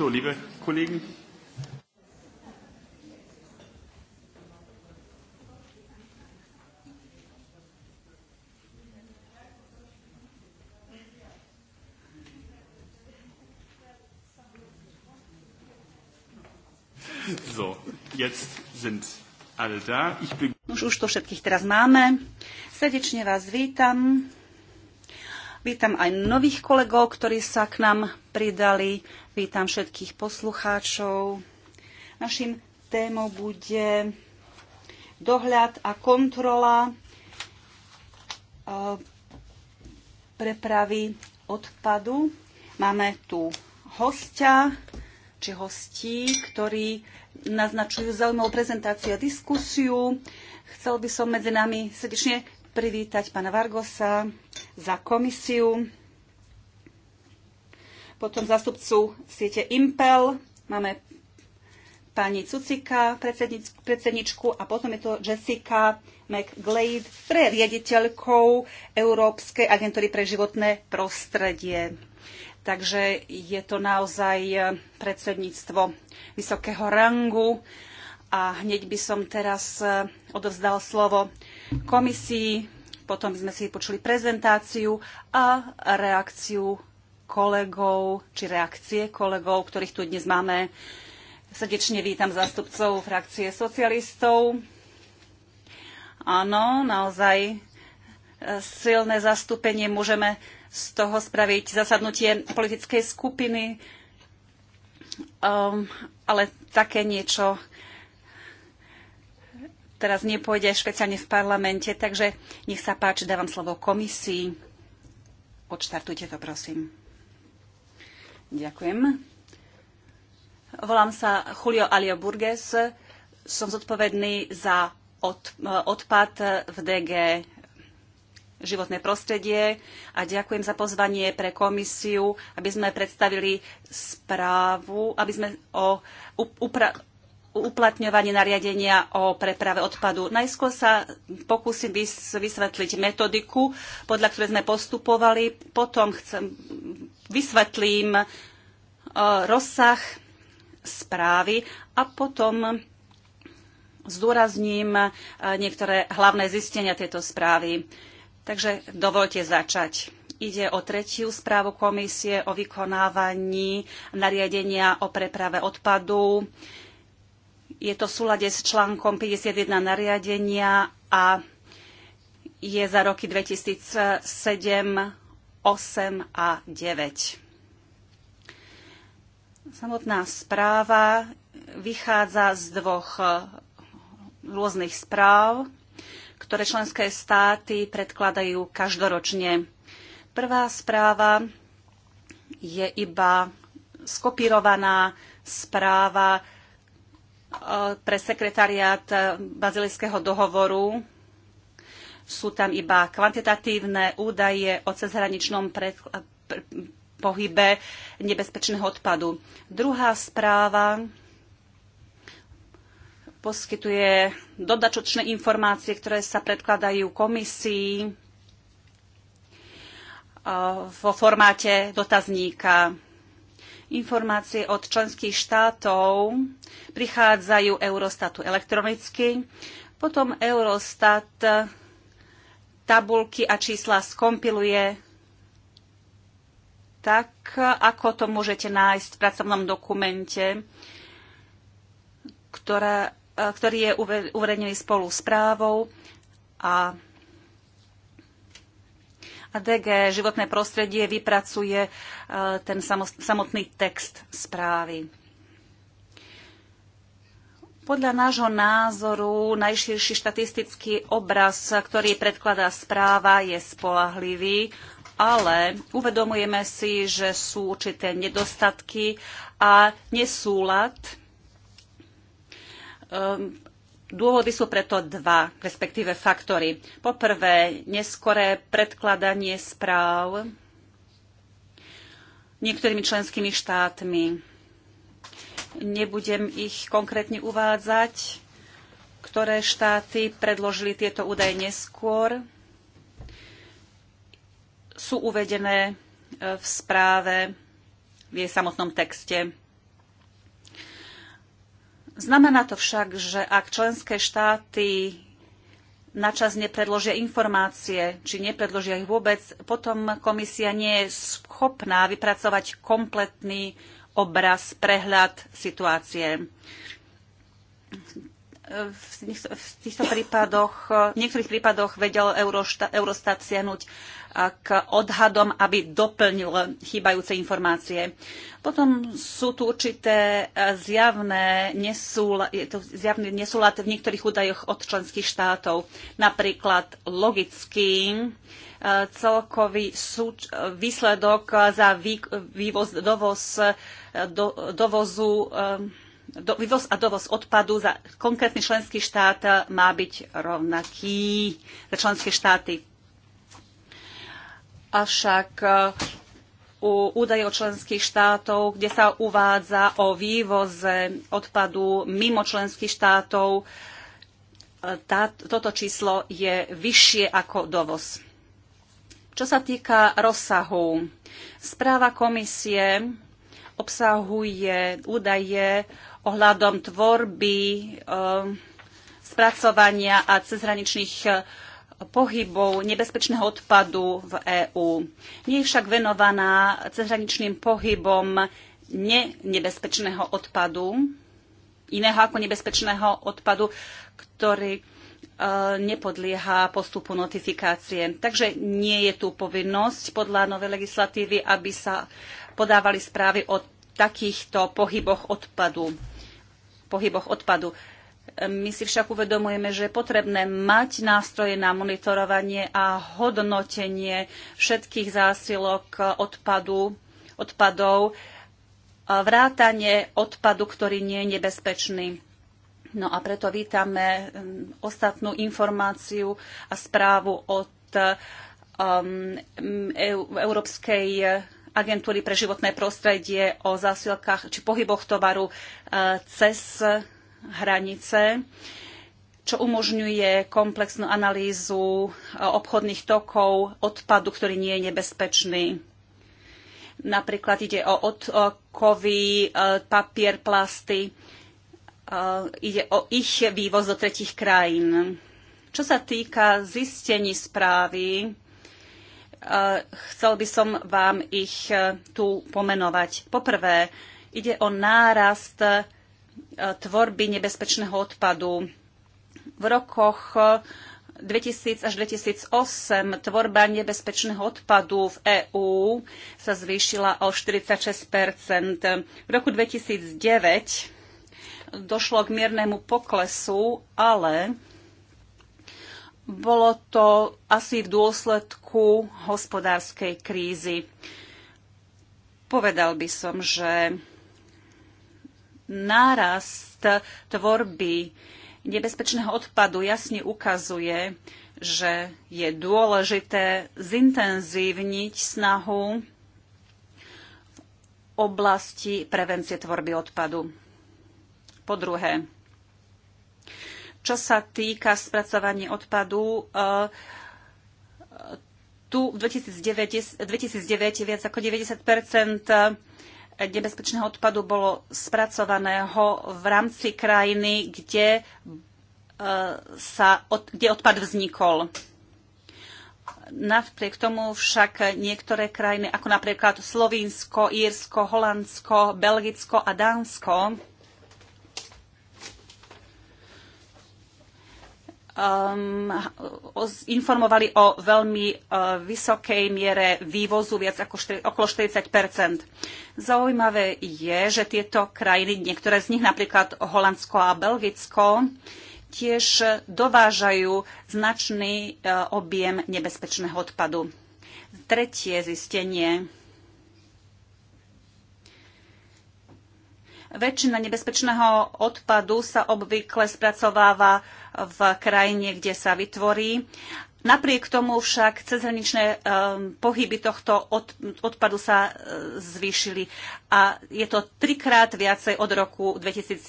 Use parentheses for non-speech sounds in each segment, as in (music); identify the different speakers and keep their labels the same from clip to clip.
Speaker 1: So, liebe Kollegen, So, jetzt sind alle da. Ich bin... Už, už to všetkých teraz máme. Srdečne vás vítam. Vítam aj nových kolegov, ktorí sa k nám pridali. Vítam všetkých poslucháčov. Našim témou bude dohľad a kontrola e, prepravy odpadu. Máme tu hostia, či hostí, ktorí naznačujú zaujímavú prezentáciu a diskusiu. Chcel by som medzi nami srdečne privítať pána Vargosa za komisiu, potom zastupcu siete Impel, máme pani Cucika, predsedničku a potom je to Jessica McGlade, pre riaditeľkou Európskej agentúry pre životné prostredie. Takže je to naozaj predsedníctvo vysokého rangu. A hneď by som teraz odovzdal slovo komisii, potom sme si počuli prezentáciu a reakciu kolegov, či reakcie kolegov, ktorých tu dnes máme. Srdečne vítam zástupcov frakcie socialistov. Áno, naozaj e, silné zastúpenie. Môžeme z toho spraviť zasadnutie politickej skupiny, um, ale také niečo teraz nepôjde špeciálne v parlamente, takže nech sa páči, dávam slovo komisii. Odštartujte to, prosím. Ďakujem. Volám sa Julio Alio Burges, som zodpovedný za od, odpad v DG životné prostredie a ďakujem za pozvanie pre komisiu, aby sme predstavili správu, aby sme o upra- uplatňovanie nariadenia o preprave odpadu. Najskôr sa pokúsim vysvetliť metodiku, podľa ktorej sme postupovali. Potom chcem, vysvetlím e, rozsah správy a potom zdôrazním e, niektoré hlavné zistenia tejto správy. Takže dovolte začať. Ide o tretiu správu komisie o vykonávaní nariadenia o preprave odpadu. Je to v súlade s článkom 51 nariadenia a je za roky 2007, 8 a 9. Samotná správa vychádza z dvoch rôznych správ, ktoré členské státy predkladajú každoročne. Prvá správa je iba skopírovaná správa Eh, pre sekretariát eh, Bazilejského dohovoru sú tam iba kvantitatívne údaje o cezhraničnom pre, pohybe nebezpečného odpadu. Druhá správa poskytuje dodatočné informácie, ktoré sa predkladajú komisii eh, vo formáte dotazníka. Informácie od členských štátov prichádzajú Eurostatu elektronicky, potom Eurostat tabulky a čísla skompiluje tak, ako to môžete nájsť v pracovnom dokumente, ktorá, ktorý je uverejnený spolu s právou a DG životné prostredie vypracuje e, ten samotný text správy. Podľa nášho názoru najširší štatistický obraz, ktorý predkladá správa, je spolahlivý, ale uvedomujeme si, že sú určité nedostatky a nesúlad Dôvody sú preto dva, respektíve faktory. Poprvé, neskoré predkladanie správ niektorými členskými štátmi. Nebudem ich konkrétne uvádzať, ktoré štáty predložili tieto údaje neskôr. Sú uvedené e, v správe, v jej samotnom texte. Znamená to však, že ak členské štáty načas nepredložia informácie, či nepredložia ich vôbec, potom komisia nie je schopná vypracovať kompletný obraz, prehľad situácie v týchto prípadoch, v niektorých prípadoch vedel Eurostat siahnuť k odhadom, aby doplnil chýbajúce informácie. Potom sú tu určité zjavné nesúla, je to zjavný nesúlad v niektorých údajoch od členských štátov. Napríklad logický e, celkový súč, výsledok za vývoz, dovoz, e, do, dovozu e, vývoz a dovoz odpadu za konkrétny členský štát eh, má byť rovnaký za členské štáty. Avšak eh, u údajov členských štátov, kde sa uvádza o vývoze odpadu mimo členských štátov, eh, tá, toto číslo je vyššie ako dovoz. Čo sa týka rozsahu, správa komisie obsahuje údaje ohľadom tvorby, um, spracovania a cezhraničných uh, pohybov nebezpečného odpadu v EÚ. Nie je však venovaná cezhraničným pohybom ne nebezpečného odpadu, iného ako nebezpečného odpadu, ktorý uh, nepodlieha postupu notifikácie. Takže nie je tu povinnosť podľa novej legislatívy, aby sa podávali správy o takýchto pohyboch odpadu. Pohyboch odpadu. My si však uvedomujeme, že je potrebné mať nástroje na monitorovanie a hodnotenie všetkých zásilok odpadu, odpadov, vrátanie odpadu, ktorý nie je nebezpečný. No a preto vítame um, ostatnú informáciu a správu od um, Európskej agentúry pre životné prostredie o zásilkách či pohyboch tovaru e, cez hranice, čo umožňuje komplexnú analýzu e, obchodných tokov odpadu, ktorý nie je nebezpečný. Napríklad ide o odkovy, e, papier, plasty. Ide o ich vývoz do tretich krajín. Čo sa týka zistení správy, E, chcel by som vám ich e, tu pomenovať. Poprvé, ide o nárast e, tvorby nebezpečného odpadu. V rokoch 2000 až 2008 tvorba nebezpečného odpadu v EÚ sa zvýšila o 46 V roku 2009 došlo k miernemu poklesu, ale bolo to asi v dôsledku hospodárskej krízy. Povedal by som, že nárast tvorby nebezpečného odpadu jasne ukazuje, že je dôležité zintenzívniť snahu v oblasti prevencie tvorby odpadu. Po druhé, čo sa týka spracovania odpadu, e, tu v 2009, viac ako 90 e, nebezpečného odpadu bolo spracovaného v rámci krajiny, kde, e, sa, kde odpad vznikol. Napriek tomu však niektoré krajiny, ako napríklad Slovinsko, Írsko, Holandsko, Belgicko a Dánsko, um, informovali o veľmi uh, vysokej miere vývozu, viac ako okolo 40 Zaujímavé je, že tieto krajiny, niektoré z nich, napríklad Holandsko a Belgicko, tiež dovážajú značný uh, objem nebezpečného odpadu. Tretie zistenie. Väčšina nebezpečného odpadu sa obvykle spracováva uh, v krajine, kde sa vytvorí. Napriek tomu však cezhraničné um, pohyby tohto odpadu sa uh, zvýšili a je to trikrát viacej od roku 2001.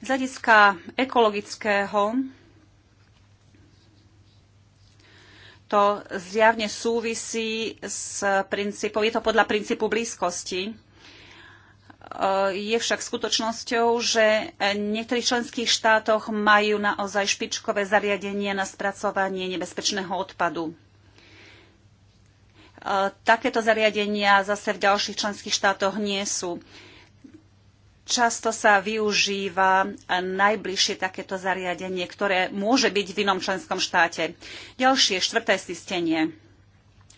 Speaker 1: Z hľadiska ekologického to zjavne súvisí s princípom, je to podľa princípu blízkosti je však skutočnosťou, že v niektorých členských štátoch majú naozaj špičkové zariadenie na spracovanie nebezpečného odpadu. Takéto zariadenia zase v ďalších členských štátoch nie sú. Často sa využíva najbližšie takéto zariadenie, ktoré môže byť v inom členskom štáte. Ďalšie, štvrté zistenie.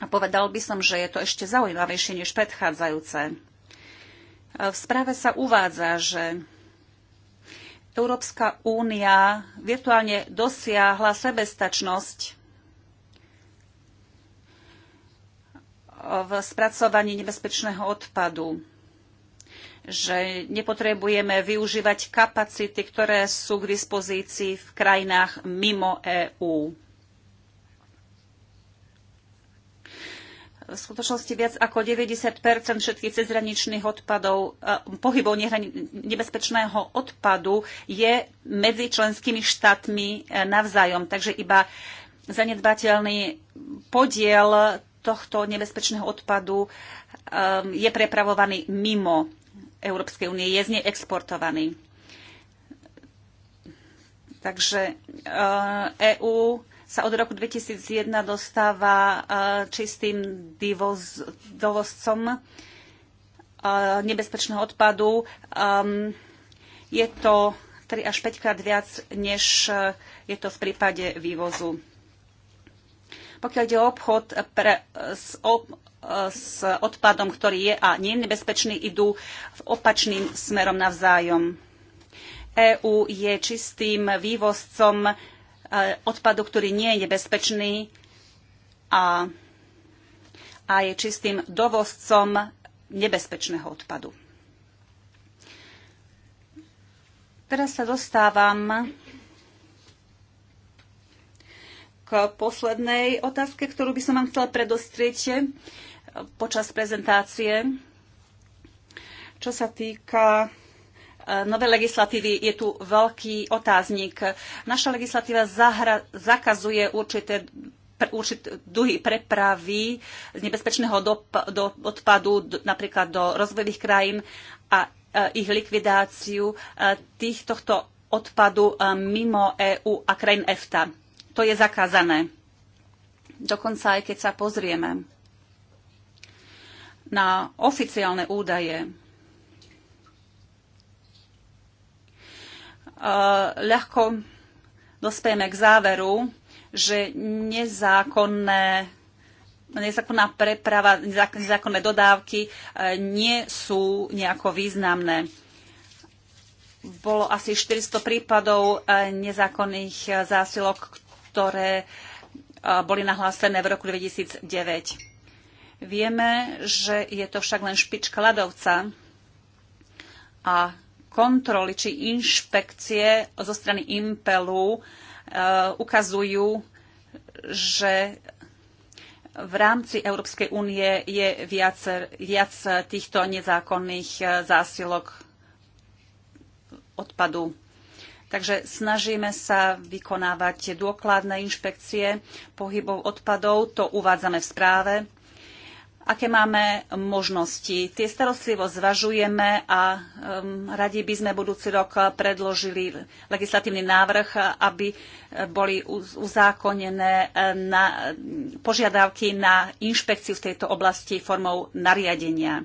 Speaker 1: A povedal by som, že je to ešte zaujímavejšie než predchádzajúce v správe sa uvádza, že Európska únia virtuálne dosiahla sebestačnosť v spracovaní nebezpečného odpadu že nepotrebujeme využívať kapacity, ktoré sú k dispozícii v krajinách mimo EÚ. v skutočnosti viac ako 90 všetkých cezhraničných odpadov, eh, pohybov nebezpečného odpadu je medzi členskými štátmi eh, navzájom. Takže iba zanedbateľný podiel tohto nebezpečného odpadu ehm, je prepravovaný mimo Európskej únie, je z nej exportovaný. Takže EÚ eh, e sa od roku 2001 dostáva eh, čistým divoz, dovozcom eh, nebezpečného odpadu. Ehm, je to 3 až 5 krát viac, než eh, je to v prípade vývozu. Pokiaľ ide o obchod pre, s, o, s odpadom, ktorý je a nie je nebezpečný, idú v opačným smerom navzájom. EÚ je čistým vývozcom Eh, odpadu, ktorý nie je nebezpečný a, a je čistým dovozcom nebezpečného odpadu. Teraz sa dostávam k poslednej otázke, ktorú by som vám chcela predostrieť eh, počas prezentácie, čo sa týka novej legislatívy je tu veľký otáznik. Naša legislatíva zahra, zakazuje určité určité druhy prepravy z nebezpečného do, odpadu do, napríklad do rozvojových krajín a e, ich likvidáciu e, tých, tohto odpadu e, mimo EÚ a krajín EFTA. To je zakázané. Dokonca aj keď sa pozrieme na oficiálne údaje Eh, ľahko dospejeme k záveru, že nezákonné nezákonná preprava, nezákonné dodávky eh, nie sú nejako významné. Bolo asi 400 prípadov eh, nezákonných zásilok, ktoré boli nahlásené v roku 2009. Vieme, že je to však len špička ľadovca a kontroly či inšpekcie zo strany Impelu e, ukazujú, že v rámci Európskej únie je viac, viac týchto nezákonných e, zásilok odpadu. Takže snažíme sa vykonávať dôkladné inšpekcie pohybov odpadov, to uvádzame v správe aké máme možnosti. Tie starostlivo zvažujeme a um, radi by sme budúci rok predložili legislatívny návrh, aby boli uzákonené e, na, požiadavky na inšpekciu v tejto oblasti formou nariadenia.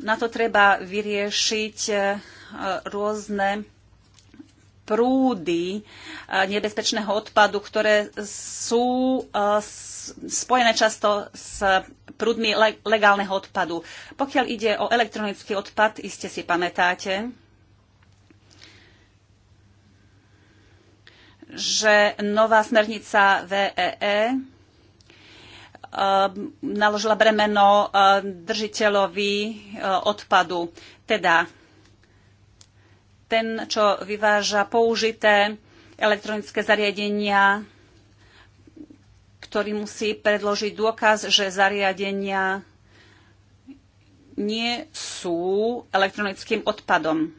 Speaker 1: Na to treba vyriešiť e, rôzne prúdy e, nebezpečného odpadu, ktoré sú spojené často s prúdmi legálneho odpadu. Pokiaľ ide o elektronický odpad, iste si pamätáte, že nová smernica VEE e, ehm, naložila bremeno ehm, držiteľovi ehm, odpadu. Teda ten, čo vyváža použité elektronické zariadenia, ktorý musí predložiť dôkaz, že zariadenia nie sú elektronickým odpadom.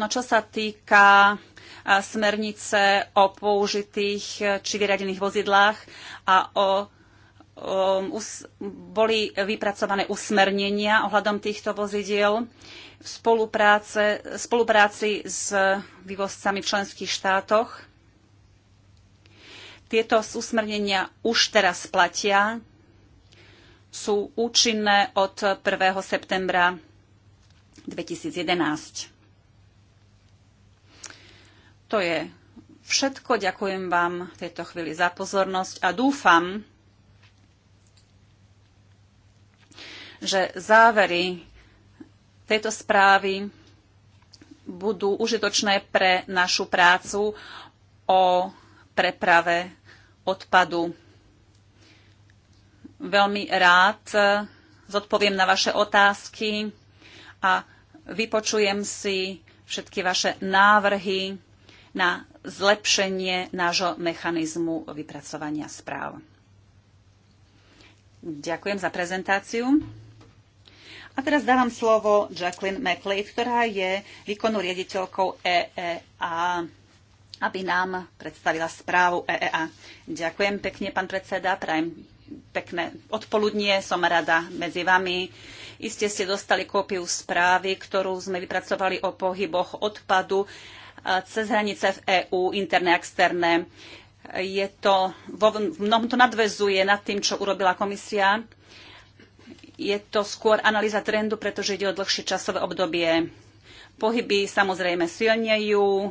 Speaker 1: No čo sa týka smernice o použitých e, či vyradených vozidlách a o, o boli vypracované usmernenia ohľadom týchto vozidiel v spolupráci s vývozcami v členských štátoch tieto usmernenia už teraz platia, sú účinné od 1. septembra 2011. To je všetko. Ďakujem vám v tejto chvíli za pozornosť a dúfam, že závery tejto správy budú užitočné pre našu prácu o preprave odpadu. Veľmi rád zodpoviem na vaše otázky a vypočujem si všetky vaše návrhy na zlepšenie nášho mechanizmu vypracovania správ. Ďakujem za prezentáciu. A teraz dávam slovo Jacqueline McLeod, ktorá je výkonnou riaditeľkou EEA aby nám predstavila správu EEA. Ďakujem pekne, pán predseda, prajem pekné odpoludnie, som rada medzi vami. Iste ste dostali kópiu správy, ktorú sme vypracovali o pohyboch odpadu e, cez hranice v EÚ, interné a externé. Je to, vo, v mnohom to nadvezuje nad tým, čo urobila komisia. Je to skôr analýza trendu, pretože ide o dlhšie časové obdobie. Pohyby samozrejme silnejú,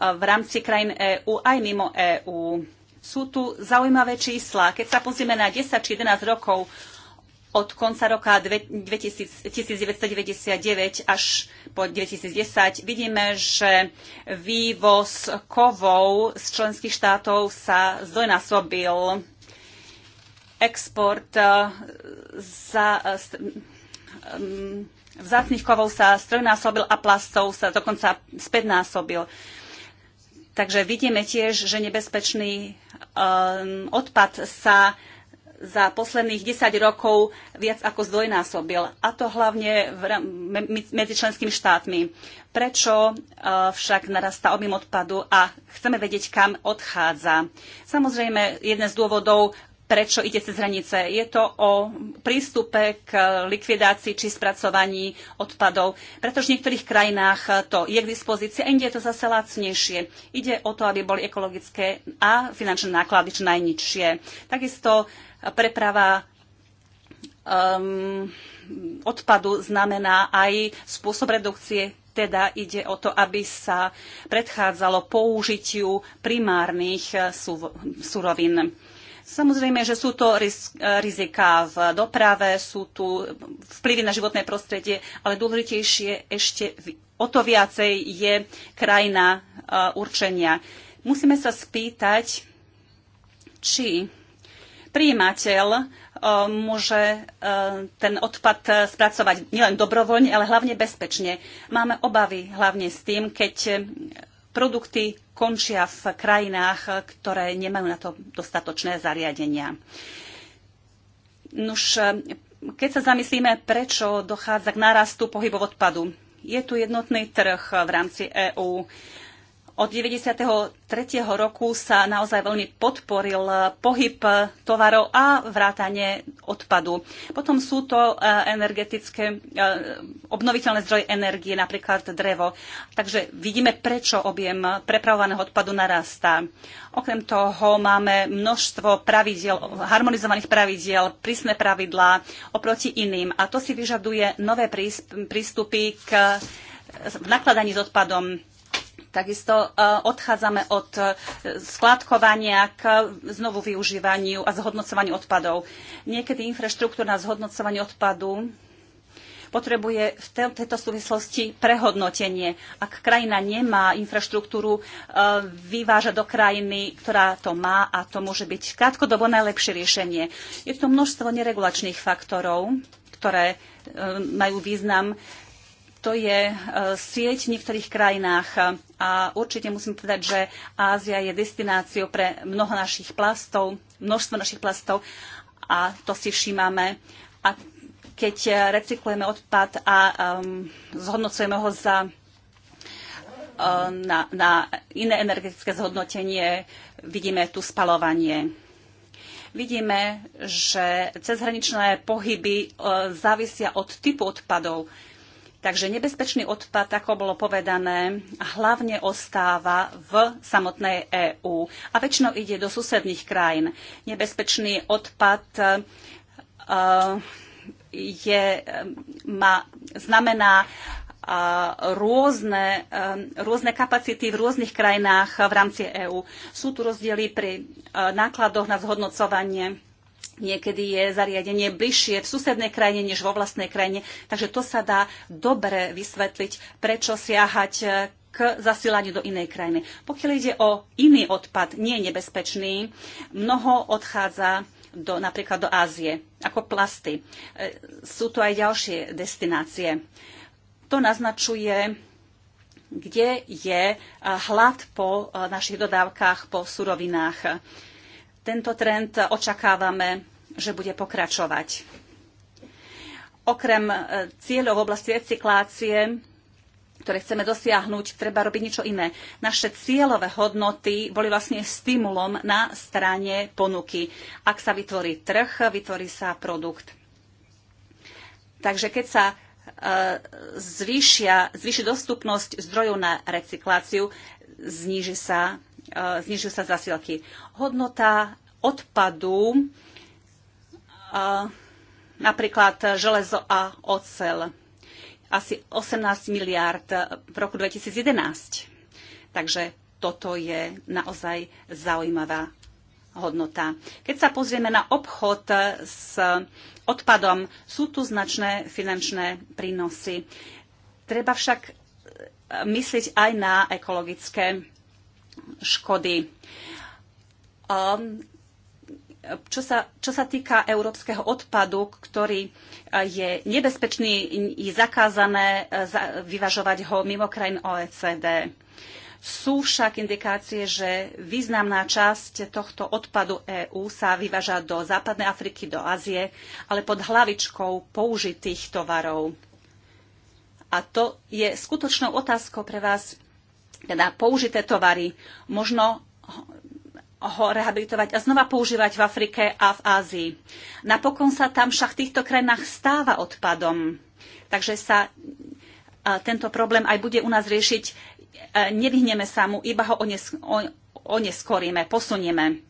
Speaker 1: v rámci krajín EÚ aj mimo EÚ. Sú tu zaujímavé čísla. Keď sa pozrieme na 10 či 11 rokov od konca roka 1999 až po 2010 vidíme, že vývoz kovov z členských štátov sa zdvojnásobil. Export eh, za, eh, mm, vzácných kovov sa strojnásobil a plastov sa dokonca spätnásobil. Takže vidíme tiež, že nebezpečný um, odpad sa za posledných 10 rokov viac ako zdvojnásobil. A to hlavne v, medzi členskými štátmi. Prečo uh, však narastá objem odpadu a chceme vedieť, kam odchádza? Samozrejme, jeden z dôvodov prečo ide cez hranice. Je to o prístupe k likvidácii či spracovaní odpadov, pretože v niektorých krajinách to je k dispozícii a inde je to zase lacnejšie. Ide o to, aby boli ekologické a finančné náklady čo najnižšie. Takisto preprava um, odpadu znamená aj spôsob redukcie teda ide o to, aby sa predchádzalo použitiu primárnych surovín. Samozrejme, že sú to rizika v doprave, sú tu vplyvy na životné prostredie, ale dôležitejšie ešte o to viacej je krajina e, určenia. Musíme sa spýtať, či prijímateľ e, môže e, ten odpad spracovať nielen dobrovoľne, ale hlavne bezpečne. Máme obavy hlavne s tým, keď produkty končia v krajinách, ktoré nemajú na to dostatočné zariadenia. Nuž, keď sa zamyslíme, prečo dochádza k nárastu pohybov odpadu, je tu jednotný trh v rámci EÚ od 93. roku sa naozaj veľmi podporil pohyb tovarov a vrátanie odpadu. Potom sú to eh, energetické, eh, obnoviteľné zdroje energie, napríklad drevo. Takže vidíme, prečo objem prepravovaného odpadu narastá. Okrem toho máme množstvo pravidiel, harmonizovaných pravidiel, prísne pravidlá oproti iným. A to si vyžaduje nové prístupy k v nakladaní s odpadom Takisto e, odchádzame od e, skladkovania k znovu využívaniu a zhodnocovaniu odpadov. Niekedy infraštruktúra na zhodnocovanie odpadu potrebuje v tejto súvislosti prehodnotenie. Ak krajina nemá infraštruktúru, e, vyváža do krajiny, ktorá to má a to môže byť krátkodobo najlepšie riešenie. Je tu množstvo neregulačných faktorov, ktoré majú význam to je e, sieť v niektorých krajinách a určite musím povedať, že Ázia je destináciou pre mnoho našich plastov, množstvo našich plastov a to si všímame. A keď e, recyklujeme odpad a um, zhodnocujeme ho za, um, na, na iné energetické zhodnotenie, vidíme tu spalovanie. Vidíme, že cezhraničné pohyby uh, závisia od typu odpadov. Uh, Takže nebezpečný odpad, ako bolo povedané, hlavne ostáva v samotnej EÚ a väčšinou ide do susedných krajín. Nebezpečný odpad e, je, má, znamená a e, rôzne, e, rôzne kapacity v rôznych krajinách v rámci EÚ. Sú tu rozdiely pri nákladoch na zhodnocovanie Niekedy je zariadenie bližšie v susednej krajine než vo vlastnej krajine, takže to sa dá dobre vysvetliť, prečo siahať eh, k zasilaniu do inej krajiny. Pokiaľ ide o iný odpad, nie je nebezpečný, mnoho odchádza do, napríklad do Ázie, ako plasty. Eh, sú tu aj ďalšie destinácie. To naznačuje kde je eh, hlad po našich dodávkach, po surovinách. Tento trend očakávame, že bude pokračovať. Okrem e, cieľov v oblasti recyklácie, ktoré chceme dosiahnuť, treba robiť niečo iné. Naše cieľové hodnoty boli vlastne stimulom na strane ponuky. Ak sa vytvorí trh, vytvorí sa produkt. Takže keď sa e, zvýšia, zvýši dostupnosť zdrojov na recykláciu, zníži sa E, znižujú sa zasilky. Hodnota odpadu, e, napríklad železo a ocel, asi 18 miliard v roku 2011. Takže toto je naozaj zaujímavá hodnota. Keď sa pozrieme na obchod s odpadom, sú tu značné finančné prínosy. Treba však myslieť aj na ekologické škody. Um, čo sa, čo sa týka európskeho odpadu, ktorý eh, je nebezpečný, je zakázané eh, vyvažovať ho mimo krajín OECD. Sú však indikácie, že významná časť tohto odpadu EÚ sa vyváža do západnej Afriky, do Ázie, ale pod hlavičkou použitých tovarov. A to je skutočnou otázkou pre vás, teda použité tovary možno ho rehabilitovať a znova používať v Afrike a v Ázii. Napokon sa tam však v týchto krajinách stáva odpadom, takže sa e, tento problém aj bude u nás riešiť. E, nevyhneme sa mu, iba ho oneskoríme, posunieme.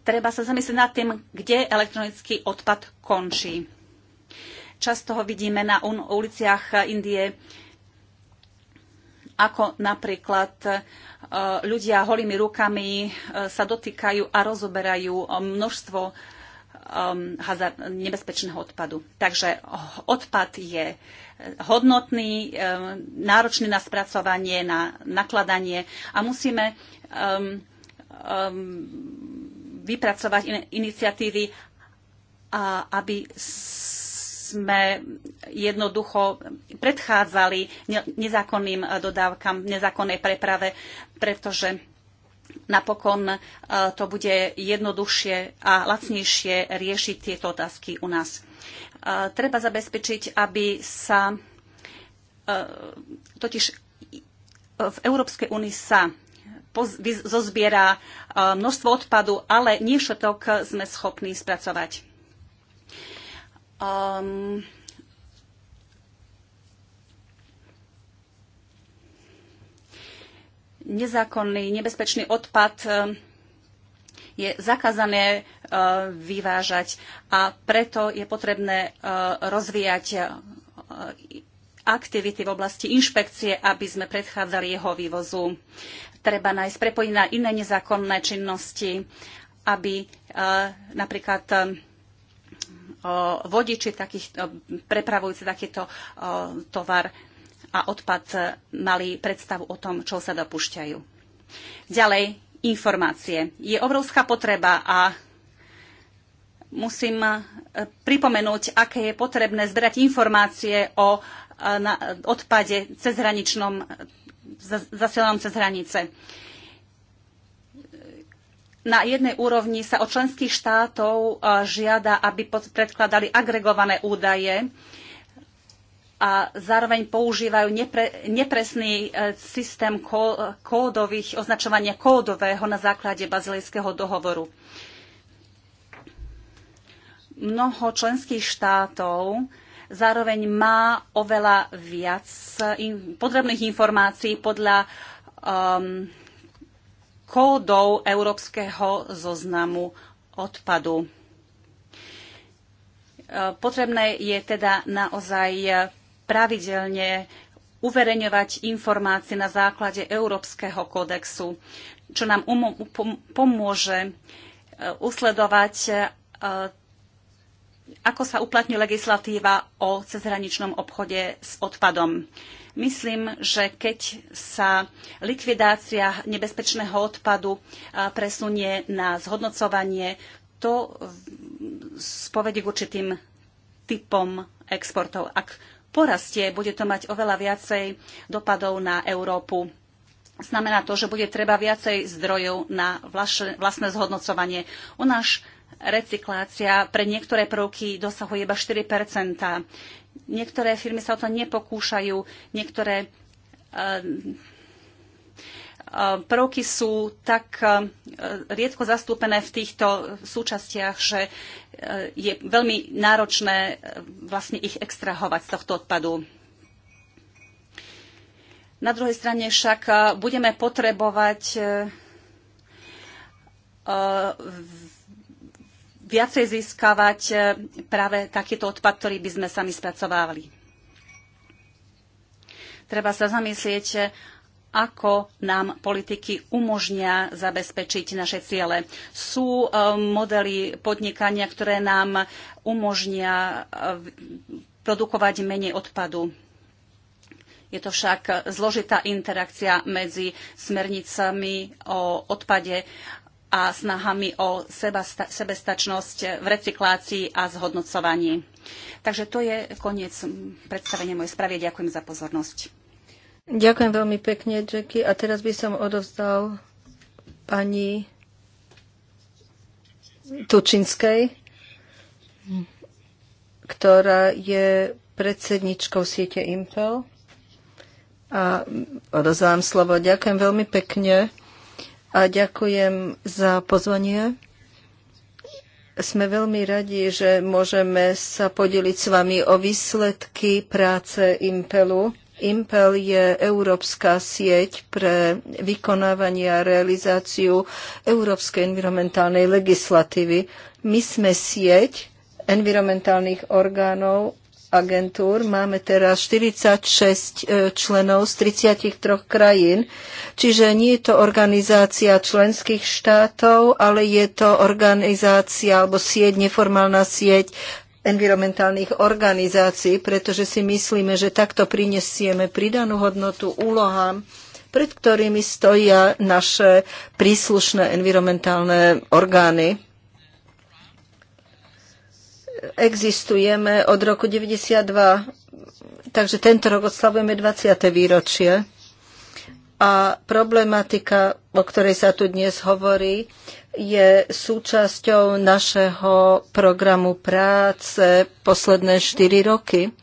Speaker 1: Treba sa zamyslieť nad tým, kde elektronický odpad končí. Často ho vidíme na uliciach Indie, ako napríklad e, ľudia holými rukami e, sa dotýkajú a rozoberajú e, množstvo nebezpečného odpadu. Takže odpad je hodnotný, náročný na spracovanie, na nakladanie a musíme vypracovať iniciatívy, aby sme jednoducho predchádzali nezákonným eh, dodávkam, nezákonnej preprave, pretože napokon eh, to bude jednoduchšie a lacnejšie riešiť tieto otázky u nás. Eh, treba zabezpečiť, aby sa totiž v Európskej únii sa zozbiera množstvo odpadu, ale nie všetok sme schopní spracovať. Um, nezákonný, nebezpečný odpad um, je zakázané uh, vyvážať a preto je potrebné uh, rozvíjať uh, aktivity v oblasti inšpekcie, aby sme predchádzali jeho vývozu. Treba nájsť prepojiť na iné nezákonné činnosti, aby napríklad um, vodiči takých, prepravujúci takýto tovar a odpad e, mali predstavu o tom, čo sa dopúšťajú. Ďalej, informácie. Je obrovská potreba a musím e, pripomenúť, aké je potrebné zberať informácie o e, na odpade cezhraničnom, zasielanom cez hranice na jednej úrovni sa od členských štátov e, žiada, aby predkladali agregované údaje a zároveň používajú nepre, nepresný e, systém kódových, označovania kódového na základe bazilejského dohovoru. Mnoho členských štátov zároveň má oveľa viac e, potrebných informácií podľa um, kódov Európskeho zoznamu odpadu. E, potrebné je teda naozaj pravidelne uverejňovať informácie na základe Európskeho kódexu, čo nám pomôže e, usledovať, e, ako sa uplatňuje legislatíva o cezhraničnom obchode s odpadom. Myslím, že keď sa likvidácia nebezpečného odpadu presunie na zhodnocovanie, to spovedie k určitým typom exportov. Ak porastie, bude to mať oveľa viacej dopadov na Európu. Znamená to, že bude treba viacej zdrojov na vlastné zhodnocovanie. U nás recyklácia pre niektoré prvky dosahuje iba 4 Niektoré firmy sa o to nepokúšajú, niektoré e, e, prvky sú tak e, riedko zastúpené v týchto súčastiach, že je veľmi náročné vlastne ich extrahovať z tohto odpadu. Na druhej strane však budeme potrebovať viacej získavať e, práve takýto odpad, ktorý by sme sami spracovávali. Treba sa zamyslieť, e, ako nám politiky umožnia zabezpečiť naše ciele. Sú e, modely podnikania, ktoré nám umožnia produkovať menej odpadu. Je to však zložitá interakcia medzi smernicami o odpade a snahami o sebestačnosť v recyklácii a zhodnocovaní. Takže to je koniec predstavenia mojej správy. Ďakujem za pozornosť.
Speaker 2: Ďakujem veľmi pekne, Jackie. A teraz by som odovzdal pani Tučinskej, ktorá je predsedničkou siete Impel. A odozvám slovo. Ďakujem veľmi pekne a ďakujem za pozvanie. Sme veľmi radi, že môžeme sa podeliť s vami o výsledky práce Impelu. Impel je európska sieť pre vykonávanie a realizáciu európskej environmentálnej legislatívy. My sme sieť environmentálnych orgánov agentúr. Máme teraz 46 e, členov z 33 krajín, čiže nie je to organizácia členských štátov, ale je to organizácia alebo sieť, neformálna sieť environmentálnych organizácií, pretože si myslíme, že takto prinesieme pridanú hodnotu úlohám, pred ktorými stoja naše príslušné environmentálne orgány existujeme od roku 92, takže tento rok oslavujeme 20. výročie. A problematika, o ktorej sa tu dnes hovorí, je súčasťou našeho programu práce posledné 4 roky.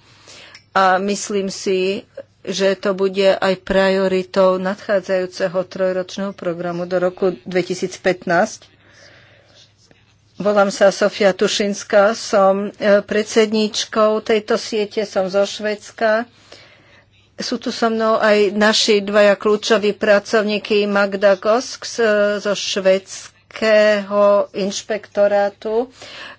Speaker 2: A myslím si, že to bude aj prioritou nadchádzajúceho trojročného programu do roku 2015 Volám sa Sofia Tušinská, som e, predsedníčkou tejto siete, som zo Švedska. Sú tu so mnou aj naši dvaja kľúčoví pracovníky Magda Gosk e, zo švedského inšpektorátu,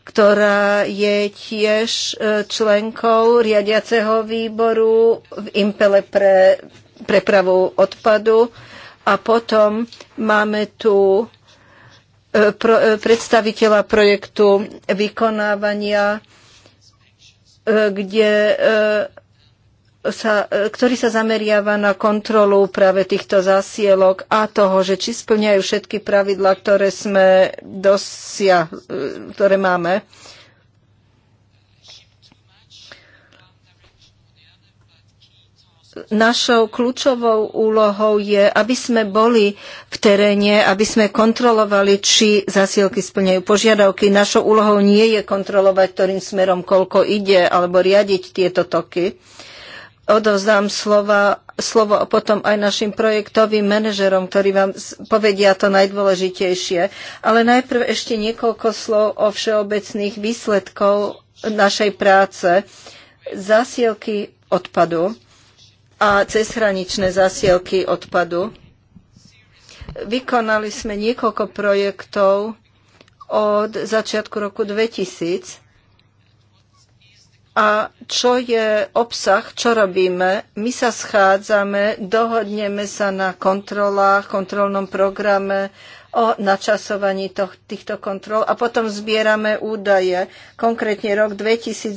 Speaker 2: ktorá je tiež e, členkou riadiaceho výboru v Impele pre prepravu odpadu. A potom máme tu E, e, predstaviteľa projektu vykonávania, e, kde sa, ktorý sa zameriava na kontrolu práve týchto zasielok a toho, že či splňajú všetky pravidla, ktoré sme dosia, ktoré máme. našou kľúčovou úlohou je, aby sme boli v teréne, aby sme kontrolovali, či zasielky splňajú požiadavky. Našou úlohou nie je kontrolovať, ktorým smerom koľko ide, alebo riadiť tieto toky. Odovzdám slova, slovo potom aj našim projektovým manažerom, ktorí vám povedia to najdôležitejšie. Ale najprv ešte niekoľko slov o všeobecných výsledkov našej práce. Zasielky odpadu a cezhraničné zasielky odpadu. Vykonali sme niekoľko projektov od začiatku roku 2000 a čo je obsah, čo robíme? My sa schádzame, dohodneme sa na kontrolách, kontrolnom programe, o načasovaní to, týchto kontrol a potom zbierame údaje. Konkrétne rok 2012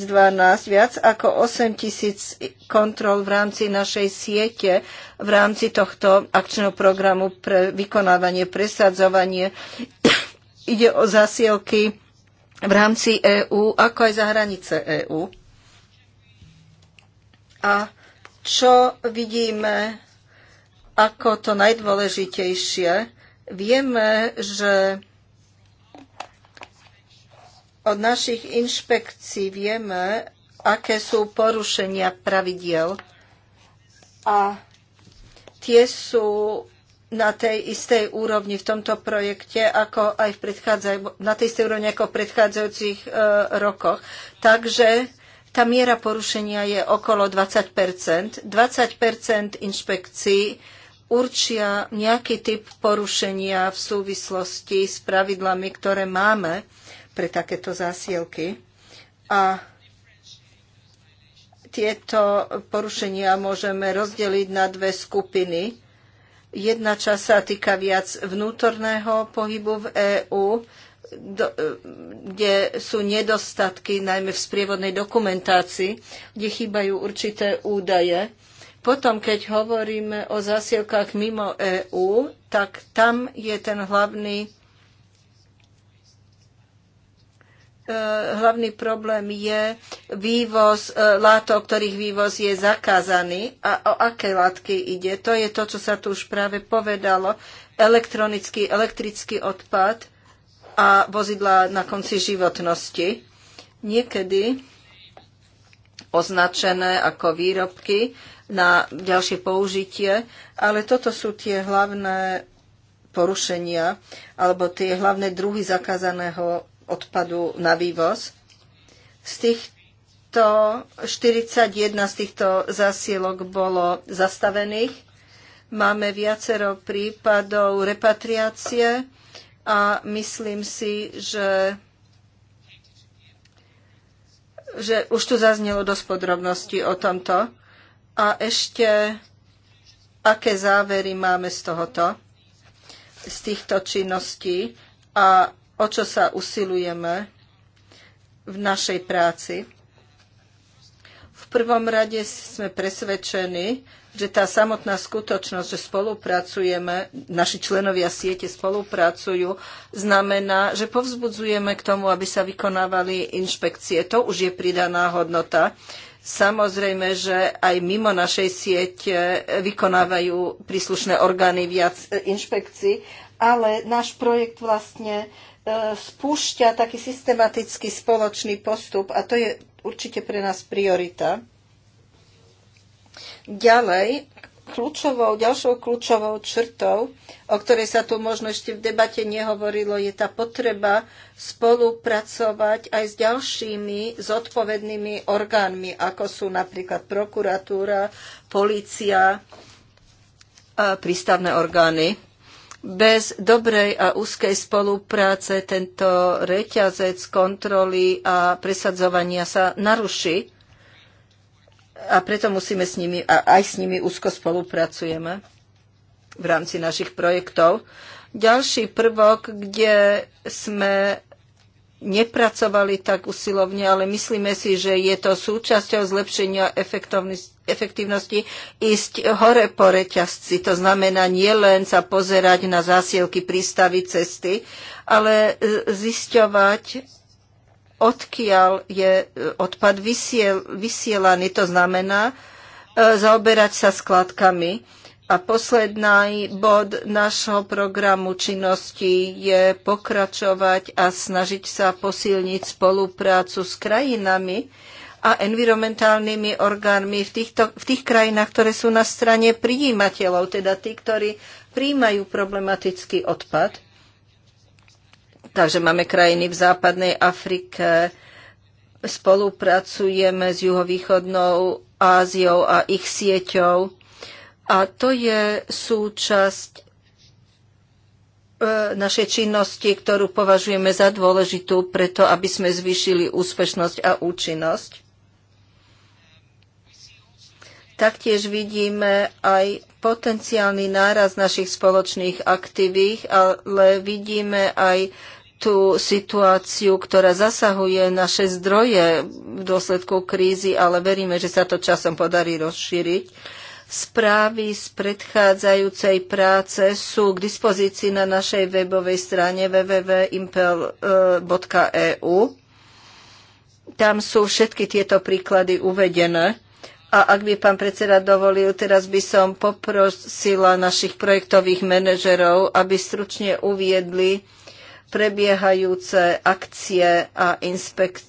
Speaker 2: viac ako 8 tisíc kontrol v rámci našej siete, v rámci tohto akčného programu pre vykonávanie, presadzovanie. (coughs) Ide o zasielky v rámci EÚ, ako aj za hranice EÚ. A čo vidíme ako to najdôležitejšie, Vieme, že od našich inšpekcií vieme, aké sú porušenia pravidiel. A tie sú na tej istej úrovni v tomto projekte, ako aj v na tej istej úrovni ako v predchádzajúcich e, rokoch. Takže tá miera porušenia je okolo 20 20 inšpekcií určia nejaký typ porušenia v súvislosti s pravidlami, ktoré máme pre takéto zásielky. A tieto porušenia môžeme rozdeliť na dve skupiny. Jedna časť sa týka viac vnútorného pohybu v EÚ, e, kde sú nedostatky najmä v sprievodnej dokumentácii, kde chýbajú určité údaje potom, keď hovoríme o zasielkách mimo EÚ, tak tam je ten hlavný e, hlavný problém je vývoz e, látok, ktorých vývoz je zakázaný. A o aké látky ide? To je to, čo sa tu už práve povedalo. Elektronický, elektrický odpad a vozidla na konci životnosti. Niekedy označené ako výrobky na ďalšie použitie, ale toto sú tie hlavné porušenia alebo tie hlavné druhy zakázaného odpadu na vývoz. Z týchto 41 z týchto zásielok bolo zastavených. Máme viacero prípadov repatriácie a myslím si, že že už tu zaznelo dosť podrobností o tomto. A ešte, aké závery máme z tohoto, z týchto činností a o čo sa usilujeme v našej práci. V prvom rade sme presvedčení, že tá samotná skutočnosť, že spolupracujeme, naši členovia siete spolupracujú, znamená, že povzbudzujeme k tomu, aby sa vykonávali inšpekcie. To už je pridaná hodnota. Samozrejme, že aj mimo našej siete vykonávajú príslušné orgány viac e, inšpekcií, ale náš projekt vlastne e, spúšťa taký systematický spoločný postup a to je určite pre nás priorita. Ďalej, kľúčovou, ďalšou kľúčovou črtou, o ktorej sa tu možno ešte v debate nehovorilo, je tá potreba spolupracovať aj s ďalšími zodpovednými orgánmi, ako sú napríklad prokuratúra, polícia, a prístavné orgány. Bez dobrej a úzkej spolupráce tento reťazec kontroly a presadzovania sa naruší a preto musíme s nimi a aj s nimi úzko spolupracujeme v rámci našich projektov. Ďalší prvok, kde sme nepracovali tak usilovne, ale myslíme si, že je to súčasťou zlepšenia efektívnosti ísť hore po reťazci. To znamená nielen sa pozerať na zásielky, prístavy, cesty, ale e, zisťovať odkiaľ je e, odpad vysiel, vysielaný. To znamená e, zaoberať sa skladkami. A posledný bod našho programu činnosti je pokračovať a snažiť sa posilniť spoluprácu s krajinami a environmentálnymi orgánmi v, týchto, v tých krajinách, ktoré sú na strane prijímateľov, teda tí, ktorí príjmajú problematický odpad Takže máme krajiny v západnej Afrike, spolupracujeme s juhovýchodnou Áziou a ich sieťou. A to je súčasť e, našej činnosti, ktorú považujeme za dôležitú preto, aby sme zvýšili úspešnosť a účinnosť. Taktiež vidíme aj potenciálny náraz našich spoločných aktivít, ale vidíme aj tú situáciu, ktorá zasahuje naše zdroje v dôsledku krízy, ale veríme, že sa to časom podarí rozšíriť. Správy z predchádzajúcej práce sú k dispozícii na našej webovej strane www.impel.eu. Tam sú všetky tieto príklady uvedené. A ak by pán predseda dovolil, teraz by som poprosila našich projektových manažerov, aby stručne uviedli, prebiehajúce akcie a inspek-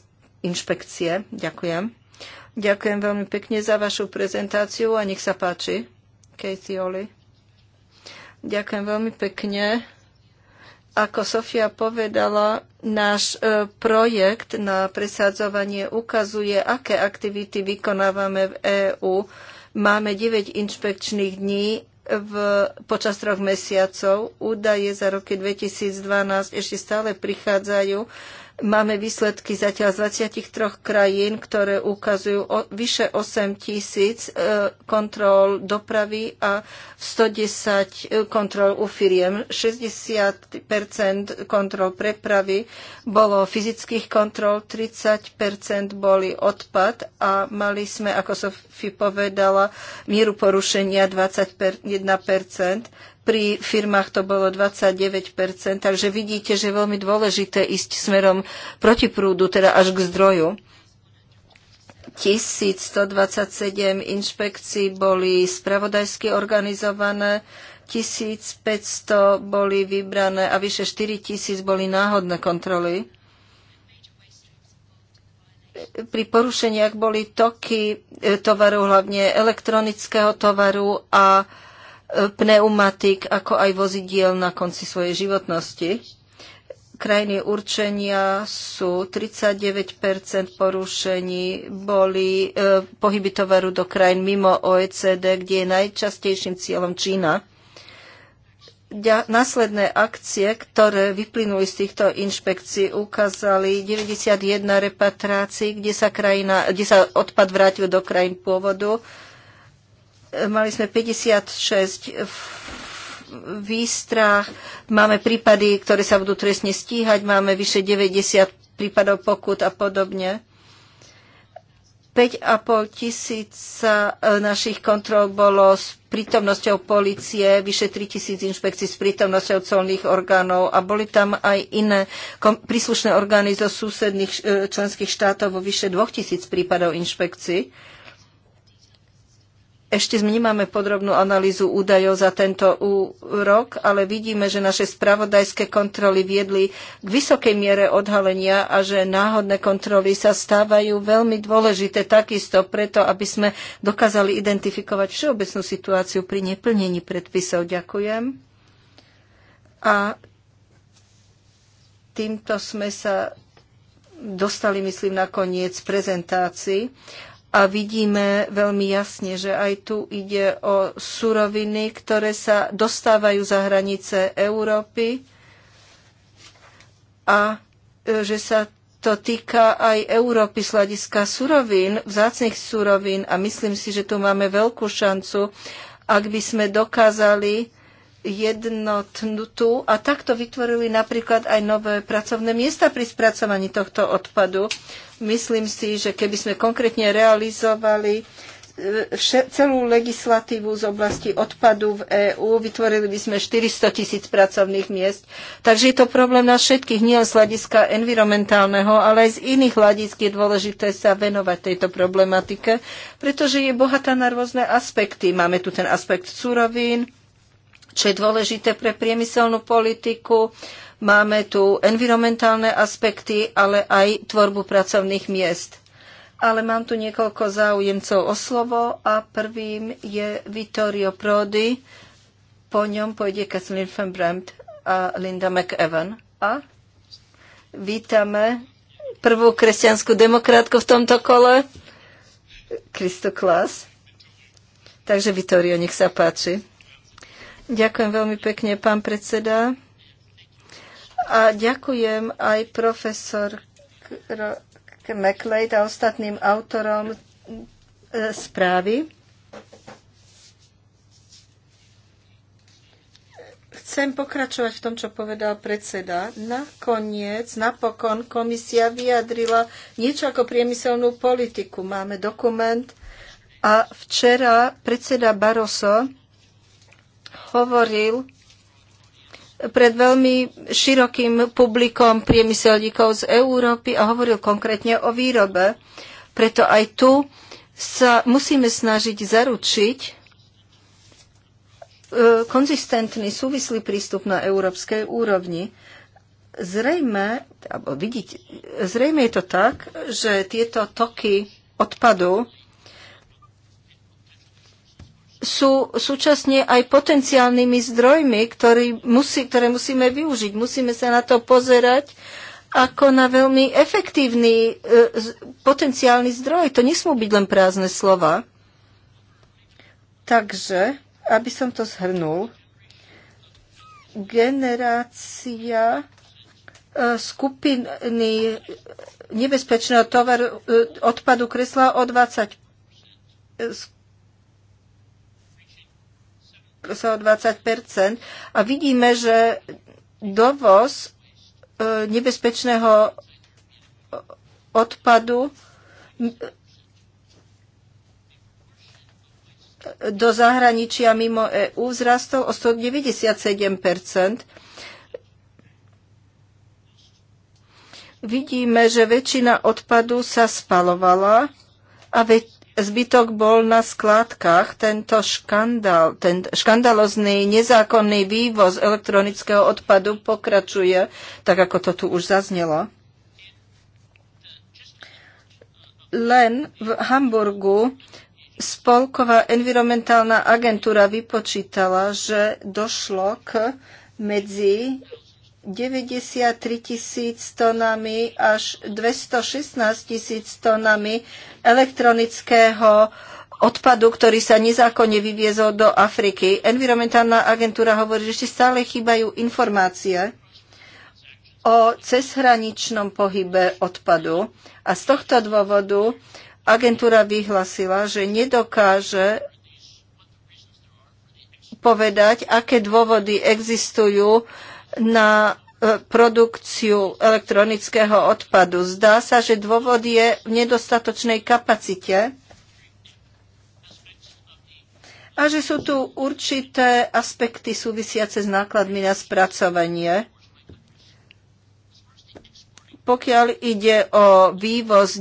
Speaker 2: inšpekcie. Ďakujem. Ďakujem veľmi pekne za vašu prezentáciu a nech sa páči, Katie Oli. Ďakujem veľmi pekne. Ako Sofia povedala, náš e, projekt na presadzovanie ukazuje, aké aktivity vykonávame v EÚ. Máme 9 inšpekčných dní v, počas troch mesiacov. Údaje za roky 2012 ešte stále prichádzajú Máme výsledky zatiaľ z 23 krajín, ktoré ukazujú o, vyše 8 tisíc e, kontrol dopravy a 110 e, kontrol u firiem. 60 kontrol prepravy bolo fyzických kontrol, 30 boli odpad a mali sme, ako Sofie povedala, mieru porušenia 21 pri firmách to bolo 29%, takže vidíte, že je veľmi dôležité ísť smerom proti prúdu, teda až k zdroju. 1127 inšpekcií boli spravodajsky organizované, 1500 boli vybrané a vyše 4000 boli náhodné kontroly. Pri porušeniach boli toky eh, tovaru, hlavne elektronického tovaru a pneumatik, ako aj vozidiel na konci svojej životnosti. Krajiny určenia sú 39 porušení, boli e, pohyby tovaru do krajín mimo OECD, kde je najčastejším cieľom Čína následné akcie, ktoré vyplynuli z týchto inšpekcií, ukázali 91 repatrácií, kde sa, krajina, kde sa odpad vrátil do krajín pôvodu, mali sme 56 výstrach, máme prípady, ktoré sa budú trestne stíhať, máme vyše 90 prípadov pokut a podobne. 5,5 tisíca e, našich kontrol bolo s prítomnosťou policie, vyše 3 tisíc inšpekcií s prítomnosťou colných orgánov a boli tam aj iné príslušné orgány zo susedných e, členských štátov vo vyše 2 tisíc prípadov inšpekcií. Ešte nemáme podrobnú analýzu údajov za tento rok, ale vidíme, že naše spravodajské kontroly viedli k vysokej miere odhalenia a že náhodné kontroly sa stávajú veľmi dôležité takisto preto, aby sme dokázali identifikovať všeobecnú situáciu pri neplnení predpisov. Ďakujem. A týmto sme sa dostali, myslím, na koniec prezentácii a vidíme veľmi jasne, že aj tu ide o suroviny, ktoré sa dostávajú za hranice Európy a e, že sa to týka aj Európy z hľadiska surovín, vzácných surovín a myslím si, že tu máme veľkú šancu, ak by sme dokázali jednotnutú a takto vytvorili napríklad aj nové pracovné miesta pri spracovaní tohto odpadu. Myslím si, že keby sme konkrétne realizovali e, celú legislatívu z oblasti odpadu v EÚ, vytvorili by sme 400 tisíc pracovných miest. Takže je to problém na všetkých, nie z hľadiska environmentálneho, ale aj z iných hľadisk je dôležité sa venovať tejto problematike, pretože je bohatá na rôzne aspekty. Máme tu ten aspekt surovín, čo je dôležité pre priemyselnú politiku. Máme tu environmentálne aspekty, ale aj tvorbu pracovných miest. Ale mám tu niekoľko záujemcov o slovo a prvým je Vittorio Prodi, po ňom pôjde Kathleen van a Linda McEwan. A vítame prvú kresťanskú demokratku v tomto kole, Kristo Klas. Takže Vittorio, nech sa páči. Ďakujem veľmi pekne, pán predseda. A ďakujem aj profesor McLeod a ostatným autorom e, správy. Chcem pokračovať v tom, čo povedal predseda. Nakoniec, napokon komisia vyjadrila niečo ako priemyselnú politiku. Máme dokument a včera predseda Barroso hovoril pred veľmi širokým publikom priemyselníkov z Európy a hovoril konkrétne o výrobe. Preto aj tu sa musíme snažiť zaručiť e, konzistentný, súvislý prístup na európskej úrovni. Zrejme, alebo vidíte, zrejme je to tak, že tieto toky odpadu sú súčasne aj potenciálnymi zdrojmi, ktorý musí, ktoré musíme využiť. Musíme sa na to pozerať ako na veľmi efektívny e, potenciálny zdroj. To nesmú byť len prázdne slova. Takže, aby som to zhrnul, generácia e, skupiny nebezpečného tovaru e, odpadu kresla o 20 sa o 20 a vidíme, že dovoz e, nebezpečného odpadu do zahraničia mimo EÚ vzrastol o 197 Vidíme, že väčšina odpadu sa spalovala a väčšina Zbytok bol na skládkach. Tento škandál, ten škandalozný nezákonný vývoz elektronického odpadu pokračuje, tak ako to tu už zaznelo. Len v Hamburgu spolková environmentálna agentúra vypočítala, že došlo k medzi 93 tisíc tonami až 216 tisíc tonami elektronického odpadu, ktorý sa nezákonne vyviezol do Afriky. Environmentálna agentúra hovorí, že ešte stále chýbajú informácie o cezhraničnom pohybe odpadu. A z tohto dôvodu agentúra vyhlasila, že nedokáže povedať, aké dôvody existujú na e, produkciu elektronického odpadu. Zdá sa, že dôvod je v nedostatočnej kapacite a že sú tu určité aspekty súvisiace s nákladmi na spracovanie. Pokiaľ ide o vývoz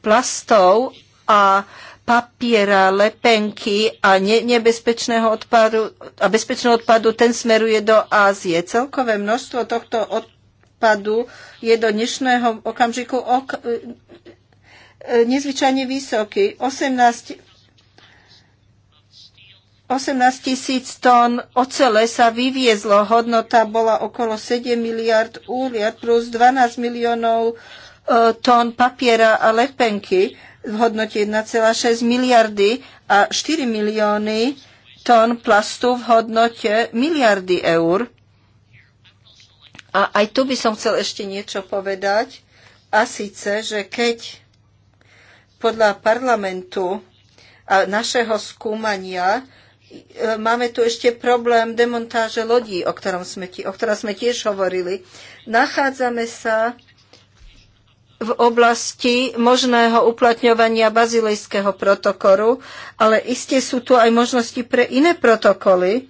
Speaker 2: plastov a papiera, lepenky a ne- nebezpečného odpadu a bezpečného odpadu, ten smeruje do Ázie. Celkové množstvo tohto odpadu je do dnešného okamžiku ok- e, e, nezvyčajne vysoký. 18 18 tisíc tón ocele sa vyviezlo. Hodnota bola okolo 7 miliard úliad plus 12 miliónov e, tón papiera a lepenky v hodnote 1,6 miliardy a 4 milióny tón plastu v hodnote miliardy eur. A aj tu by som chcel ešte niečo povedať. A síce, že keď podľa parlamentu a našeho skúmania e, máme tu ešte problém demontáže lodí, o ktorom sme, o ktorom sme tiež hovorili. Nachádzame sa v oblasti možného uplatňovania bazilejského protokolu, ale iste sú tu aj možnosti pre iné protokoly.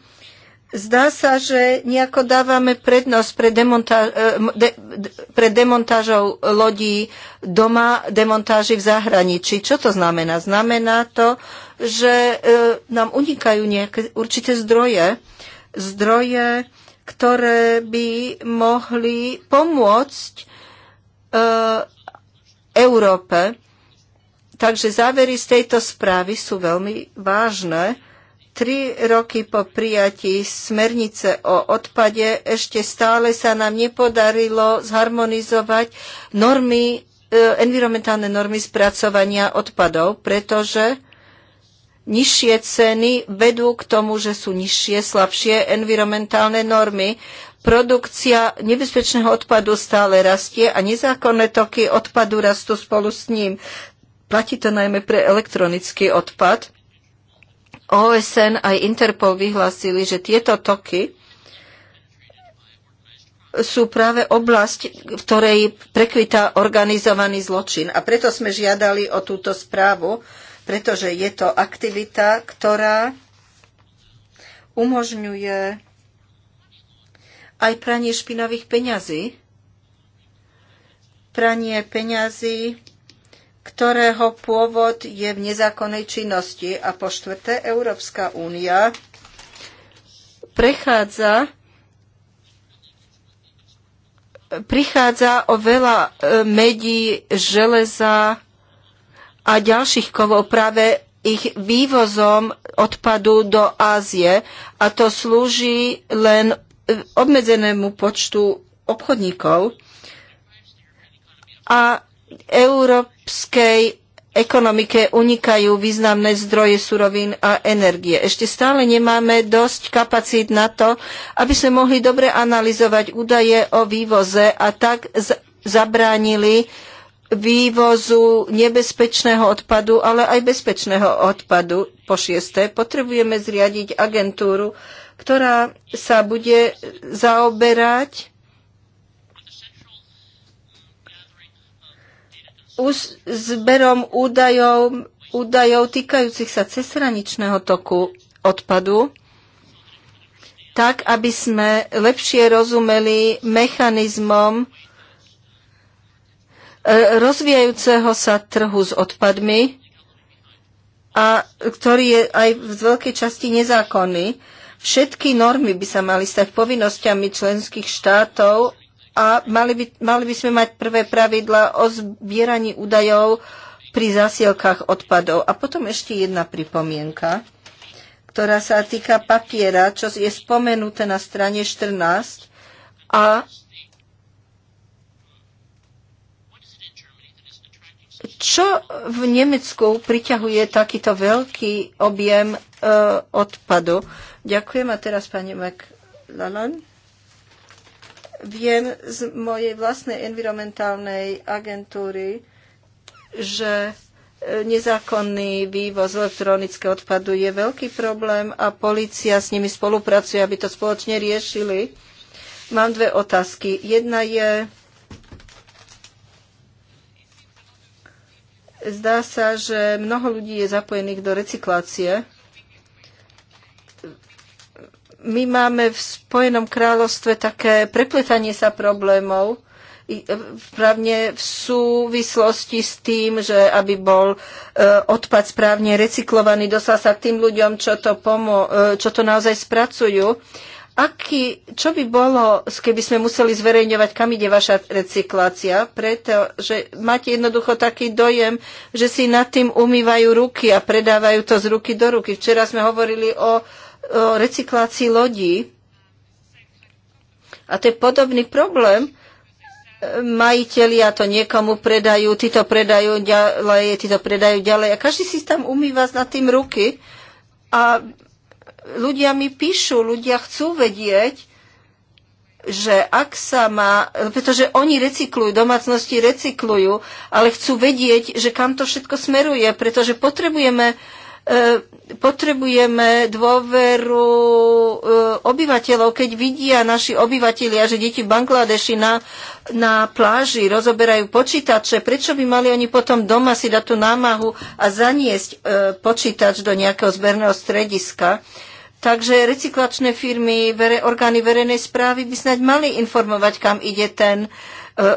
Speaker 2: Zdá sa, že nejako dávame prednosť pre, demontáž, e, de, pre demontážov lodí doma, demontáži v zahraničí. Čo to znamená? Znamená to, že e, nám unikajú nejaké určité zdroje, zdroje, ktoré by mohli pomôcť e, Európe. Takže závery z tejto správy sú veľmi vážne. Tri roky po prijatí smernice o odpade ešte stále sa nám nepodarilo zharmonizovať normy, e, environmentálne normy spracovania odpadov, pretože nižšie ceny vedú k tomu, že sú nižšie, slabšie environmentálne normy. Produkcia nebezpečného odpadu stále rastie a nezákonné toky odpadu rastú spolu s ním. Platí to najmä pre elektronický odpad. OSN aj Interpol vyhlásili, že tieto toky sú práve oblasť, v ktorej prekvitá organizovaný zločin. A preto sme žiadali o túto správu, pretože je to aktivita, ktorá umožňuje aj pranie špinavých peňazí. Pranie peňazí, ktorého pôvod je v nezákonnej činnosti. A po štvrté, Európska únia prechádza prichádza o veľa e, medí, železa a ďalších kovov práve ich vývozom odpadu do Ázie a to slúži len obmedzenému počtu obchodníkov a európskej ekonomike unikajú významné zdroje surovín a energie. Ešte stále nemáme dosť kapacít na to, aby sme mohli dobre analyzovať údaje o vývoze a tak zabránili vývozu nebezpečného odpadu, ale aj bezpečného odpadu. Po šiesté, potrebujeme zriadiť agentúru, ktorá sa bude zaoberať zberom údajov, údajov týkajúcich sa cezhraničného toku odpadu, tak aby sme lepšie rozumeli mechanizmom e, rozvíjajúceho sa trhu s odpadmi, a ktorý je aj v veľkej časti nezákonný. Všetky normy by sa mali stať povinnosťami členských štátov a mali by, mali by sme mať prvé pravidla o zbieraní údajov pri zasielkách odpadov. A potom ešte jedna pripomienka, ktorá sa týka papiera, čo je spomenuté na strane 14 a Čo v Nemecku priťahuje takýto veľký objem e, odpadu? Ďakujem a teraz pani McLellan. Viem z mojej vlastnej environmentálnej agentúry, že e, nezákonný vývoz elektronického odpadu je veľký problém a policia s nimi spolupracuje, aby to spoločne riešili. Mám dve otázky. Jedna je, Zdá sa, že mnoho ľudí je zapojených do recyklácie. My máme v Spojenom kráľovstve také prepletanie sa problémov, e, právne v súvislosti s tým, že aby bol e, odpad správne recyklovaný, dostal sa k tým ľuďom, čo to, pomo- e, čo to naozaj spracujú. Aký, čo by bolo, keby sme museli zverejňovať, kam ide vaša recyklácia? Pretože máte jednoducho taký dojem, že si nad tým umývajú ruky a predávajú to z ruky do ruky. Včera sme hovorili o, o recyklácii lodí. A to je podobný problém. Majitelia to niekomu predajú, títo predajú ďalej, títo predajú ďalej a každý si tam umýva nad tým ruky. A ľudia mi píšu, ľudia chcú vedieť, že ak sa má, pretože oni recyklujú, domácnosti recyklujú, ale chcú vedieť, že kam to všetko smeruje, pretože potrebujeme, e, potrebujeme dôveru e, obyvateľov, keď vidia naši obyvateľia, že deti v Bangladeši na, na pláži rozoberajú počítače, prečo by mali oni potom doma si dať tú námahu a zaniesť e, počítač do nejakého zberného strediska. Takže recyklačné firmy, orgány verejnej správy by snáď mali informovať, kam ide ten e,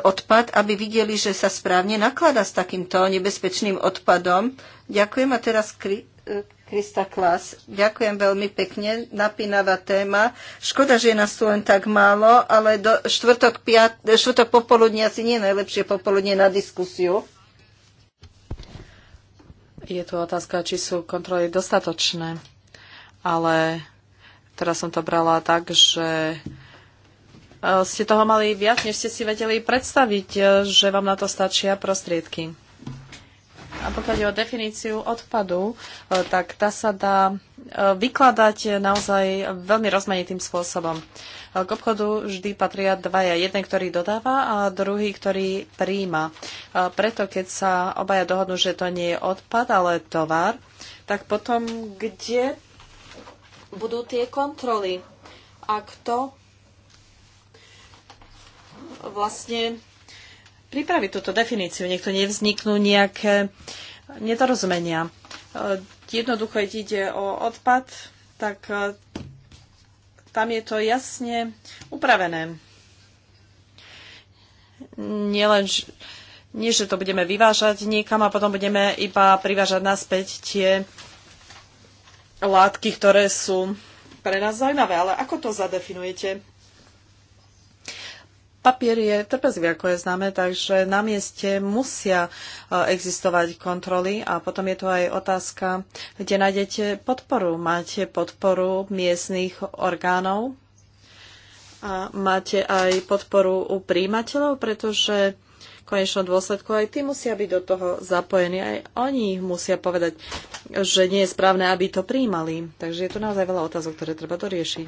Speaker 2: odpad, aby videli, že sa správne naklada s takýmto nebezpečným odpadom. Ďakujem a teraz e, Krista Klas. Ďakujem veľmi pekne, napínavá téma. Škoda, že je nás tu len tak málo, ale do štvrtok, piat, štvrtok popoludne asi nie je najlepšie popoludne na diskusiu. Je
Speaker 3: tu otázka, či sú kontroly dostatočné ale teraz som to brala tak, že e, ste toho mali viac, než ste si vedeli predstaviť, e, že vám na to stačia prostriedky. A pokiaľ je o definíciu odpadu, e, tak tá sa dá vykladať naozaj veľmi rozmanitým spôsobom. K obchodu vždy patria dvaja. Jeden, ktorý dodáva a druhý, ktorý príjima. Preto, keď sa obaja dohodnú, že to nie je odpad, ale tovar, tak potom kde budú tie kontroly a kto vlastne pripraví túto definíciu, niekto nevzniknú nejaké nedorozumenia. E, jednoducho ide o odpad, tak e, tam je to jasne upravené. Nielen, nie, že to budeme vyvážať niekam a potom budeme iba privážať naspäť tie látky, ktoré sú pre nás zaujímavé. Ale ako to zadefinujete? papier je trpezlivý, ako je známe, takže na mieste musia e, existovať kontroly a potom je tu aj otázka, kde nájdete podporu. Máte podporu miestných orgánov a máte aj podporu u príjimateľov, pretože konečnom dôsledku aj tí musia byť do toho zapojení. Aj oni musia povedať, že nie je správne, aby to príjmali. Takže je tu naozaj veľa otázok, ktoré treba doriešiť.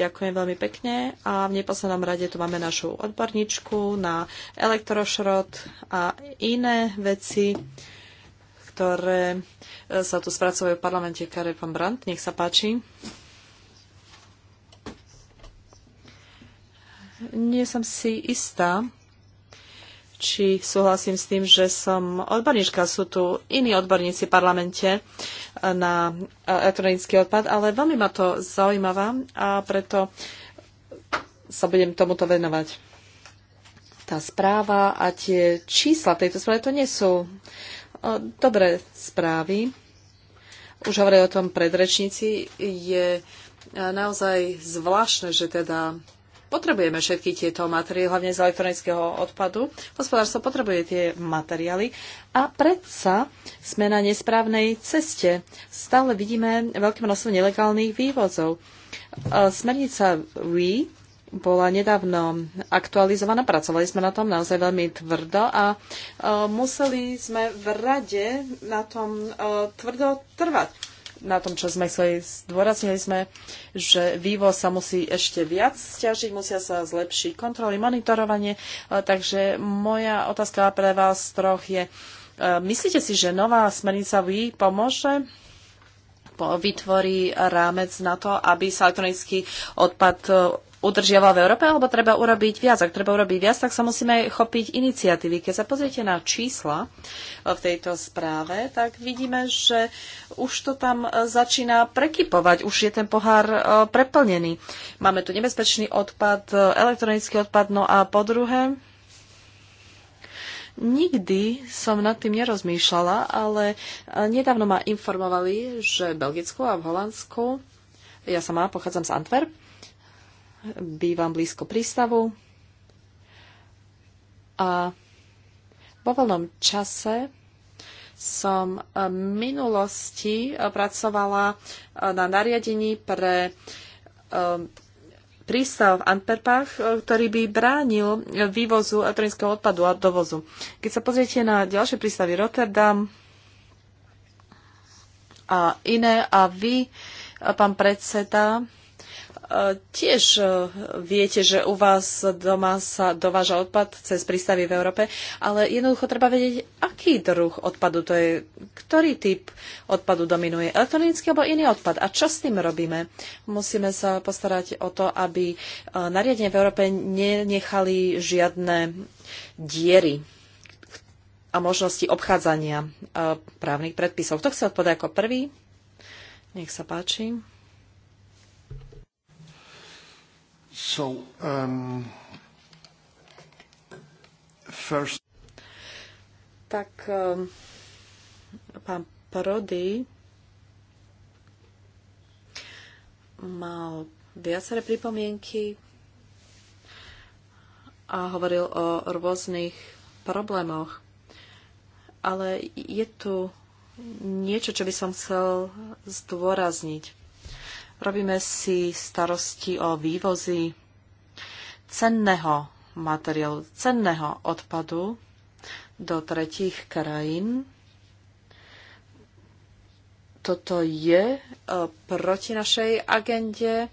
Speaker 3: Ďakujem veľmi pekne a v neposlednom rade tu máme našu odborníčku na elektrošrot a iné veci ktoré e, sa tu spracovajú v parlamente Karel von Brandt. Nech sa páči. Nie som si istá, či súhlasím s tým, že som odborníčka. Sú tu iní odborníci v parlamente eh, na eh, elektronický odpad, ale veľmi ma to zaujímavá a preto sa budem tomuto venovať. Tá správa a tie čísla tejto správy to nie sú eh, dobré správy. Už hovorili o tom predrečníci. Je naozaj zvláštne, že teda Potrebujeme všetky tieto materiály, hlavne z elektronického odpadu. Hospodárstvo potrebuje tie materiály a predsa sme na nesprávnej ceste. Stále vidíme veľké množstvo nelegálnych vývozov. E, smernica RE bola nedávno aktualizovaná, pracovali sme na tom naozaj veľmi tvrdo a e, museli sme v rade na tom e, tvrdo trvať na tom, čo sme chceli, zdôraznili sme, že vývoz sa musí ešte viac stiažiť, musia sa zlepšiť kontroly, monitorovanie. E, takže moja otázka pre vás troch je, e, myslíte si, že nová smernica VI pomôže? vytvorí rámec na to, aby sa elektronický odpad e, udržiava v Európe, alebo treba urobiť viac. Ak treba urobiť viac, tak sa musíme chopiť iniciatívy. Keď sa pozriete na čísla e, v tejto správe, tak vidíme, že už to tam e, začína prekypovať, už je ten pohár e, preplnený. Máme tu nebezpečný odpad, elektronický odpad, no a po druhé, Nikdy som nad tým nerozmýšľala, ale nedávno ma informovali, že v Belgicku a v Holandsku, ja sama pochádzam z Antwerp, bývam blízko prístavu a vo voľnom čase som eh, v minulosti eh, pracovala eh, na nariadení pre prístav v Antwerpách, ktorý by bránil vývozu elektronického odpadu a dovozu. Keď sa pozriete na ďalšie prístavy Rotterdam a iné, a vy, pán predseda, tiež e, viete, že u vás doma sa dováža odpad cez prístavy v Európe, ale jednoducho treba vedieť, aký druh odpadu to je, ktorý typ odpadu dominuje, elektronický alebo iný odpad. A čo s tým robíme? Musíme sa postarať o to, aby e, nariadenie v Európe nenechali žiadne diery a možnosti obchádzania e, právnych predpisov. Kto chce odpovedať ako prvý? Nech sa páči. So, um, first... Tak um, pán Prody mal viaceré pripomienky a hovoril o rôznych problémoch. Ale je tu niečo, čo by som chcel zdôrazniť. Robíme si starosti o vývozy cenného materiálu, cenného odpadu do tretích krajín. Toto je e, proti našej agende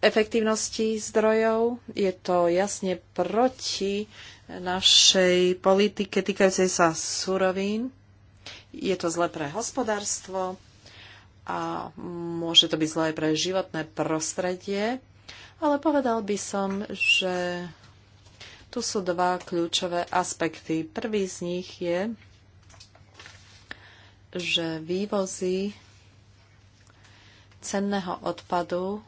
Speaker 3: efektívnosti zdrojov. Je to jasne proti našej politike týkajúcej sa surovín. Je to zle pre hospodárstvo, a môže to byť zlé pre životné prostredie, ale povedal by som, že tu sú dva kľúčové aspekty. Prvý z nich je, že vývozy cenného odpadu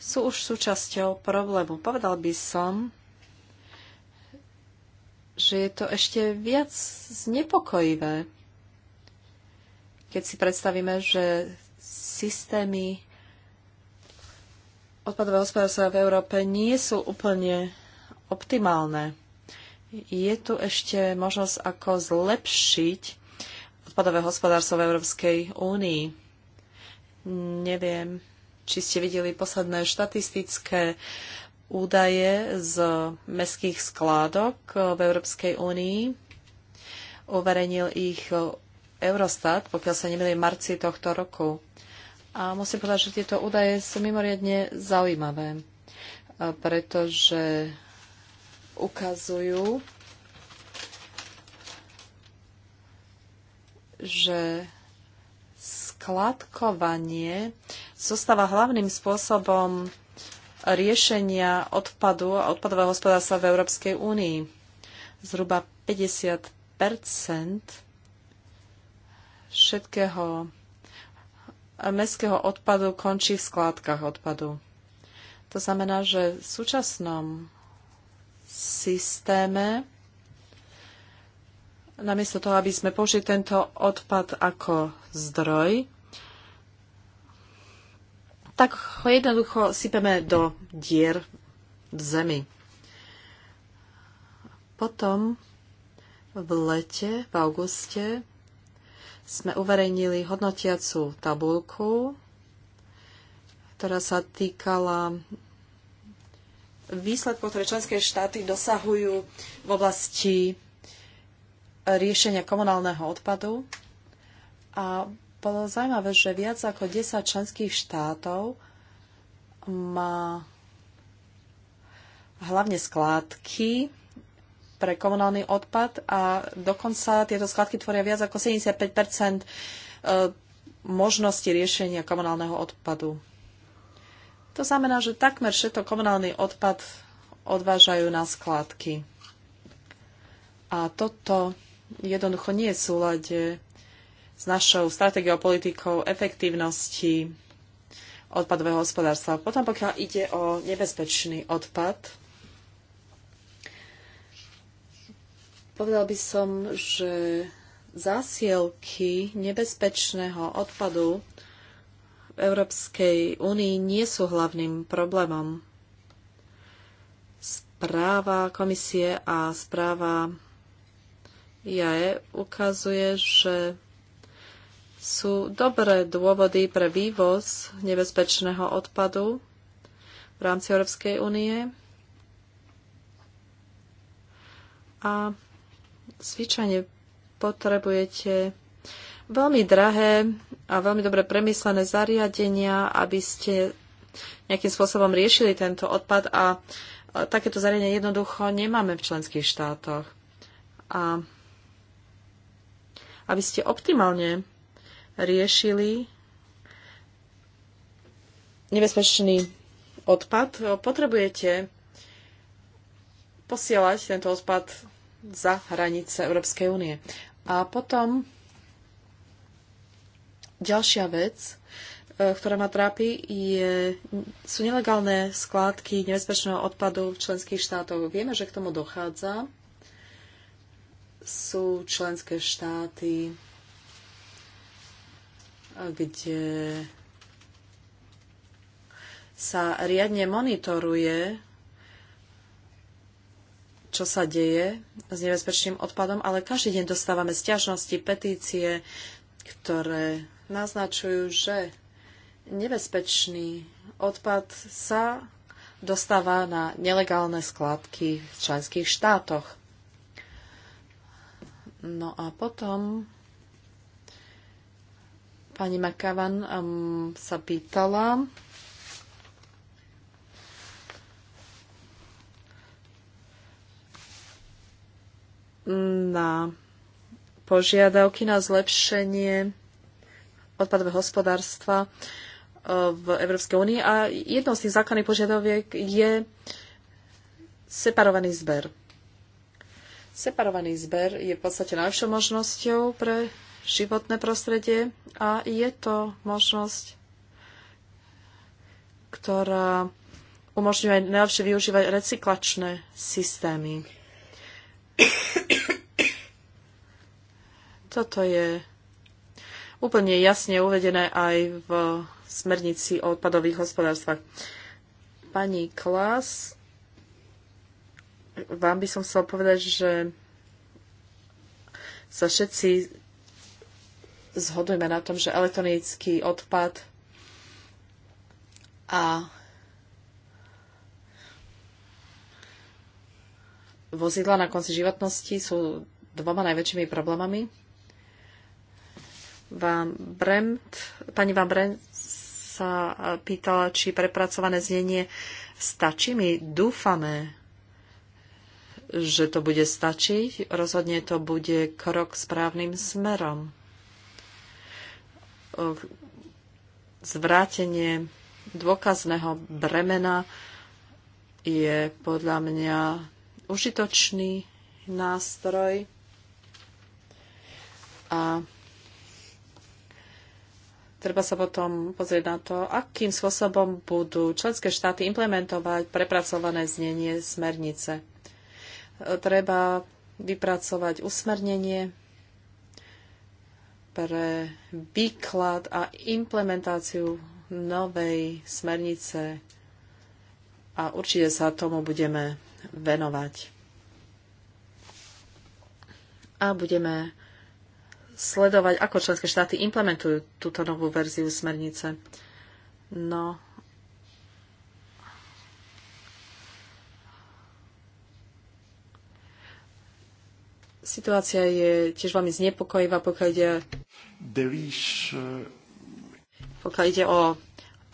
Speaker 3: sú už súčasťou problému. Povedal by som, že je to ešte viac znepokojivé keď si predstavíme, že systémy odpadového hospodárstva v Európe nie sú úplne optimálne. Je tu ešte možnosť, ako zlepšiť odpadové hospodárstvo v Európskej únii. Neviem, či ste videli posledné štatistické údaje z mestských skládok v Európskej únii. Uverejnil ich Eurostat, pokiaľ sa nemili v marci tohto roku. A musím povedať, že tieto údaje sú mimoriadne zaujímavé, e, pretože ukazujú, že skladkovanie zostáva hlavným spôsobom riešenia odpadu a odpadového hospodárstva v Európskej únii. Zhruba 50 všetkého mestského odpadu končí v skládkach odpadu. To znamená, že v súčasnom systéme namiesto toho, aby sme použili tento odpad ako zdroj, tak ho jednoducho sypeme do dier v zemi. Potom v lete, v auguste, sme uverejnili hodnotiacu tabulku, ktorá sa týkala výsledkov, ktoré členské štáty dosahujú v oblasti riešenia komunálneho odpadu. A bolo zaujímavé, že viac ako 10 členských štátov má hlavne skládky, pre komunálny odpad a dokonca tieto skladky tvoria viac ako 75 e, možnosti riešenia komunálneho odpadu. To znamená, že takmer všetko komunálny odpad odvážajú na skládky. A toto jednoducho nie je v súlade s našou stratégiou politikou efektívnosti odpadového hospodárstva. Potom pokiaľ ide o nebezpečný odpad, Povedal by som, že zásielky nebezpečného odpadu v Európskej únii nie sú hlavným problémom. Správa komisie a správa IAE e ukazuje, že sú dobré dôvody pre vývoz nebezpečného odpadu v rámci Európskej únie. A zvyčajne potrebujete veľmi drahé a veľmi dobre premyslené zariadenia, aby ste nejakým spôsobom riešili tento odpad a takéto zariadenie jednoducho nemáme v členských štátoch. A aby ste optimálne riešili nebezpečný odpad, potrebujete posielať tento odpad za hranice Európskej únie. A potom ďalšia vec, e, ktorá ma trápi, je, sú nelegálne skládky nebezpečného odpadu v členských štátoch. Vieme, že k tomu dochádza. Sú členské štáty, kde sa riadne monitoruje čo sa deje s nebezpečným odpadom, ale každý deň dostávame stiažnosti, petície, ktoré naznačujú, že nebezpečný odpad sa dostáva na nelegálne skládky v členských štátoch. No a potom pani Makavan um, sa pýtala, na požiadavky na zlepšenie odpadového hospodárstva e, v Európskej únii a jednou z tých základných požiadaviek je separovaný zber. Separovaný zber je v podstate najlepšou možnosťou pre životné prostredie a je to možnosť, ktorá umožňuje najlepšie využívať recyklačné systémy. Toto je úplne jasne uvedené aj v smernici o odpadových hospodárstvách. Pani Klas, vám by som chcel povedať, že sa všetci zhodujeme na tom, že elektronický odpad a vozidla na konci životnosti sú dvoma najväčšími problémami. Vám Brent pani Vám Brent sa pýtala, či prepracované znenie stačí. My dúfame, že to bude stačiť. Rozhodne to bude krok správnym smerom. Zvrátenie dôkazného bremena je podľa mňa užitočný nástroj a treba sa potom pozrieť na to, akým spôsobom budú členské štáty implementovať prepracované znenie smernice. Treba vypracovať usmernenie pre výklad a implementáciu novej smernice a určite sa tomu budeme venovať. A budeme sledovať, ako členské štáty implementujú túto novú verziu smernice. No, situácia je tiež veľmi znepokojivá, pokiaľ ide,
Speaker 1: eh,
Speaker 3: pokiaľ ide o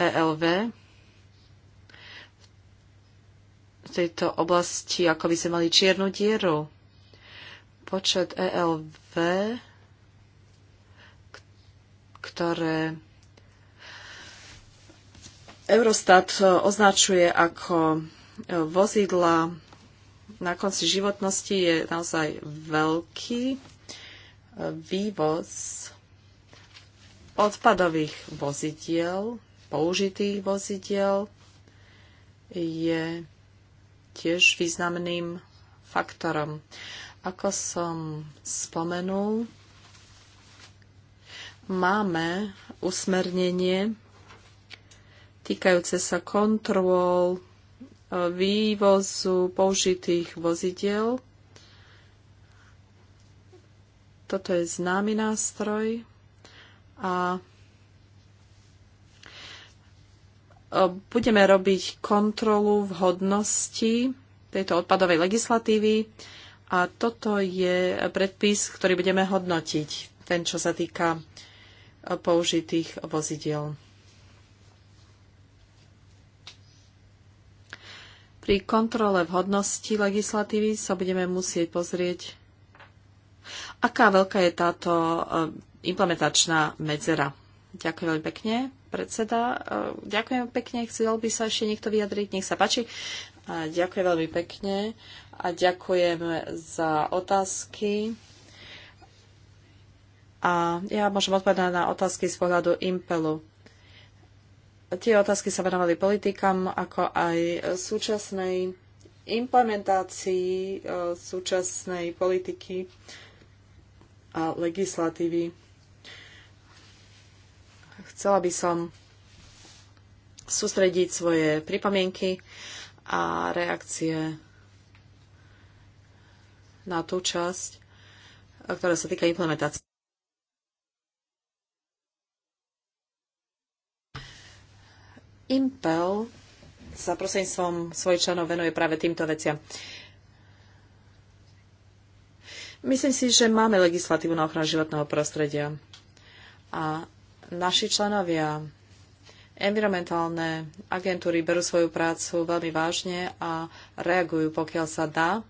Speaker 3: ELV v tejto oblasti, ako by sme mali čiernu dieru. Počet ELV, ktoré Eurostat označuje ako vozidla na konci životnosti, je naozaj veľký vývoz odpadových vozidiel, použitých vozidiel je tiež významným faktorom. Ako som spomenul, máme usmernenie týkajúce sa kontrol e, vývozu použitých vozidiel. Toto je známy nástroj a budeme robiť kontrolu vhodnosti tejto odpadovej legislatívy a toto je predpis, ktorý budeme hodnotiť, ten, čo sa týka použitých vozidiel. Pri kontrole vhodnosti legislatívy sa budeme musieť pozrieť, aká veľká je táto implementačná medzera. Ďakujem veľmi pekne, predseda. E, ďakujem pekne. Chcel by sa ešte niekto vyjadriť? Nech sa páči. A ďakujem veľmi pekne a ďakujem za otázky. A ja môžem odpovedať na otázky z pohľadu Impelu. Tie otázky sa venovali politikám, ako aj súčasnej implementácii e, súčasnej politiky a legislatívy Chcela by som sústrediť svoje pripomienky a reakcie na tú časť, ktorá sa týka implementácie. Impel sa som, svojich členov venuje práve týmto veciam. Myslím si, že máme legislatívu na ochranu životného prostredia a naši členovia environmentálne agentúry berú svoju prácu veľmi vážne a reagujú, pokiaľ sa dá.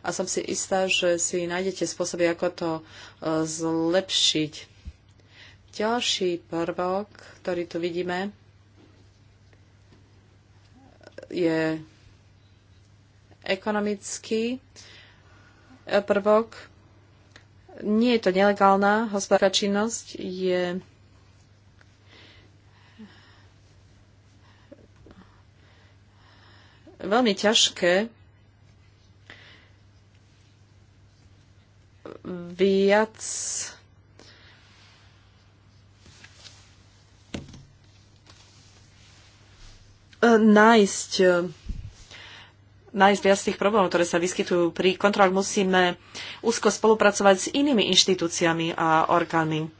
Speaker 3: A som si istá, že si nájdete spôsoby, ako to e, zlepšiť. Ďalší prvok, ktorý tu vidíme, je ekonomický e, prvok. Nie je to nelegálna hospodárska činnosť, je veľmi ťažké viac nájsť nájsť viac tých problémov, ktoré sa vyskytujú pri kontrolách, musíme úzko spolupracovať s inými inštitúciami a orgánmi.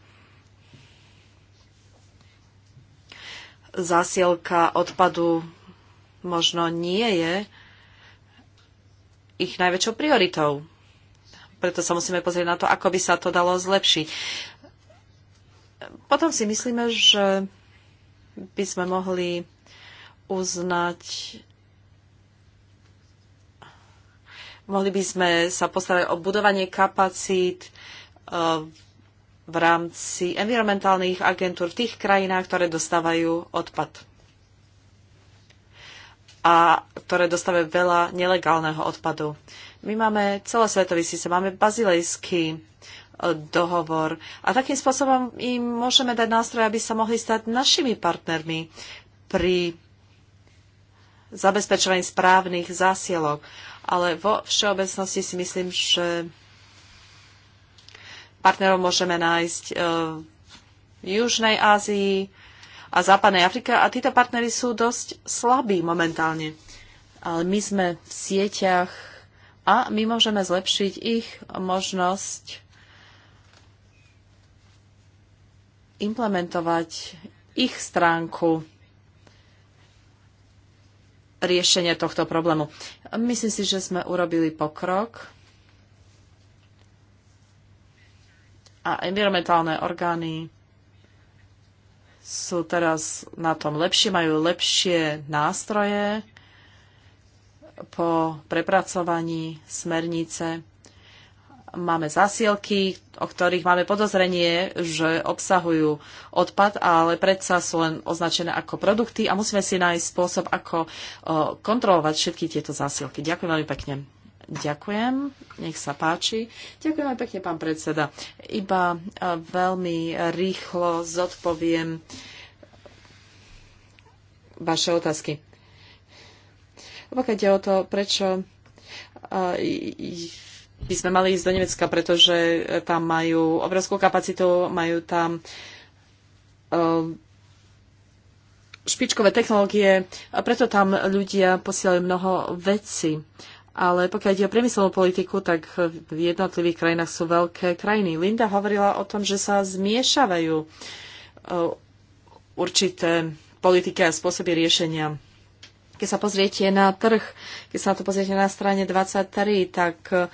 Speaker 3: Zásielka odpadu možno nie je ich najväčšou prioritou. Preto sa musíme pozrieť na to, ako by sa to dalo zlepšiť. Potom si myslíme, že by sme mohli uznať mohli by sme sa postarať o budovanie kapacít e, v rámci environmentálnych agentúr v tých krajinách, ktoré dostávajú odpad a ktoré dostávajú veľa nelegálneho odpadu. My máme celosvetový systém, máme bazilejský e, dohovor a takým spôsobom im môžeme dať nástroje, aby sa mohli stať našimi partnermi pri zabezpečovaní správnych zásielok. Ale vo všeobecnosti si myslím, že partnerov môžeme nájsť e, v Južnej Ázii, a Západnej Afrike a títo partnery sú dosť slabí momentálne. Ale my sme v sieťach a my môžeme zlepšiť ich možnosť implementovať ich stránku riešenia tohto problému. Myslím si, že sme urobili pokrok a environmentálne orgány sú teraz na tom lepšie, majú lepšie nástroje po prepracovaní smernice. Máme zasielky, o ktorých máme podozrenie, že obsahujú odpad, ale predsa sú len označené ako produkty a musíme si nájsť spôsob, ako kontrolovať všetky tieto zasielky. Ďakujem veľmi pekne. Ďakujem, nech sa páči. Ďakujem aj pekne, pán predseda. Iba e, veľmi rýchlo zodpoviem vaše otázky. Pokiaľ ide o to, prečo e, by sme mali ísť do Nemecka, pretože tam majú obrovskú kapacitu, majú tam e, špičkové technológie, a preto tam ľudia posielajú mnoho vecí. Ale pokiaľ ide o priemyselnú politiku, tak v jednotlivých krajinách sú veľké krajiny. Linda hovorila o tom, že sa zmiešavajú e, určité politiky a spôsoby riešenia. Keď sa pozriete na trh, keď sa na to pozriete na strane 23, tak e,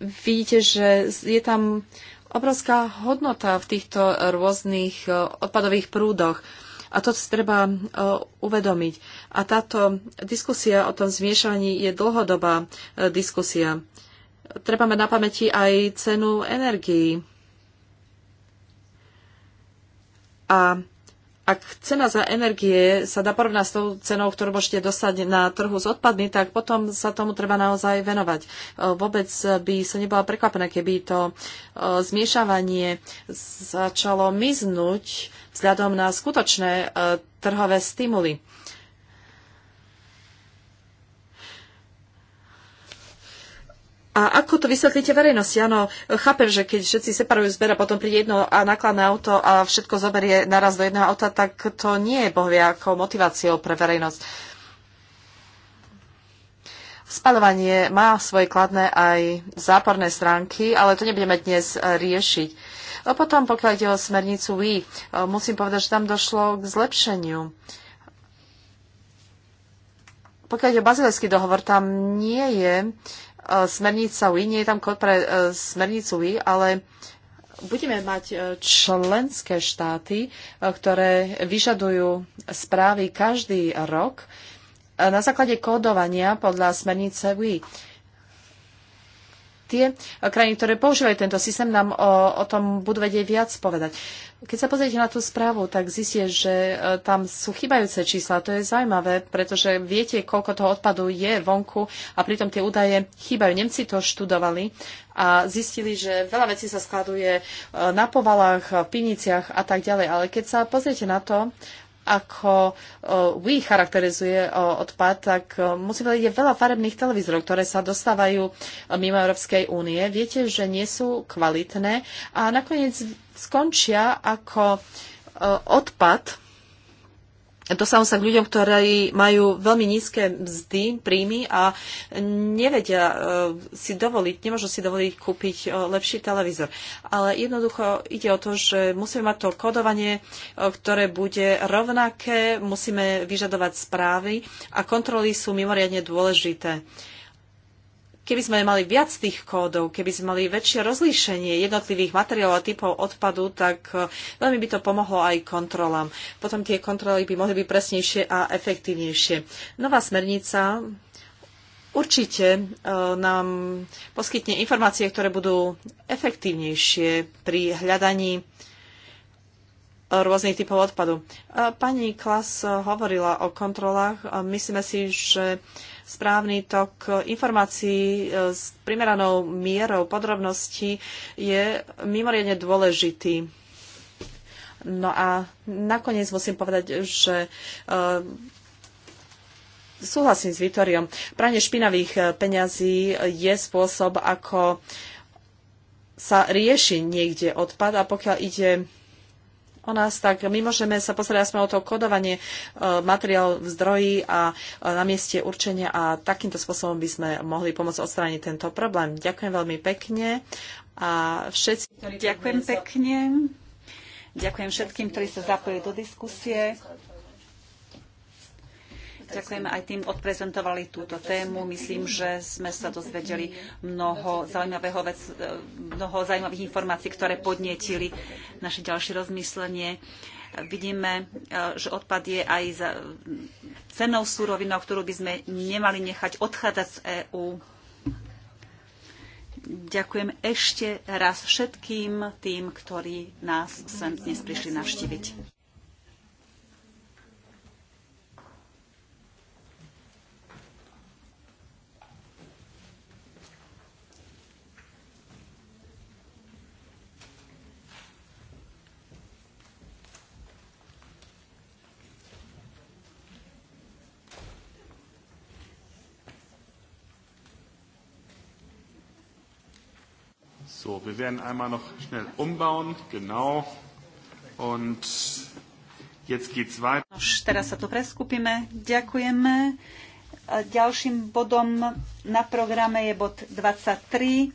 Speaker 3: vidíte, že je tam obrovská hodnota v týchto rôznych e, odpadových prúdoch. A to si treba e, uvedomiť. A táto diskusia o tom zmiešaní je dlhodobá e, diskusia. Treba mať na pamäti aj cenu energii. A ak cena za energie sa dá porovnať s tou cenou, ktorú môžete dostať na trhu s odpadmi, tak potom sa tomu treba naozaj venovať. E, vôbec by som nebola prekvapená, keby to zmiešavanie začalo miznúť vzhľadom na skutočné e, trhové stimuly. A ako to vysvetlíte verejnosti? Áno, chápem, že keď všetci separujú zber a potom príde jedno a nakladné auto a všetko zoberie naraz do jedného auta, tak to nie je bohvie ako motiváciou pre verejnosť. Spalovanie má svoje kladné aj záporné stránky, ale to nebudeme dnes e, riešiť. A potom, pokiaľ ide o smernicu WI, e, musím povedať, že tam došlo k zlepšeniu. Pokiaľ ide o bazilecký dohovor, tam nie je e, smernica WI, nie je tam kód pre e, smernicu WI, ale budeme mať členské štáty, ktoré vyžadujú správy každý rok na základe kódovania podľa smernice WI tie krajiny, ktoré používajú tento systém, nám o, o tom budú vedieť viac povedať. Keď sa pozriete na tú správu, tak zistíte, že e, tam sú chybajúce čísla. To je zaujímavé, pretože viete, koľko toho odpadu je vonku a pritom tie údaje chýbajú. Nemci to študovali a zistili, že veľa vecí sa skladuje e, na povalách, v piniciach a tak ďalej. Ale keď sa pozriete na to, ako Wii charakterizuje odpad, tak musím povedať, je veľa farebných televízorov, ktoré sa dostávajú mimo Európskej únie. Viete, že nie sú kvalitné a nakoniec skončia ako odpad dosahujú sa k ľuďom, ktorí majú veľmi nízke mzdy, príjmy a nevedia e, si dovoliť, nemôžu si dovoliť kúpiť e, lepší televízor. Ale jednoducho ide o to, že musíme mať to kodovanie, e, ktoré bude rovnaké, musíme vyžadovať správy a kontroly sú mimoriadne dôležité keby sme mali viac tých kódov, keby sme mali väčšie rozlíšenie jednotlivých materiálov a typov odpadu, tak e, veľmi by to pomohlo aj kontrolám. Potom tie kontroly by mohli byť presnejšie a efektívnejšie. Nová smernica určite e, nám poskytne informácie, ktoré budú efektívnejšie pri hľadaní rôznych typov odpadu. E, pani Klas hovorila o kontrolách. Myslíme si, že správny tok informácií e, s primeranou mierou podrobností je mimoriadne dôležitý. No a nakoniec musím povedať, že e, súhlasím s Vitoriom. Pranie špinavých e, peňazí je spôsob, ako sa rieši niekde odpad a pokiaľ ide o nás, tak my môžeme sa postarať aspoň o to kodovanie e, materiál v zdroji a e, na mieste určenia a takýmto spôsobom by sme mohli pomôcť odstrániť tento problém. Ďakujem veľmi pekne a všetci, ktorí... Ďakujem pekne.
Speaker 1: Ďakujem všetkým, ktorí sa zapojili do diskusie. Ďakujeme aj tým, odprezentovali túto tému. Myslím, že sme sa dozvedeli mnoho, zaujímavého vec, mnoho zaujímavých informácií, ktoré podnietili naše ďalšie rozmyslenie. Vidíme, že odpad je aj za cenou súrovinou, ktorú by sme nemali nechať odchádzať z EÚ. Ďakujem ešte raz všetkým tým, ktorí nás sem dnes prišli navštíviť.
Speaker 3: So, wir werden einmal noch schnell umbauen. Genau. Und jetzt geht's weiter. Nož, teraz
Speaker 1: sa tu preskupíme. Ďakujeme. Ďalším bodom na programe je bod 23.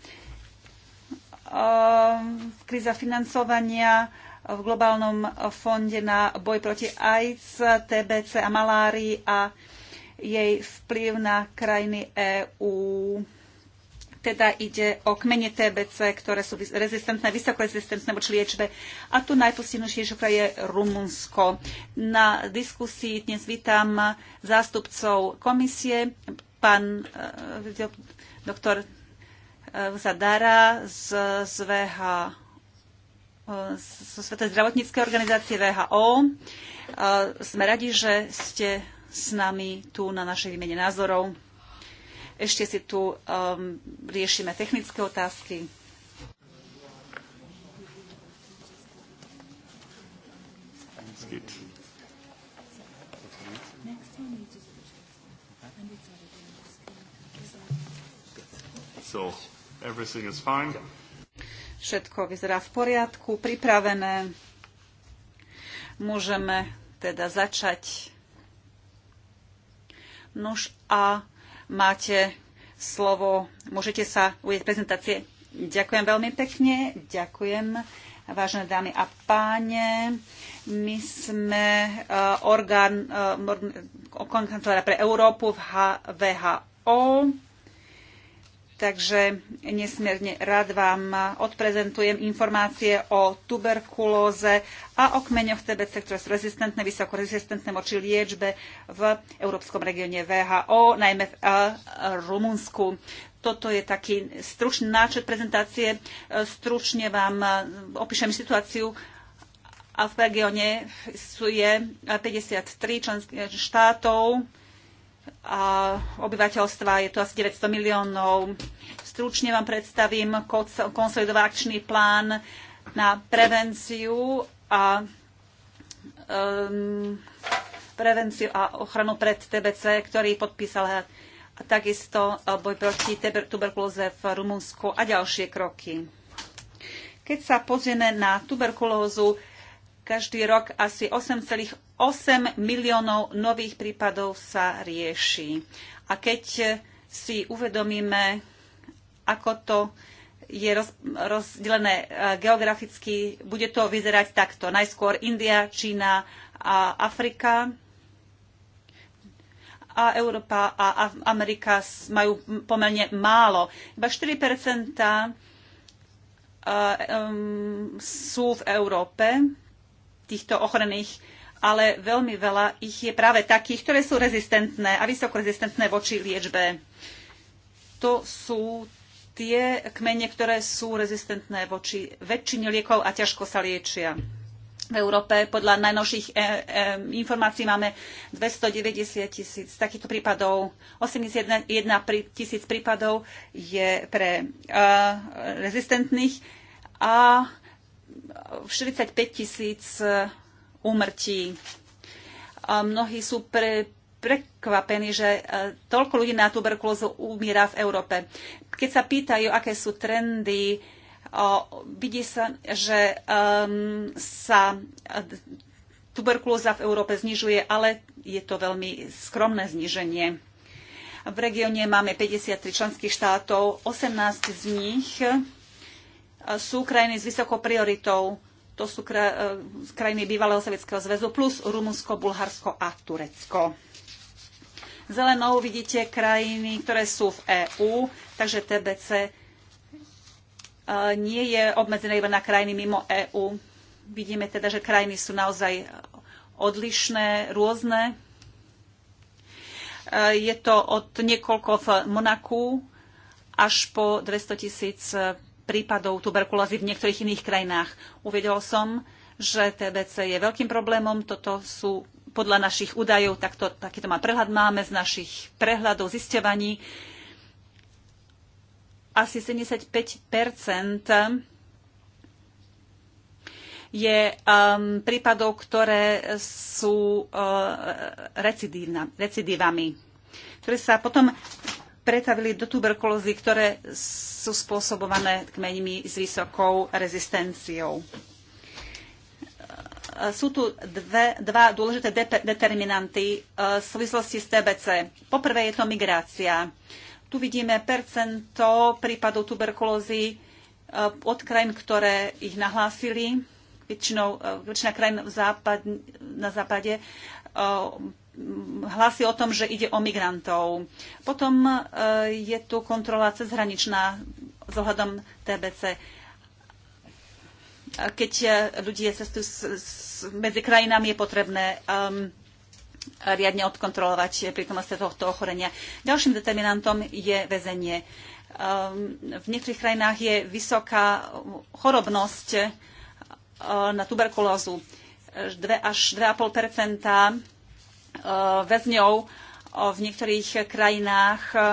Speaker 1: Kríza financovania v globálnom fonde na boj proti AIDS, TBC a malárii a jej vplyv na krajiny EÚ. Teda ide o kmene TBC, ktoré sú rezistentné, vysokorezistentné voči liečbe. A tu najpostihnutejšie je Rumunsko. Na diskusii dnes vítam zástupcov komisie, pán e, doktor eh, Zadara z, z VH eh, zo Svetej zdravotníckej organizácie VHO. Sme radi, že ste s nami tu na našej výmene názorov. Ešte si tu um, riešime technické otázky. So, everything is fine. Všetko vyzerá v poriadku, pripravené. Môžeme teda začať. Nož a Máte slovo, môžete sa ujeť prezentácie. Ďakujem veľmi pekne, ďakujem vážené dámy a páne. My sme eh, eh, orgán, orgán pre Európu v HVHO. Takže nesmierne rád vám odprezentujem informácie o tuberkulóze a o kmeňoch TBC, ktoré sú rezistentné, vysoko rezistentné voči liečbe v Európskom regióne VHO, najmä v eh, Rumunsku. Toto je taký stručný náčet prezentácie. Stručne vám eh, opíšem situáciu a v regióne je 53 eh, členských štátov, a obyvateľstva, je to asi 900 miliónov. Stručne vám predstavím konsolidovačný plán na prevenciu a um, prevenciu a ochranu pred TBC, ktorý podpísal a takisto e, boj proti tuberkulóze v Rumunsku a ďalšie kroky. Keď sa pozrieme na tuberkulózu, každý rok asi 8,8 8 miliónov nových prípadov sa rieši. A keď si uvedomíme, ako to je roz, rozdelené e, geograficky, bude to vyzerať takto. Najskôr India, Čína a Afrika. A Európa a Amerika majú pomerne málo. Iba 4 e, sú v Európe týchto ochranných ale veľmi veľa ich je práve takých, ktoré sú rezistentné a vysokorezistentné voči liečbe. To sú tie kmene, ktoré sú rezistentné voči väčšine liekov a ťažko sa liečia. V Európe podľa najnovších e, e, informácií máme 290 tisíc takýchto prípadov. 81 tisíc prípadov je pre e, rezistentných a 45 tisíc úmrtí. Mnohí sú pre, prekvapení, že e, toľko ľudí na tuberkulózu umiera v Európe. Keď sa pýtajú, aké sú trendy, vidí sa, že sa e, tuberkulóza v Európe znižuje, ale je to veľmi skromné zniženie. V regióne máme 53 členských štátov, 18 z nich e, sú krajiny s vysokou prioritou to sú e, krajiny bývalého Sovietskeho zväzu plus Rumunsko, Bulharsko a Turecko. Zelenou vidíte krajiny, ktoré sú v EÚ, takže TBC e, nie je obmedzené iba na krajiny mimo EÚ. Vidíme teda, že krajiny sú naozaj odlišné, rôzne. E, je to od niekoľko v Monaku až po 200 tisíc prípadov tuberkulózy v niektorých iných krajinách. Uvedol som, že TBC je veľkým problémom. Toto sú podľa našich údajov, to, takýto má prehľad máme z našich prehľadov, zisťovaní. Asi 75 je um, prípadov, ktoré sú uh, recidívami, ktoré sa potom pretavili do tuberkulózy, ktoré sú spôsobované kmeňmi s vysokou rezistenciou. Sú tu dve, dva dôležité determinanty e, v súvislosti s TBC. Poprvé je to migrácia. Tu vidíme percento prípadov tuberkulózy e, od krajín, ktoré ich nahlásili, väčšinou, e, väčšina krajín západ, na západe hlasy o tom, že ide o migrantov. Potom e, je tu kontrola cezhraničná e, s ohľadom TBC. Keď ľudia cestujú medzi krajinami, je potrebné um, riadne odkontrolovať prítomnosť tohto ochorenia. Ďalším determinantom je väzenie. Um, v niektorých krajinách je vysoká chorobnosť e, na tuberkulózu. 2 až 2,5 Eh, väzňov v niektorých krajinách eh,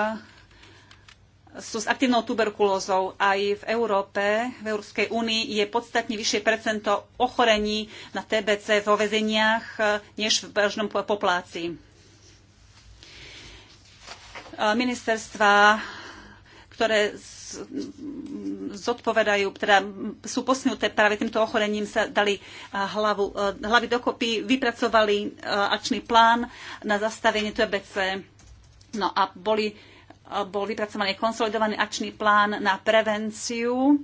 Speaker 1: sú s aktívnou tuberkulózou. Aj v Európe, v Európskej únii je podstatne vyššie percento ochorení na TBC vo väzeniach eh, než v bežnom populácii. Ministerstva, ktoré zodpovedajú, teda sú posnuté práve týmto ochorením, sa dali hlavu, hlavy dokopy, vypracovali akčný plán na zastavenie TBC. No a boli bol vypracovaný konsolidovaný akčný plán na prevenciu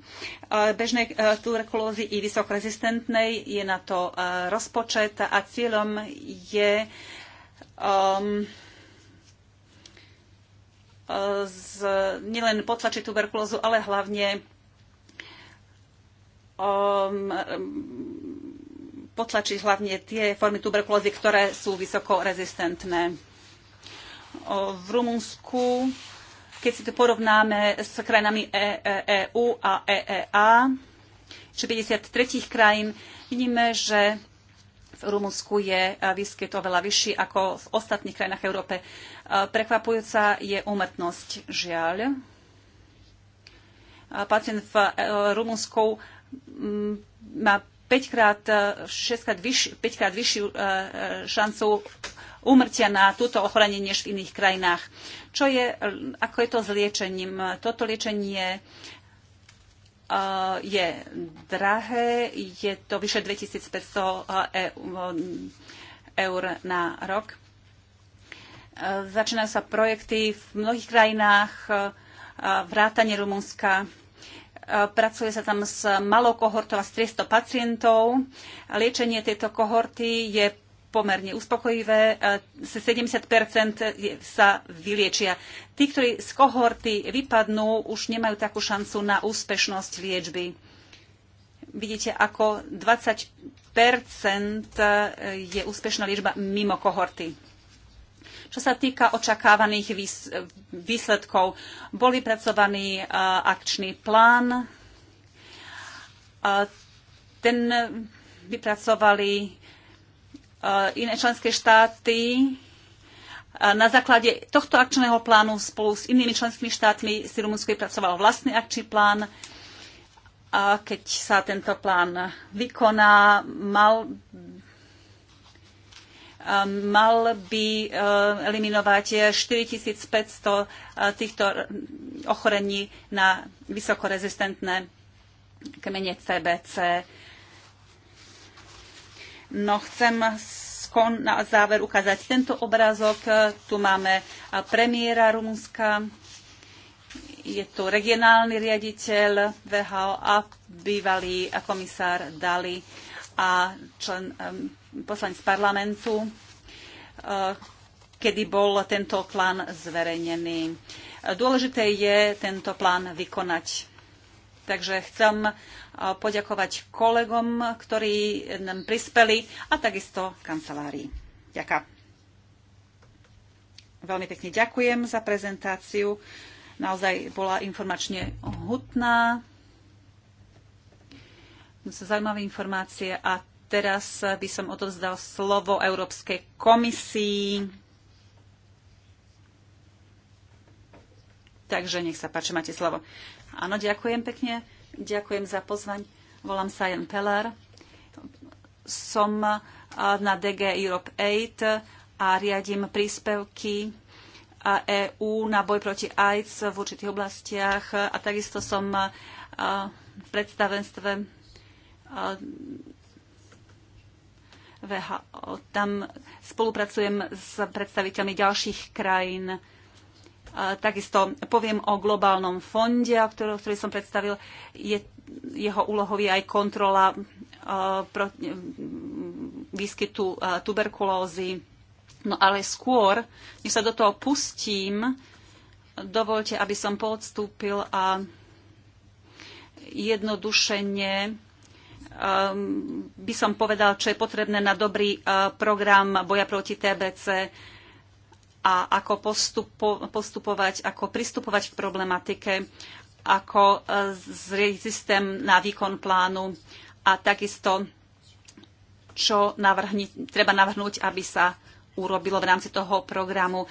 Speaker 1: bežnej tuberkulózy i vysokorezistentnej. Je na to rozpočet a cieľom je um, z, nielen potlačiť tuberkulózu, ale hlavne Um, potlačiť hlavne tie formy tuberkulózy, ktoré sú vysoko rezistentné. V Rumunsku, keď si to porovnáme s krajinami EU e, e, a EEA, či 53 krajín, vidíme, že v Rumunsku je výskyt oveľa vyšší ako v ostatných krajinách Európe. Prekvapujúca je úmrtnosť, žiaľ. Pacient v e, Rumunsku Mm, má 5-krát, 6-krát eh, vyš, 5-krát vyššiu eh, eh, šancu umrtia na túto ochorenie než v iných krajinách. Čo je, ako je to s liečením? Toto liečenie je drahé, je to vyše 2500 e-, eur na rok. Začínajú sa projekty v mnohých krajinách, vrátanie Rumunska, Pracuje sa tam s malou kohortou a s 300 pacientov. Liečenie tejto kohorty je pomerne uspokojivé. 70 sa vyliečia. Tí, ktorí z kohorty vypadnú, už nemajú takú šancu na úspešnosť liečby. Vidíte, ako 20 je úspešná liečba mimo kohorty. Čo sa týka očakávaných výsledkov, boli pracovaný e, akčný plán. E, ten vypracovali e, iné členské štáty. Na základe tohto akčného plánu spolu s inými členskými štátmi si Rumunsko vypracovalo vlastný akčný plán. A keď sa tento plán vykoná, mal mal by eh, eliminovať 4500 eh, eh, týchto ochorení na vysokorezistentné kmene CBC. No chcem na záver ukázať tento obrázok. Tu máme premiéra Rumunska, je tu regionálny riaditeľ VHO a bývalý komisár Dali a člen poslanec parlamentu, e, kedy bol tento plán zverejnený. Dôležité je tento plán vykonať. Takže chcem e, poďakovať kolegom, ktorí nám prispeli a takisto kancelárii. Ďakujem. Veľmi pekne ďakujem za prezentáciu. Naozaj bola informačne hutná. Zaujímavé informácie a teraz by som odovzdal slovo Európskej komisii. Takže nech sa páči, máte slovo. Áno, ďakujem pekne. Ďakujem za pozvaň. Volám sa Jan Peller. Som na DG Europe 8 a riadím príspevky EÚ na boj proti AIDS v určitých oblastiach a takisto som v predstavenstve VHO. Tam spolupracujem s predstaviteľmi ďalších krajín. Takisto poviem o globálnom fonde, o ktorý, som predstavil. Je, jeho úlohou je aj kontrola pro, výskytu tuberkulózy. No ale skôr, než sa do toho pustím, dovolte, aby som podstúpil a jednodušene Ehm, by som povedal, čo je potrebné na dobrý e, program boja proti TBC a ako postupovať, ako pristupovať k problematike, ako e, zrieť systém na výkon plánu a takisto, čo navrhni, treba navrhnúť, aby sa urobilo v rámci toho programu.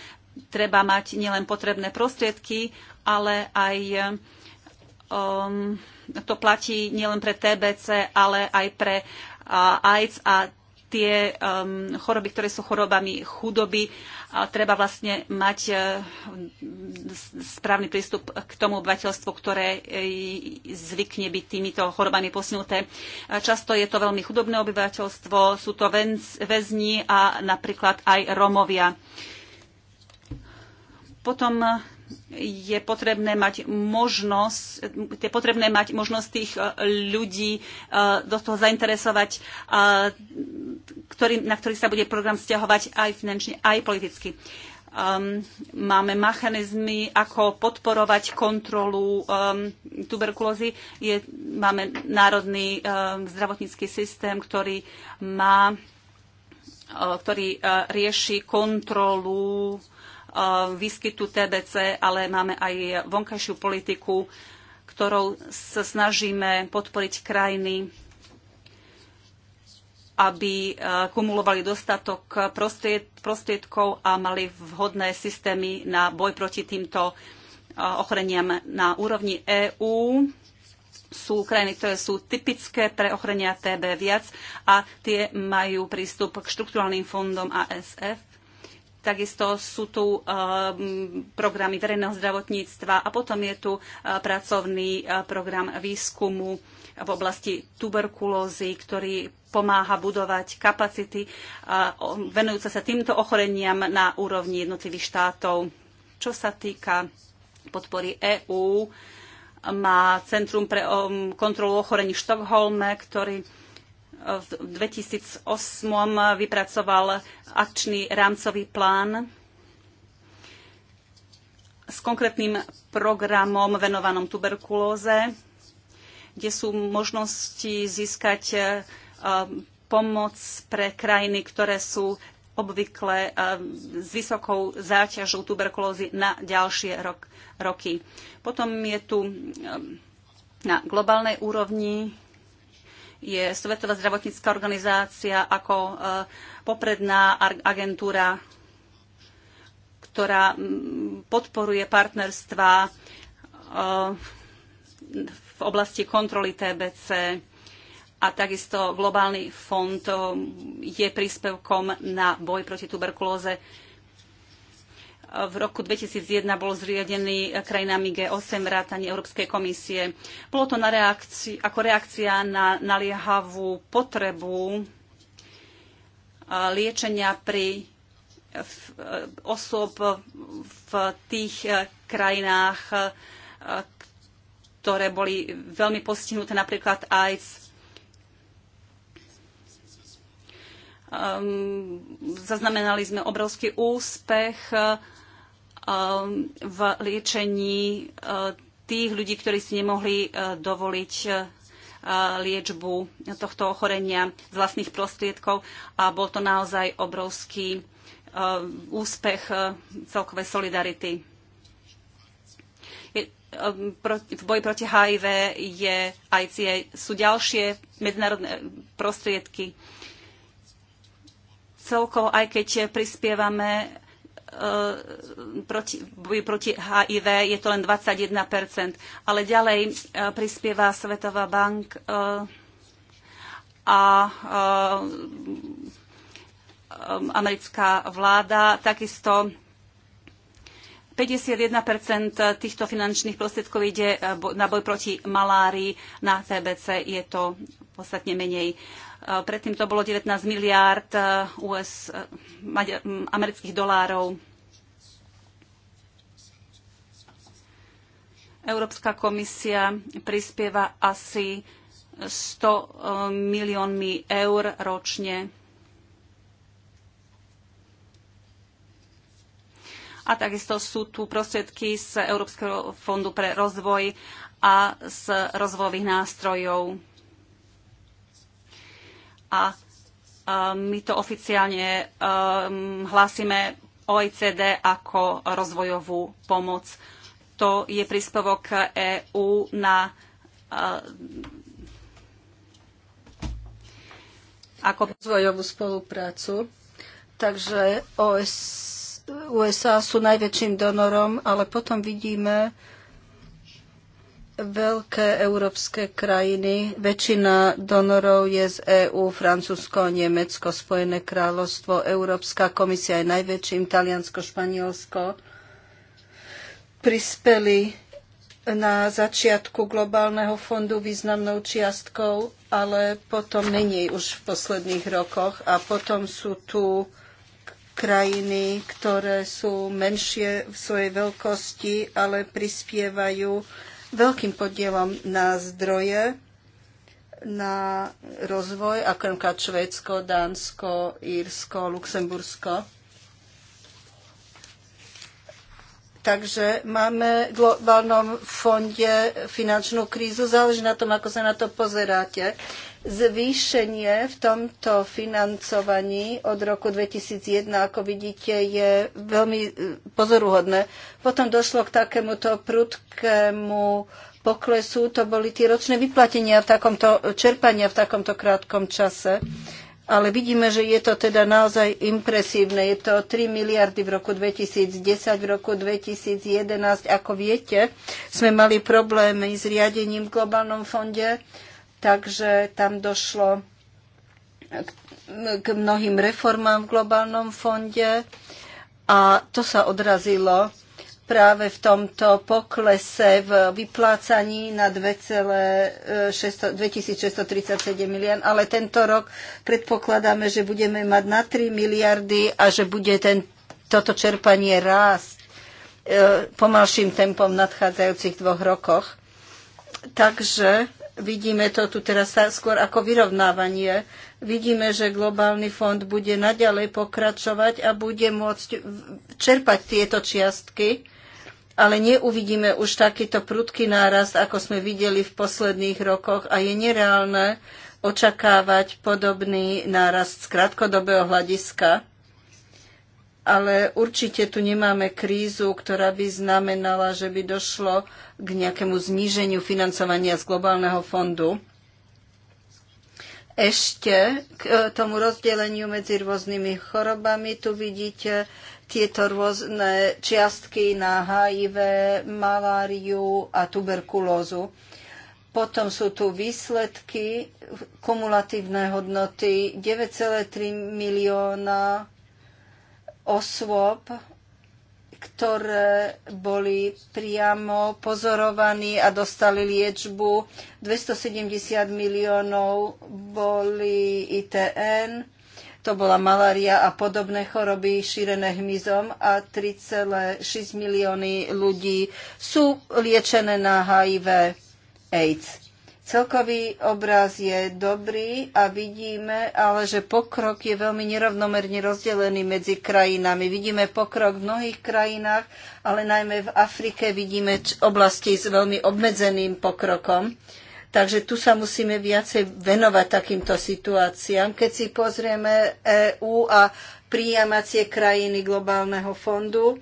Speaker 1: Treba mať nielen potrebné prostriedky, ale aj e, um, to platí nielen pre TBC, ale aj pre uh, AIDS a tie um, choroby, ktoré sú chorobami chudoby. A treba vlastne mať e, správny prístup k tomu obyvateľstvu, ktoré e, zvykne byť týmito chorobami posunuté. často je to veľmi chudobné obyvateľstvo, sú to väzni a napríklad aj Romovia. Potom je potrebné mať možnosť, je potrebné mať možnosť tých e, ľudí e, do toho zainteresovať, e, ktorý, na ktorých sa bude program stiahovať aj finančne, aj politicky. Ehm, máme mechanizmy, ako podporovať kontrolu ehm, tuberkulózy. Je, máme národný ehm, zdravotnícky systém, ktorý má ktorý rieši kontrolu Eh, výskytu TBC, ale máme aj vonkajšiu politiku, ktorou sa snažíme podporiť krajiny, aby eh, kumulovali dostatok prostriedkov a mali vhodné systémy na boj proti týmto eh, ochoreniam na úrovni EÚ sú krajiny, ktoré sú typické pre ochorenia TB viac a tie majú prístup k štruktúrálnym fondom ASF Takisto sú tu eh, programy verejného zdravotníctva a potom je tu eh, pracovný eh, program výskumu v oblasti tuberkulózy, ktorý pomáha budovať kapacity venujúce sa týmto ochoreniam na úrovni jednotlivých štátov. Čo sa týka podpory EÚ, má Centrum pre kontrolu ochorení v Štokholme, ktorý v 2008 vypracoval akčný rámcový plán s konkrétnym programom venovanom tuberkulóze, kde sú možnosti získať e, pomoc pre krajiny, ktoré sú obvykle e, s vysokou záťažou tuberkulózy na ďalšie roky. Potom je tu e, na globálnej úrovni je Svetová zdravotnícká organizácia ako e, popredná agentúra, ktorá podporuje partnerstva e, v oblasti kontroly TBC a takisto Globálny fond e, je príspevkom na boj proti tuberkulóze v roku 2001 bol zriadený krajinami G8 vrátanie Európskej komisie. Bolo to na reakci- ako reakcia na naliehavú potrebu eh, liečenia pri eh, osôb v tých eh, krajinách, ktoré boli veľmi postihnuté napríklad AIDS. Ehm, zaznamenali sme obrovský úspech Um, v liečení uh, tých ľudí, ktorí si nemohli uh, dovoliť uh, liečbu tohto ochorenia z vlastných prostriedkov a bol to naozaj obrovský úspech celkovej solidarity. Um, v boji proti HIV je AIDS, sú ďalšie medzinárodné prostriedky. Celkovo, aj keď prispievame E, proti, proti HIV je to len 21%, ale ďalej e, prispieva Svetová bank e, a americká vláda. Takisto 51 týchto finančných prostriedkov ide na boj proti malárii, na TBC je to podstatne menej. Predtým to bolo 19 miliárd e, US, e, amerických dolárov. Európska komisia prispieva asi 100 e, miliónmi eur ročne. A takisto sú tu prostriedky z Európskeho fondu pre rozvoj a z rozvojových nástrojov a my to oficiálne um, hlásime OECD ako rozvojovú pomoc. To je príspevok EÚ na uh, ako rozvojovú spoluprácu. Takže OS,
Speaker 2: USA sú najväčším donorom, ale potom vidíme, veľké európske krajiny, väčšina donorov je z EÚ, Francúzsko, Nemecko, Spojené kráľovstvo, Európska komisia je najväčším, Taliansko, Španielsko, prispeli na začiatku globálneho fondu významnou čiastkou, ale potom menej už v posledných rokoch. A potom sú tu krajiny, ktoré sú menšie v svojej veľkosti, ale prispievajú veľkým podielom na zdroje, na rozvoj, ako napríklad Švédsko, Dánsko, Írsko, Luxembursko. Takže máme v globálnom fonde finančnú krízu, záleží na tom, ako sa na to pozeráte. Zvýšenie v tomto financovaní od roku 2001, ako vidíte, je veľmi e, pozoruhodné. Potom došlo k takémuto prudkému poklesu, to boli tie ročné vyplatenia v takomto, čerpania v takomto krátkom čase. Ale vidíme, že je to teda naozaj impresívne. Je to 3 miliardy v roku 2010, v roku 2011. Ako viete, sme mali problémy s riadením v globálnom fonde takže tam došlo k mnohým reformám v globálnom fonde a to sa odrazilo práve v tomto poklese v vyplácaní na 2637 miliard, ale tento rok predpokladáme, že budeme mať na 3 miliardy a že bude ten, toto čerpanie rásť e, pomalším tempom v nadchádzajúcich dvoch rokoch. Takže vidíme to tu teraz skôr ako vyrovnávanie. Vidíme, že globálny fond bude naďalej pokračovať a bude môcť čerpať tieto čiastky, ale neuvidíme už takýto prudký nárast, ako sme videli v posledných rokoch a je nereálne očakávať podobný nárast z krátkodobého hľadiska ale určite tu nemáme krízu, ktorá by znamenala, že by došlo k nejakému zníženiu financovania z globálneho fondu. Ešte k e, tomu rozdeleniu medzi rôznymi chorobami tu vidíte tieto rôzne čiastky na HIV, maláriu a tuberkulózu. Potom sú tu výsledky, kumulatívne hodnoty 9,3 milióna osôb, ktoré boli priamo pozorovaní a dostali liečbu. 270 miliónov boli ITN, to bola malária a podobné choroby šírené hmyzom a 3,6 milióny ľudí sú liečené na HIV AIDS. Celkový obraz je dobrý a vidíme, ale že pokrok je veľmi nerovnomerne rozdelený medzi krajinami. Vidíme pokrok v mnohých krajinách, ale najmä v Afrike vidíme oblasti s veľmi obmedzeným pokrokom. Takže tu sa musíme viacej venovať takýmto situáciám. Keď si pozrieme EÚ a príjamacie krajiny globálneho fondu,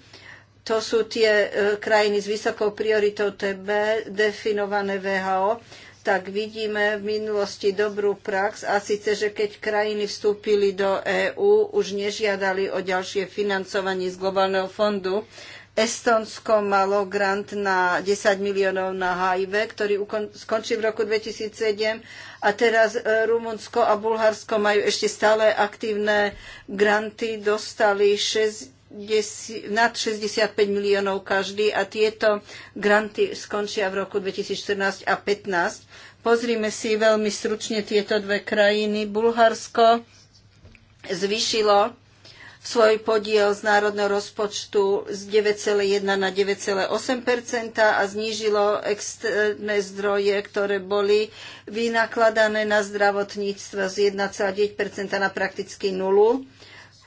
Speaker 2: to sú tie e, krajiny s vysokou prioritou TB, definované VHO tak vidíme v minulosti dobrú prax a síce, že keď krajiny vstúpili do EÚ, už nežiadali o ďalšie financovanie z globálneho fondu. Estonsko malo grant na 10 miliónov na HIV, ktorý skončil v roku 2007 a teraz e, Rumunsko a Bulharsko majú ešte stále aktívne granty, dostali 6 nad 65 miliónov každý a tieto granty skončia v roku 2014 a 2015. Pozrime si veľmi stručne tieto dve krajiny. Bulharsko zvyšilo svoj podiel z národného rozpočtu z 9,1 na 9,8 a znížilo externé zdroje, ktoré boli vynakladané na zdravotníctvo z 1,9 na prakticky nulu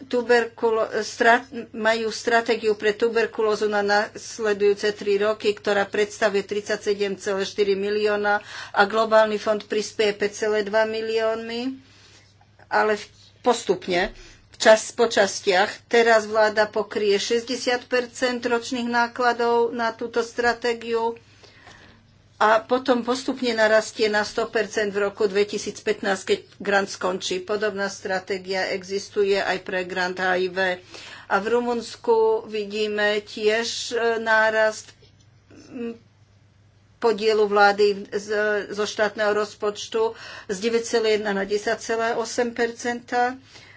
Speaker 2: tuberkulo- strat- majú stratégiu pre tuberkulózu na nasledujúce tri roky, ktorá predstavuje 37,4 milióna a globálny fond prispieje 5,2 miliónmi, ale postupne čas po častiach. Teraz vláda pokrie 60 ročných nákladov na túto stratégiu a potom postupne narastie na 100% v roku 2015, keď grant skončí. Podobná stratégia existuje aj pre grant HIV. A v Rumunsku vidíme tiež e, nárast podielu vlády zo štátneho rozpočtu z 9,1 na 10,8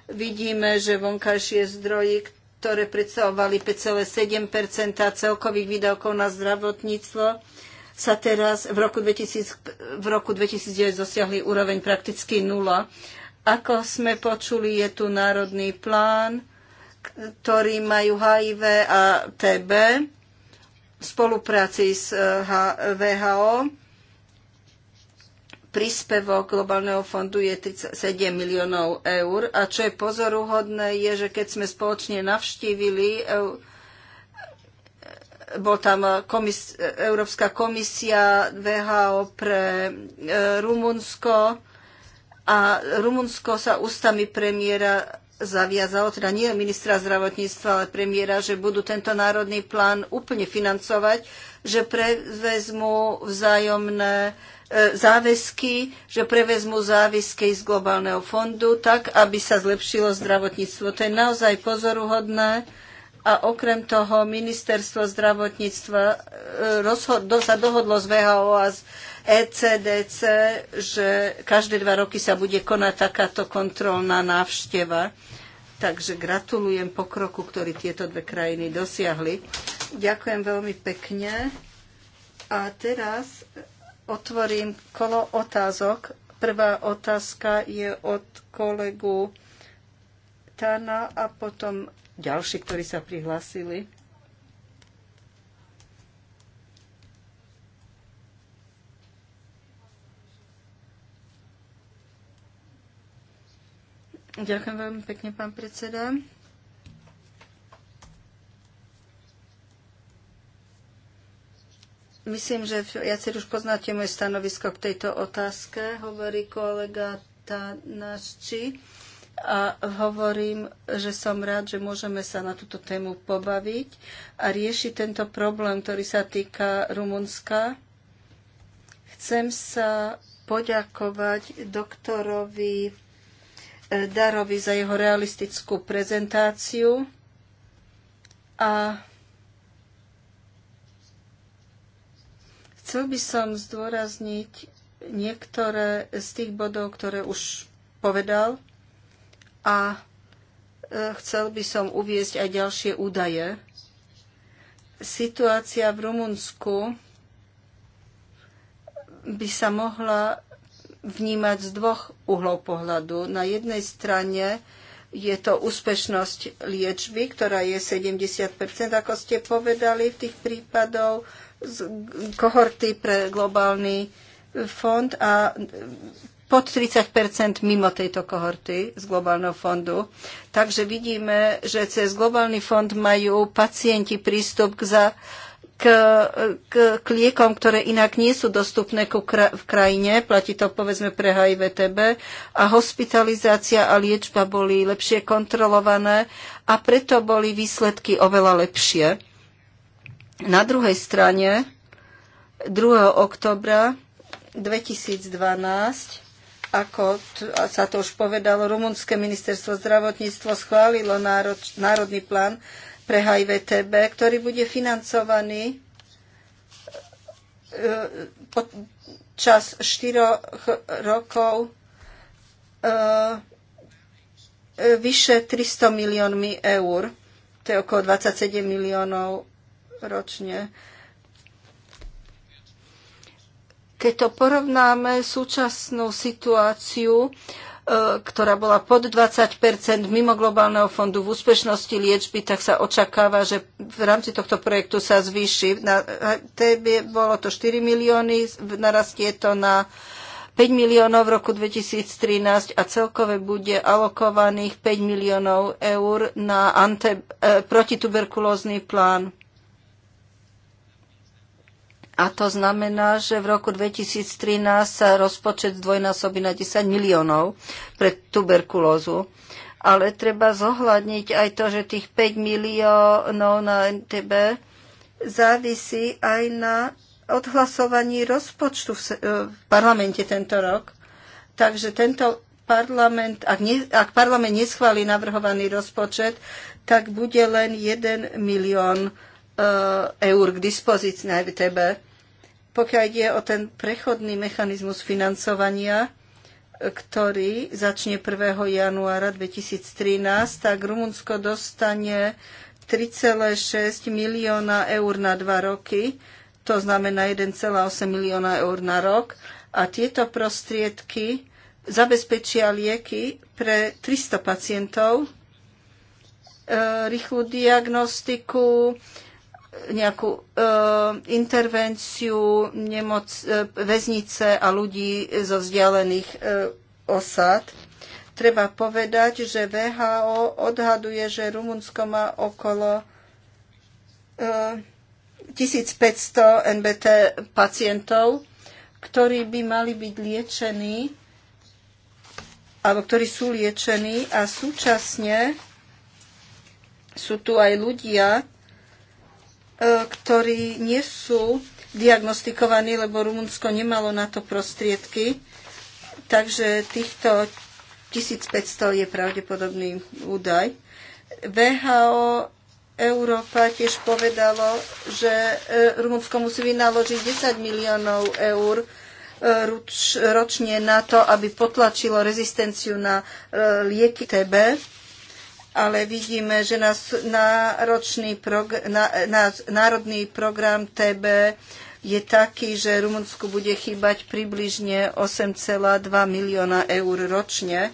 Speaker 2: Vidíme, že vonkajšie zdroje, ktoré predstavovali 5,7 celkových výdavkov na zdravotníctvo, sa teraz v roku, 2000, v roku 2009 dosiahli úroveň prakticky nula. Ako sme počuli, je tu národný plán, ktorý majú HIV a TB v spolupráci s eh, VHO. Príspevok Globálneho fondu je 37 miliónov eur. A čo je pozoruhodné, je, že keď sme spoločne navštívili eh, bol tam komis- Európska komisia, VHO pre e, Rumunsko a Rumunsko sa ústami premiéra zaviazalo, teda nie ministra zdravotníctva, ale premiéra, že budú tento národný plán úplne financovať, že prevezmú vzájomné e, záväzky, že prevezmú záväzky z globálneho fondu tak, aby sa zlepšilo zdravotníctvo. To je naozaj pozoruhodné a okrem toho ministerstvo zdravotníctva e, sa dohodlo z VHO a z ECDC, že každé dva roky sa bude konať takáto kontrolná návšteva. Takže gratulujem pokroku, ktorý tieto dve krajiny dosiahli. Ďakujem veľmi pekne. A teraz otvorím kolo otázok. Prvá otázka je od kolegu Tana a potom ďalší, ktorí sa prihlásili. Ďakujem veľmi pekne, pán predseda. Myslím, že viacer už poznáte moje stanovisko k tejto otázke, hovorí kolega Tanašči a hovorím, že som rád, že môžeme sa na túto tému pobaviť a riešiť tento problém, ktorý sa týka Rumunska. Chcem sa poďakovať doktorovi eh, Darovi za jeho realistickú prezentáciu a chcel by som zdôrazniť niektoré z tých bodov, ktoré už povedal a e, chcel by som uviezť aj ďalšie údaje. Situácia v Rumunsku by sa mohla vnímať z dvoch uhlov pohľadu. Na jednej strane je to úspešnosť liečby, ktorá je 70 ako ste povedali, v tých prípadov z kohorty pre globálny fond a pod 30 mimo tejto kohorty z Globálneho fondu. Takže vidíme, že cez Globálny fond majú pacienti prístup k, za, k, k, k liekom, ktoré inak nie sú dostupné ku kra, v krajine. Platí to povedzme pre HIVTB. A hospitalizácia a liečba boli lepšie kontrolované a preto boli výsledky oveľa lepšie. Na druhej strane 2. oktobra 2012 ako sa to už povedalo, Rumunské ministerstvo zdravotníctvo schválilo národ, národný plán pre HIV-TB, ktorý bude financovaný e, počas 4 rokov e, vyše 300 miliónmi eur. To je okolo 27 miliónov ročne. Keď to porovnáme súčasnú situáciu, e, ktorá bola pod 20 mimo globálneho fondu v úspešnosti liečby, tak sa očakáva, že v rámci tohto projektu sa zvýši. Na tebe bolo to 4 milióny, narastie to na 5 miliónov v roku 2013 a celkové bude alokovaných 5 miliónov eur na ante, e, protituberkulózny plán. A to znamená, že v roku 2013 sa rozpočet zdvojnásobí na 10 miliónov pre tuberkulózu. Ale treba zohľadniť aj to, že tých 5 miliónov na NTB závisí aj na odhlasovaní rozpočtu e, v, parlamente tento rok. Takže tento parlament, ak, ne, ak parlament neschválí navrhovaný rozpočet, tak bude len 1 milión Eh, eur k dispozícii na tebe. Pokiaľ ide o ten prechodný mechanizmus financovania, eh, ktorý začne 1. januára 2013, tak Rumunsko dostane 3,6 milióna eur na dva roky, to znamená 1,8 milióna eur na rok. A tieto prostriedky zabezpečia lieky pre 300 pacientov, eh, rýchlu diagnostiku, nejakú e, intervenciu nemoc, e, väznice a ľudí zo vzdialených e, osad. Treba povedať, že VHO odhaduje, že Rumunsko má okolo e, 1500 NBT pacientov, ktorí by mali byť liečení alebo ktorí sú liečení a súčasne sú tu aj ľudia, E, ktorí nie sú diagnostikovaní, lebo Rumunsko nemalo na to prostriedky. Takže týchto 1500 je pravdepodobný údaj. VHO Európa tiež povedalo, že e, Rumunsko musí vynaložiť 10 miliónov eur e, ročne na to, aby potlačilo rezistenciu na lieky TB ale vidíme, že nás náročný prog- na, na, národný program TB je taký, že Rumunsku bude chýbať približne 8,2 milióna eur ročne,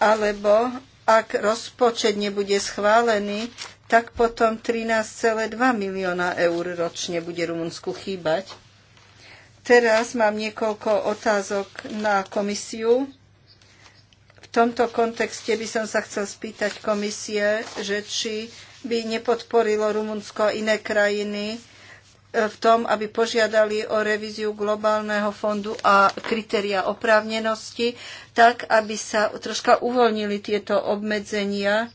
Speaker 2: alebo ak rozpočet nebude schválený, tak potom 13,2 milióna eur ročne bude Rumunsku chýbať. Teraz mám niekoľko otázok na komisiu tomto kontexte by som sa chcel spýtať komisie, že či by nepodporilo Rumunsko a iné krajiny e, v tom, aby požiadali o revíziu globálneho fondu a kritéria oprávnenosti, tak aby sa troška uvoľnili tieto obmedzenia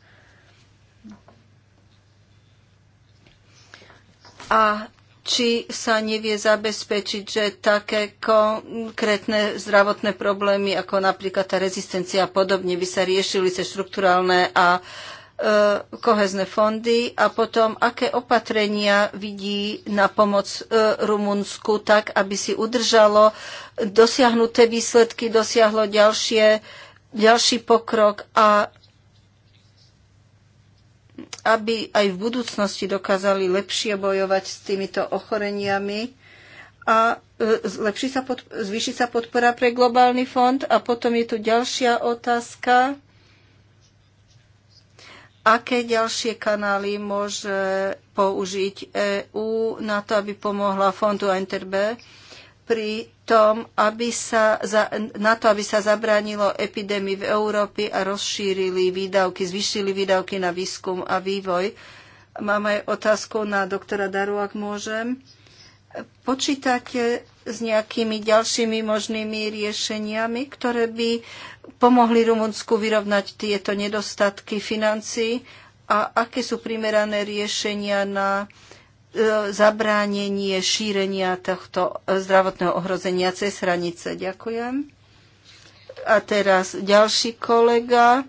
Speaker 2: a či sa nevie zabezpečiť, že také konkrétne zdravotné problémy, ako napríklad tá rezistencia a podobne, by sa riešili cez štruktúralné a e, kohezné fondy a potom, aké opatrenia vidí na pomoc e, Rumunsku tak, aby si udržalo dosiahnuté výsledky, dosiahlo ďalšie, ďalší pokrok a aby aj v budúcnosti dokázali lepšie bojovať s týmito ochoreniami a e, zlepší sa pod, zvýši sa podpora pre globálny fond. A potom je tu ďalšia otázka. Aké ďalšie kanály môže použiť EÚ na to, aby pomohla fondu Interbe? pri tom, aby sa za, na to, aby sa zabránilo epidémii v Európe a rozšírili výdavky, zvýšili výdavky na výskum a vývoj. Mám aj otázku na doktora Daru, ak môžem. Počítate s nejakými ďalšími možnými riešeniami, ktoré by pomohli Rumunsku vyrovnať tieto nedostatky financií a aké sú primerané riešenia na E, zabránenie šírenia tohto zdravotného ohrozenia cez hranice. Ďakujem. A teraz ďalší kolega.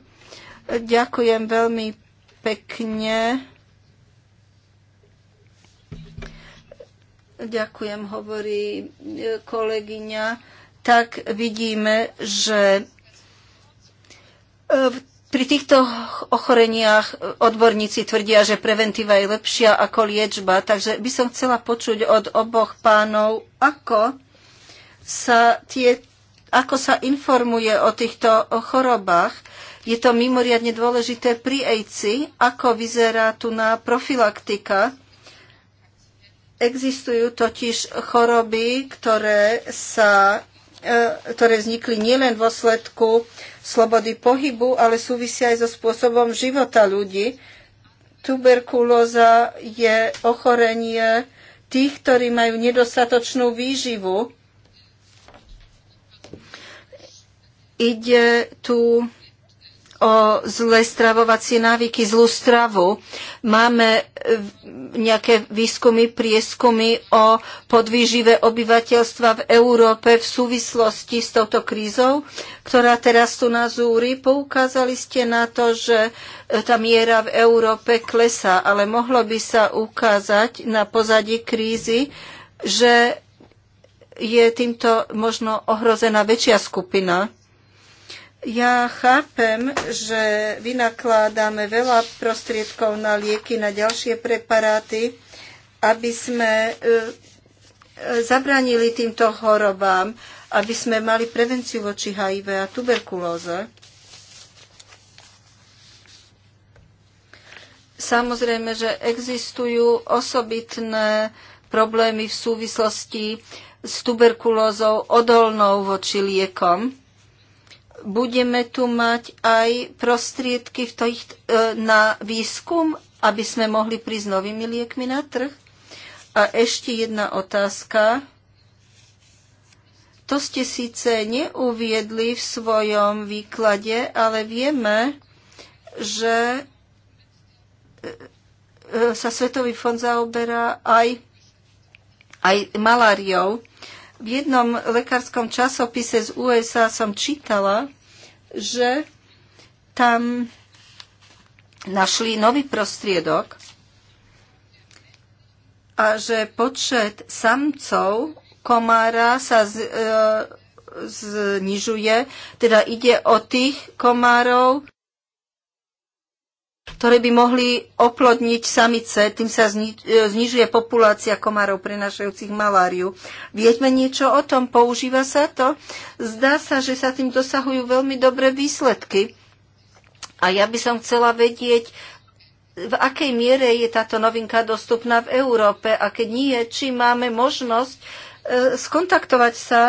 Speaker 2: Ďakujem veľmi pekne. Ďakujem, hovorí e, kolegyňa. Tak vidíme, že e, v pri týchto ochoreniach e, odborníci tvrdia, že preventíva je lepšia ako liečba, takže by som chcela počuť od oboch pánov, ako sa, tie, ako sa informuje o týchto chorobách. Je to mimoriadne dôležité pri AIDS, ako vyzerá tu na profilaktika. Existujú totiž choroby, ktoré sa E, ktoré vznikli nielen v dôsledku slobody pohybu, ale súvisia aj so spôsobom života ľudí. Tuberkulóza je ochorenie tých, ktorí majú nedostatočnú výživu. Ide tu o zlé stravovacie návyky, zlú stravu. Máme e, nejaké výskumy, prieskumy o podvýžive obyvateľstva v Európe v súvislosti s touto krízou, ktorá teraz tu na zúri. Poukázali ste na to, že e, tá miera v Európe klesá, ale mohlo by sa ukázať na pozadí krízy, že je týmto možno ohrozená väčšia skupina ja chápem, že vynakládame veľa prostriedkov na lieky, na ďalšie preparáty, aby sme e, e, zabranili týmto chorobám, aby sme mali prevenciu voči HIV a tuberkulóze. Samozrejme, že existujú osobitné problémy v súvislosti s tuberkulózou odolnou voči liekom budeme tu mať aj prostriedky v tých, e, na výskum, aby sme mohli prísť novými liekmi na trh? A ešte jedna otázka. To ste síce neuviedli v svojom výklade, ale vieme, že e, e, sa Svetový fond zaoberá aj, aj maláriou v jednom lekárskom časopise z USA som čítala, že tam našli nový prostriedok a že počet samcov komára sa z, e, znižuje, teda ide o tých komárov, ktoré by mohli oplodniť samice, tým sa e, znižuje populácia komárov prenašajúcich maláriu. Vieme niečo o tom? Používa sa to? Zdá sa, že sa tým dosahujú veľmi dobré výsledky. A ja by som chcela vedieť, v akej miere je táto novinka dostupná v Európe a keď nie, či máme možnosť e, skontaktovať sa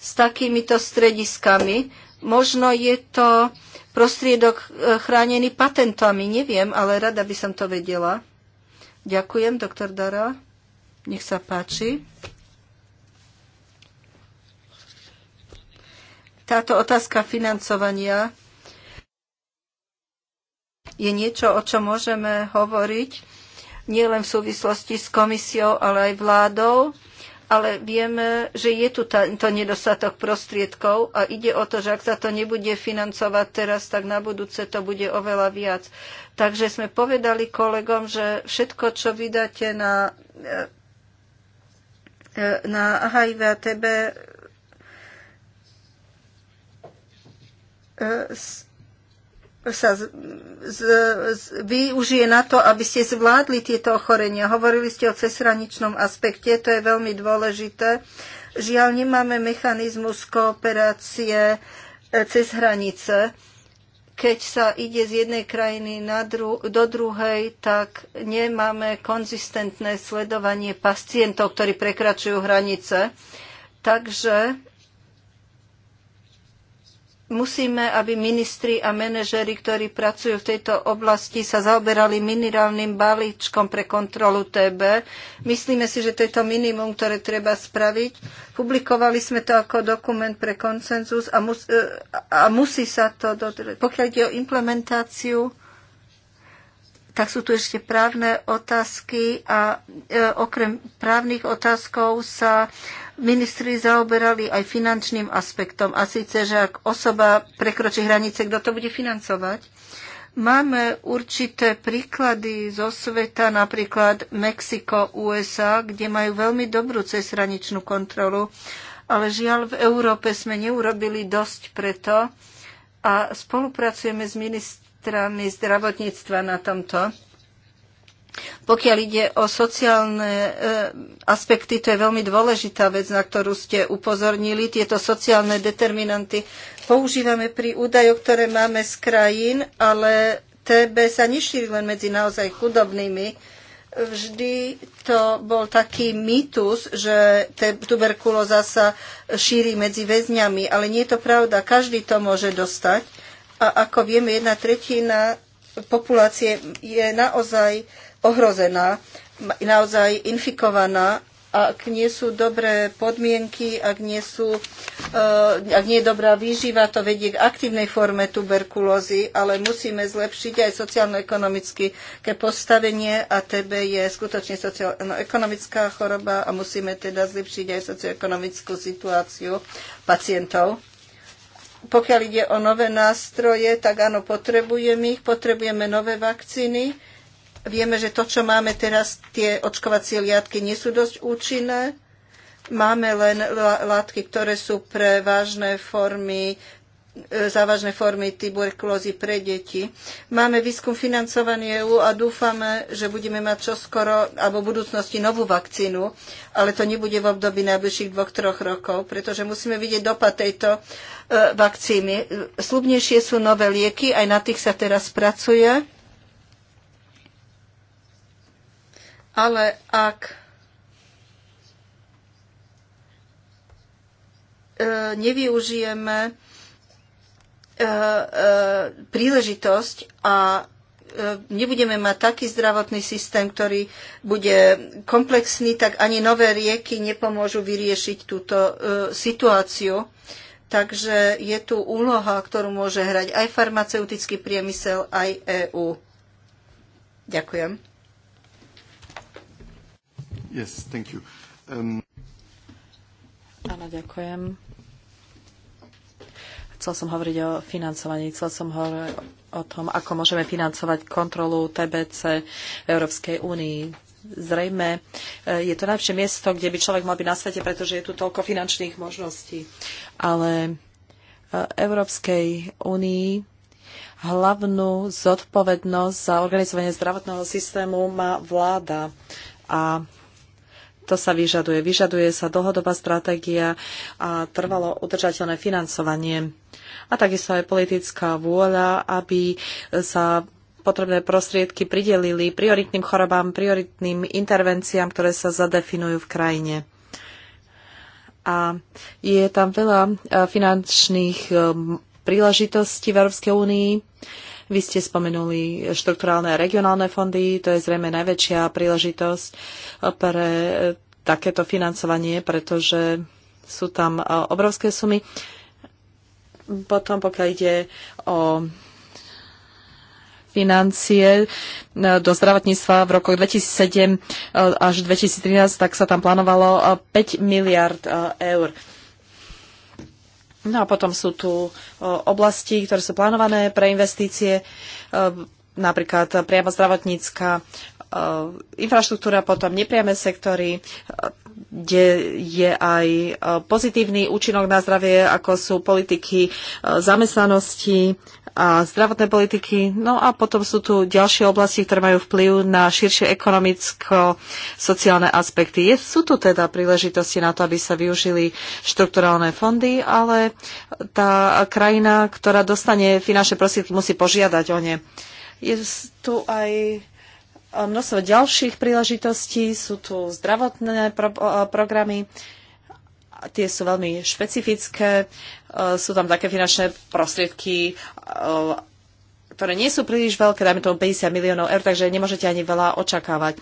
Speaker 2: s takýmito strediskami. Možno je to prostriedok e, chránený patentami. Neviem, ale rada by som to vedela. Ďakujem, doktor Dara. Nech sa páči. Táto otázka financovania je niečo, o čom môžeme hovoriť nielen v súvislosti s komisiou, ale aj vládou ale vieme, že je tu tento nedostatok prostriedkov a ide o to, že ak sa to nebude financovať teraz, tak na budúce to bude oveľa viac. Takže sme povedali kolegom, že všetko, čo vydáte na, e, e, na HIV a TB, e, sa z, z, z, využije na to, aby ste zvládli tieto ochorenia. Hovorili ste o cezhraničnom aspekte, to je veľmi dôležité. Žiaľ, nemáme mechanizmus kooperácie e, cez hranice. Keď sa ide z jednej krajiny na dru- do druhej, tak nemáme konzistentné sledovanie pacientov, ktorí prekračujú hranice. Takže musíme, aby ministri a manažeri, ktorí pracujú v tejto oblasti, sa zaoberali minerálnym balíčkom pre kontrolu TB. Myslíme si, že to je to minimum, ktoré treba spraviť. Publikovali sme to ako dokument pre konsenzus a, mus, e, a musí sa to dodržať. Pokiaľ ide o implementáciu, tak sú tu ešte právne otázky a e, okrem právnych otázkov sa ministri zaoberali aj finančným aspektom, a síce, že ak osoba prekročí hranice, kto to bude financovať. Máme určité príklady zo sveta, napríklad Mexiko, USA, kde majú veľmi dobrú cezhraničnú kontrolu, ale žiaľ v Európe sme neurobili dosť preto a spolupracujeme s ministrami zdravotníctva na tomto. Pokiaľ ide o sociálne e, aspekty, to je veľmi dôležitá vec, na ktorú ste upozornili. Tieto sociálne determinanty používame pri údajoch, ktoré máme z krajín, ale TB sa nešíri len medzi naozaj chudobnými. Vždy to bol taký mýtus, že tuberkulóza sa šíri medzi väzňami, ale nie je to pravda. Každý to môže dostať. A ako vieme, jedna tretina populácie je naozaj ohrozená, naozaj infikovaná ak nie sú dobré podmienky, ak nie, sú, eh, ak nie je dobrá výživa, to vedie k aktívnej forme tuberkulózy, ale musíme zlepšiť aj sociálno-ekonomické postavenie a TB je skutočne sociálno-ekonomická choroba a musíme teda zlepšiť aj socioekonomickú situáciu pacientov. Pokiaľ ide o nové nástroje, tak áno, potrebujeme ich, potrebujeme nové vakcíny, Vieme, že to, čo máme teraz, tie očkovacie liatky nie sú dosť účinné. Máme len látky, ktoré sú pre vážne formy e, závažné formy tuberkulózy pre deti. Máme výskum financovaný EU a dúfame, že budeme mať čoskoro alebo v budúcnosti novú vakcínu, ale to nebude v období najbližších dvoch, troch rokov, pretože musíme vidieť dopad tejto e, vakcíny. Slubnejšie sú nové lieky, aj na tých sa teraz pracuje. Ale ak e, nevyužijeme e, e, príležitosť a nebudeme mať taký zdravotný systém, ktorý bude komplexný, tak ani nové rieky nepomôžu vyriešiť túto situáciu. Takže je tu úloha, ktorú môže hrať aj farmaceutický priemysel, aj EÚ. Ďakujem.
Speaker 1: Yes, thank you. Um,
Speaker 2: Áno,
Speaker 3: ďakujem. Chcel som hovoriť o financovaní, chcel som hovoriť o tom, ako môžeme financovať kontrolu TBC v Európskej únii zrejme e, je to najlepšie miesto, kde by človek mal byť na svete, pretože je tu toľko finančných možností. Ale e, Európskej únii hlavnú zodpovednosť za organizovanie zdravotného systému má vláda. A to sa vyžaduje. Vyžaduje sa dlhodobá stratégia a trvalo udržateľné financovanie a takisto aj politická vôľa, aby sa potrebné prostriedky pridelili prioritným chorobám, prioritným intervenciám, ktoré sa zadefinujú v krajine. A je tam veľa eh, finančných eh, príležitostí v Európskej únii vy ste spomenuli štrukturálne a regionálne fondy, to je zrejme najväčšia príležitosť pre eh, takéto financovanie, pretože sú tam eh, obrovské sumy. Potom, pokiaľ ide o financie eh, do zdravotníctva v rokoch 2007 až 2013, tak sa tam plánovalo 5 miliard eur. No a potom sú tu oblasti, ktoré sú plánované pre investície, napríklad priama zdravotnícka infraštruktúra, potom nepriame sektory, kde je aj pozitívny účinok na zdravie, ako sú politiky zamestnanosti, a zdravotné politiky. No a potom sú tu ďalšie oblasti, ktoré majú vplyv na širšie ekonomicko-sociálne aspekty. Je, sú tu teda príležitosti na to, aby sa využili štrukturálne fondy, ale tá krajina, ktorá dostane finančné prostriedky, musí požiadať o ne. Je tu aj množstvo ďalších príležitostí, sú tu zdravotné pro, programy. Tie sú veľmi špecifické. E, sú tam také finančné prostriedky, e, ktoré nie sú príliš veľké, dajme tomu 50 miliónov eur, takže nemôžete ani veľa očakávať.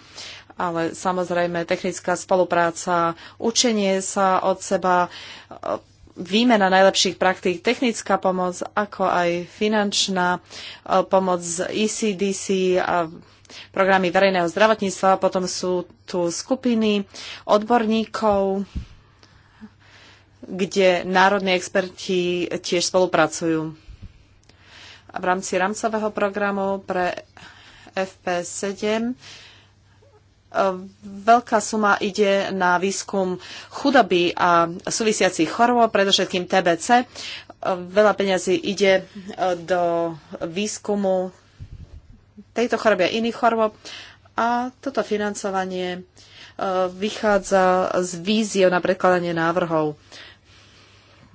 Speaker 3: Ale samozrejme technická spolupráca, učenie sa od seba, e, výmena najlepších praktík, technická pomoc, ako aj finančná pomoc z ECDC a programy verejného zdravotníctva. Potom sú tu skupiny odborníkov, kde národní experti tiež spolupracujú. A v rámci rámcového programu pre FP7 e, veľká suma ide na výskum chudoby a súvisiacich chorôb, predovšetkým TBC. E, veľa peňazí ide e, do výskumu tejto choroby a iných chorôb a toto financovanie vychádza z víziev na prekladanie návrhov.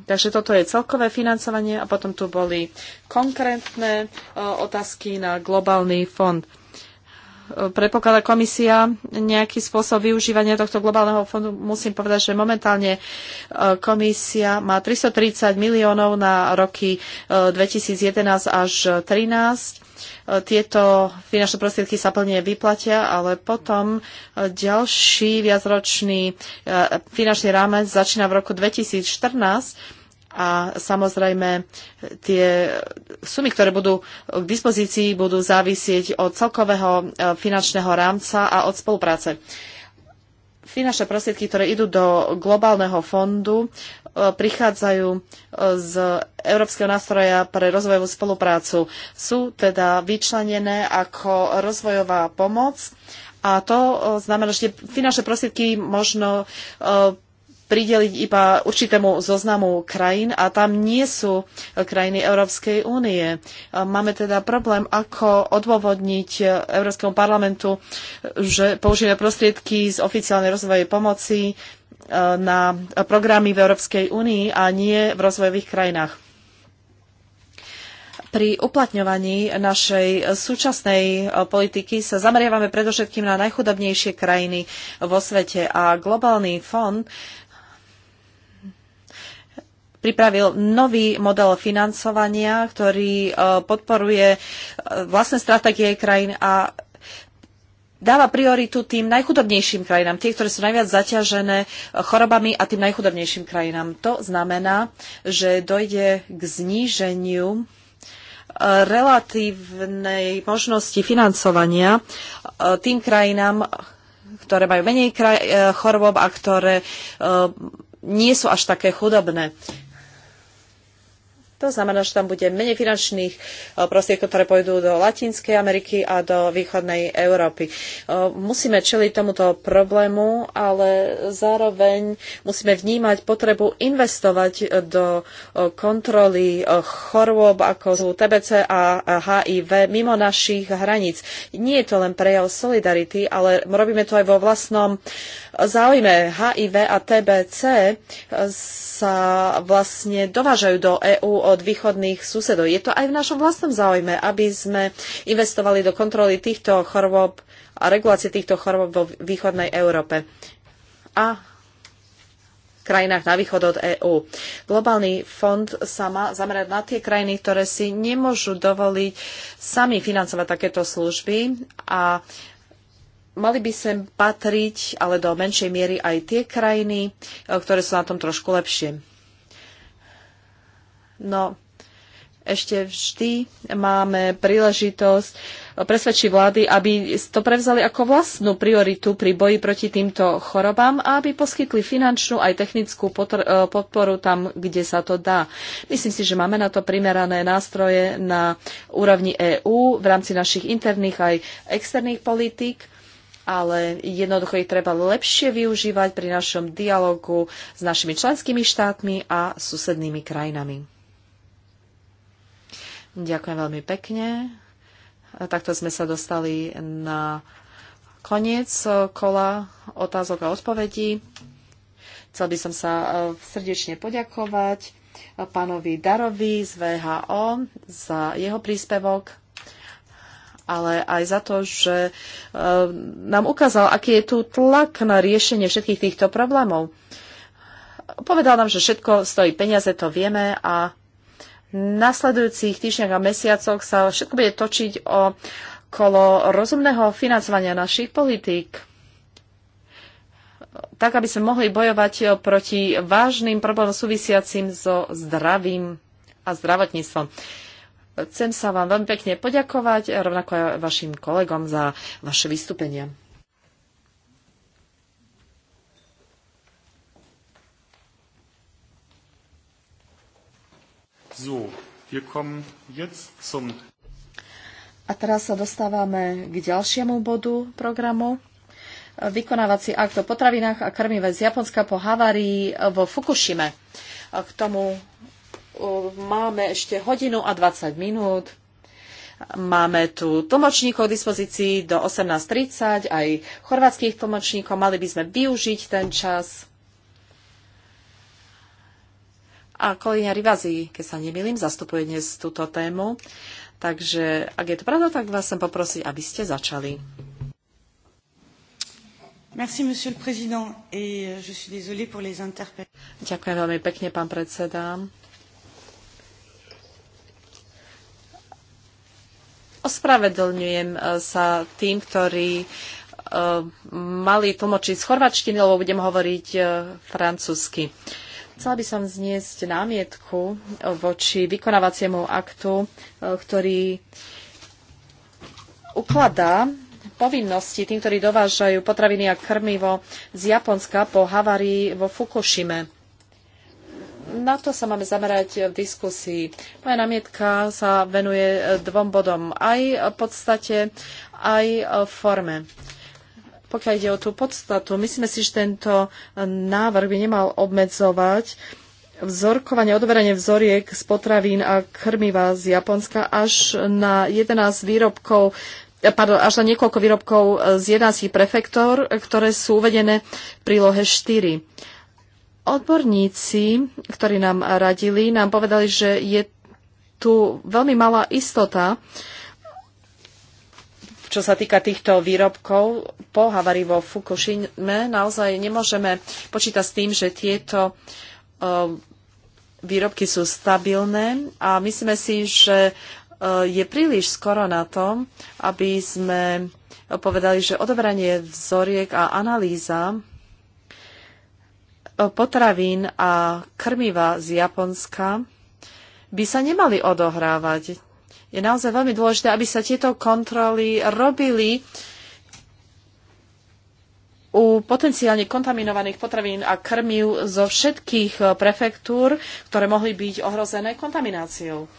Speaker 3: Takže toto je celkové financovanie a potom tu boli konkrétne e, otázky na globálny fond predpokladá komisia nejaký spôsob využívania tohto globálneho fondu. Musím povedať, že momentálne e, komisia má 330 miliónov na roky 2011 e, až 2013. E, tieto finančné prostriedky sa plne vyplatia, ale potom ďalší viacročný finančný rámec začína v roku 2014 a samozrejme tie sumy, ktoré budú k dispozícii, budú závisieť od celkového e, finančného rámca a od spolupráce. Finančné prostriedky, ktoré idú do globálneho fondu, e, prichádzajú e, z Európskeho nástroja pre rozvojovú spoluprácu. Sú teda vyčlenené ako rozvojová pomoc a to znamená, že finančné prostriedky možno prideliť iba určitému zoznamu krajín a tam nie sú e, krajiny Európskej únie. E, máme teda problém, ako odôvodniť e, Európskemu parlamentu, že použijeme prostriedky z oficiálnej rozvojovej pomoci na programy v Európskej únii a nie v rozvojových krajinách. Pri uplatňovaní našej súčasnej politiky sa zameriavame predovšetkým na najchudobnejšie krajiny vo svete a globálny fond pripravil nový model financovania, ktorý e, podporuje e, vlastné stratégie krajín a dáva prioritu tým najchudobnejším krajinám, tie, ktoré sú najviac zaťažené e, chorobami a tým najchudobnejším krajinám. To znamená, že dojde k zníženiu relatívnej možnosti financovania tým krajinám, ktoré majú menej kraj, chorob a ktoré nie sú až také chudobné. To znamená, že tam bude menej finančných eh, prostriedkov, ktoré pôjdu do Latinskej Ameriky a do východnej Európy. Eh, musíme čeliť tomuto problému, ale zároveň musíme vnímať potrebu investovať eh, do kontroly chorôb ako sú TBC a HIV mimo našich hraníc. Nie je to len prejav solidarity, ale robíme to aj vo vlastnom záujme. HIV a TBC sa vlastne dovážajú do EÚ od od východných susedov. Je to aj v našom vlastnom záujme, aby sme investovali do kontroly týchto chorôb a regulácie týchto chorôb vo východnej Európe a krajinách na východ od EÚ. Globálny fond sa má zamerať na tie krajiny, ktoré si nemôžu dovoliť sami financovať takéto služby a mali by sem patriť, ale do menšej miery aj tie krajiny, e, ktoré sú na tom trošku lepšie. No, ešte vždy máme príležitosť presvedčiť vlády, aby to prevzali ako vlastnú prioritu pri boji proti týmto chorobám a aby poskytli finančnú aj technickú e, podporu tam, kde sa to dá. Myslím si, že máme na to primerané nástroje na úrovni EÚ v rámci našich interných aj externých politík ale jednoducho ich treba lepšie využívať pri našom dialogu s našimi členskými štátmi a susednými krajinami. Ďakujem veľmi pekne. Takto sme sa dostali na koniec kola otázok a odpovedí. Chcel by som sa e, srdečne poďakovať pánovi Darovi z VHO za jeho príspevok, ale aj za to, že e, nám ukázal, aký je tu tlak na riešenie všetkých týchto problémov. Povedal nám, že všetko stojí peniaze, to vieme a nasledujúcich týždňoch a mesiacoch sa všetko bude točiť o kolo rozumného financovania našich politík tak, aby sme mohli bojovať eh, proti vážnym problémom súvisiacim so zdravím a zdravotníctvom. Chcem sa vám veľmi pekne poďakovať, rovnako aj vašim kolegom za vaše vystúpenia.
Speaker 1: So, wir kommen jetzt zum
Speaker 3: a teraz sa dostávame k ďalšiemu bodu programu. Vykonávací akt o potravinách a krmive z Japonska po havárii vo Fukushime. K tomu máme ešte hodinu a 20 minút. Máme tu tlmočníkov k dispozícii do 18.30, aj chorvátskych tlmočníkov. Mali by sme využiť ten čas. A kolegyňa Rivazi, keď sa nemýlim, zastupuje dnes túto tému. Takže ak je to pravda, tak vás sem poprosiť, aby ste začali. Merci, monsieur le président, et euh, je suis désolée pour les interpellations. Ďakujem veľmi pekne, pán predseda. ospravedlňujem e, sa tým, ktorí e, mali tlmočiť z chorvačtiny, lebo budem hovoriť e, francúzsky. Chcela by som zniesť námietku voči vykonávaciemu aktu, e, ktorý ukladá povinnosti tým, ktorí dovážajú potraviny a krmivo z Japonska po havárii vo Fukushime. Na to sa máme zamerať v diskusii. Moja namietka sa venuje dvom bodom aj v podstate, aj v forme. Pokiaľ ide o tú podstatu, myslíme si, že tento návrh by nemal obmedzovať vzorkovanie, odoberanie vzoriek z potravín a krmiva z Japonska až na 11 výrobkov, eh, pardon, až na niekoľko výrobkov eh, z 11 prefektor, eh, ktoré sú uvedené v prílohe 4. Odborníci, ktorí nám radili, nám povedali, že je tu veľmi malá istota, čo sa týka týchto výrobkov po havári vo Fukushime, naozaj nemôžeme počítať s tým, že tieto e, výrobky sú stabilné a myslíme si, že e, je príliš skoro na tom, aby sme povedali, že odobranie vzoriek a analýza e, potravín a krmiva z Japonska by sa nemali odohrávať je naozaj veľmi dôležité, aby sa tieto kontroly robili u potenciálne kontaminovaných potravín a krmiv zo všetkých eh, prefektúr, ktoré mohli byť ohrozené kontamináciou.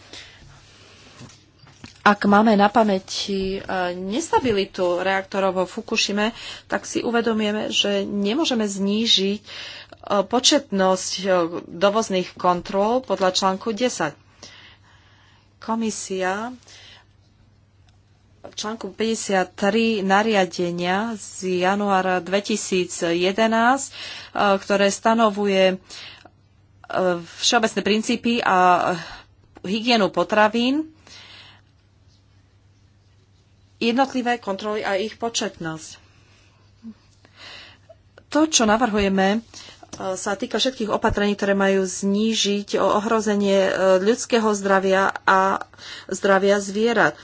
Speaker 3: Ak máme na pamäti eh, nestabilitu reaktorov vo Fukushime, tak si uvedomieme, že nemôžeme znížiť eh, početnosť dovozných kontrol podľa článku 10. Komisia v článku 53 nariadenia z januára 2011, e, ktoré stanovuje e, všeobecné princípy a hygienu potravín, jednotlivé kontroly a ich početnosť. To, čo navrhujeme, E, sa týka všetkých opatrení, ktoré majú znížiť ohrozenie e, ľudského zdravia a zdravia zvierat.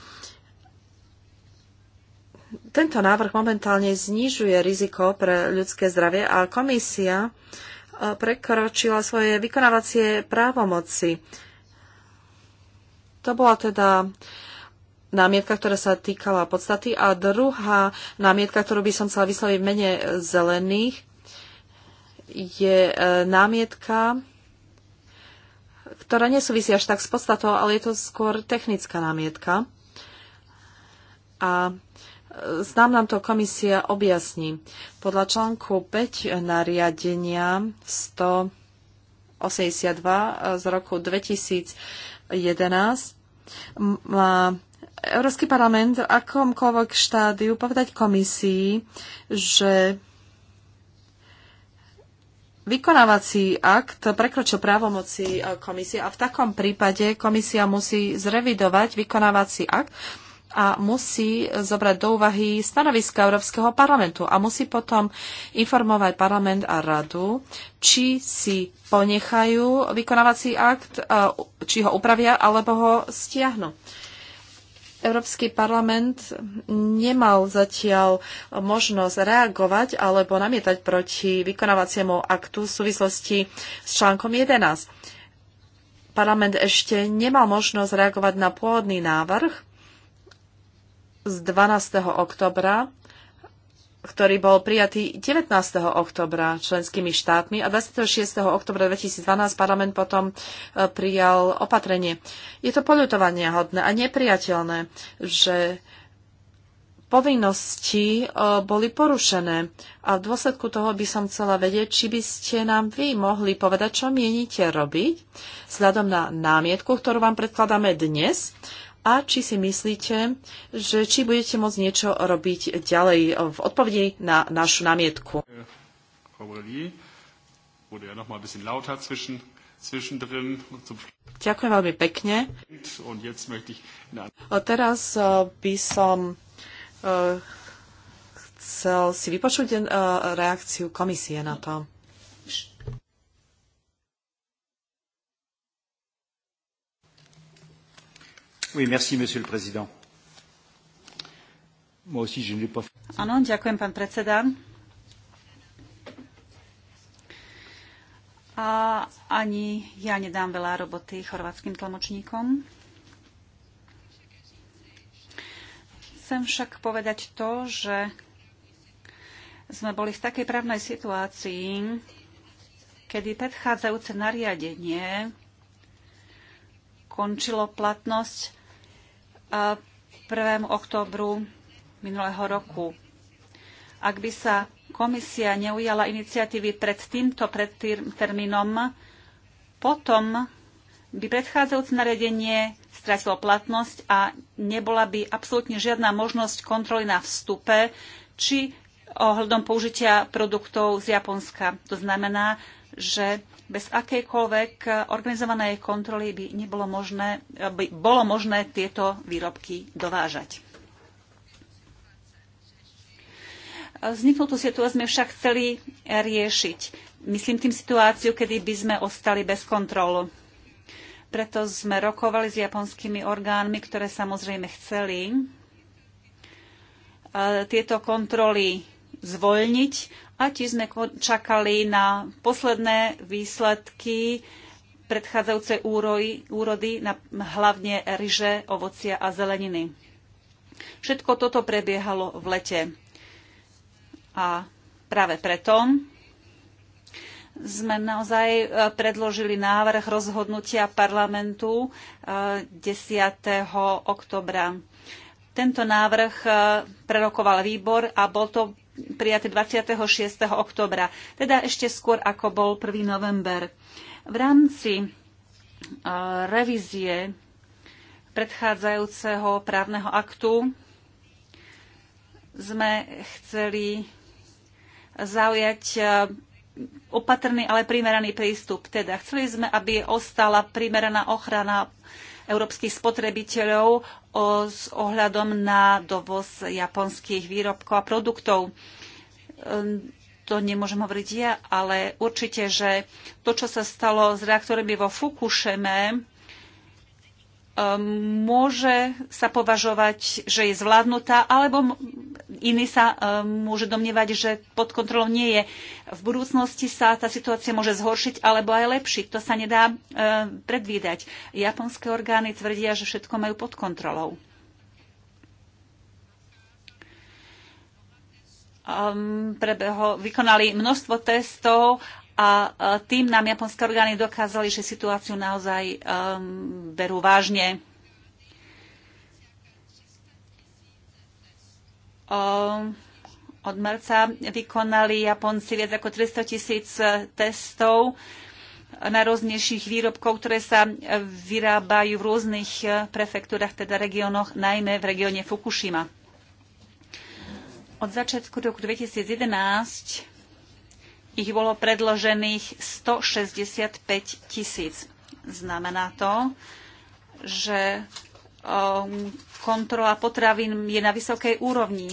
Speaker 3: Tento návrh momentálne znižuje riziko pre ľudské zdravie a komisia e, prekročila svoje vykonávacie právomoci. To bola teda námietka, ktorá sa týkala podstaty. A druhá námietka, ktorú by som chcela vysloviť v mene zelených, je e, námietka, ktorá nesúvisí až tak s podstatou, ale je to skôr technická námietka. A Znám e, nám to komisia objasní. Podľa článku 5 nariadenia 182 e, z roku 2011 má Európsky parlament v akomkoľvek štádiu povedať komisii, že vykonávací akt prekročil právomoci e, komisie a v takom prípade komisia musí zrevidovať vykonávací akt a musí zobrať do úvahy stanoviska Európskeho parlamentu a musí potom informovať parlament a radu, či si ponechajú vykonávací akt, e, či ho upravia alebo ho stiahnu. Európsky parlament nemal zatiaľ možnosť reagovať alebo namietať proti vykonávaciemu aktu v súvislosti s článkom 11. Parlament ešte nemal možnosť reagovať na pôvodný návrh z 12. oktobra ktorý bol prijatý 19. oktobra členskými štátmi a 26. oktobra 2012 parlament potom e, prijal opatrenie. Je to poľutovanie hodné a nepriateľné, že povinnosti e, boli porušené. A v dôsledku toho by som chcela vedieť, či by ste nám vy mohli povedať, čo mienite robiť vzhľadom na námietku, ktorú vám predkladáme dnes a či si myslíte, že či budete môcť niečo robiť ďalej v odpovedi na našu námietku. Ďakujem veľmi pekne. A teraz eh, by som eh, chcel si vypočuť eh, reakciu komisie na to. Áno,
Speaker 1: ďakujem, pán predseda. A ani ja nedám veľa roboty chorvátským tlmočníkom. Chcem však povedať to, že sme boli v takej právnej situácii, kedy predchádzajúce nariadenie končilo platnosť 1. októbru minulého roku. Ak by sa komisia neujala iniciatívy pred týmto pred tým termínom, potom by predchádzajúce nariadenie stratilo platnosť a nebola by absolútne žiadna možnosť kontroly na vstupe či ohľadom použitia produktov z Japonska. To znamená, že bez akejkoľvek eh, organizovanej kontroly by, nebolo možné, eh, by bolo možné tieto výrobky dovážať. Eh, Vzniknutú situáciu sme však chceli riešiť. Myslím tým situáciu, kedy by sme ostali bez kontrolu. Preto sme rokovali s japonskými orgánmi, ktoré samozrejme chceli tieto kontroly zvoľniť a tiež sme čakali na posledné výsledky predchádzajúcej úroj, úrody, na hlavne ryže, ovocia a zeleniny. Všetko toto prebiehalo v lete. A práve preto sme naozaj e, predložili návrh rozhodnutia parlamentu 10. E, oktobra. Tento návrh e, prerokoval výbor a bol to prijaté 26. oktobra, teda ešte skôr ako bol 1. november. V rámci e, revízie predchádzajúceho právneho aktu sme chceli zaujať e, opatrný, ale primeraný prístup. Teda chceli sme, aby ostala primeraná ochrana európskych spotrebiteľov o, s ohľadom na dovoz japonských výrobkov a produktov. Ehm, to nemôžem hovoriť ja, ale určite, že to, čo sa stalo s reaktormi vo Fukushime, Ehm, môže sa považovať, že je zvládnutá, alebo iný sa ehm, môže domnievať, že pod kontrolou nie je. V budúcnosti sa tá situácia môže zhoršiť alebo aj lepšiť. To sa nedá ehm, predvídať. Japonské orgány tvrdia, že všetko majú pod kontrolou. Um, prebeho, vykonali množstvo testov a tým nám japonské orgány dokázali, že situáciu naozaj um, berú vážne. Um, od marca vykonali Japonci viac ako 300 tisíc eh, testov najrôznejších výrobkov, ktoré sa vyrábajú v rôznych eh, prefektúrach, teda regiónoch, najmä v regióne Fukushima. Od začiatku roku 2011 ich bolo predložených 165 tisíc. Znamená to, že um, kontrola potravín je na vysokej úrovni.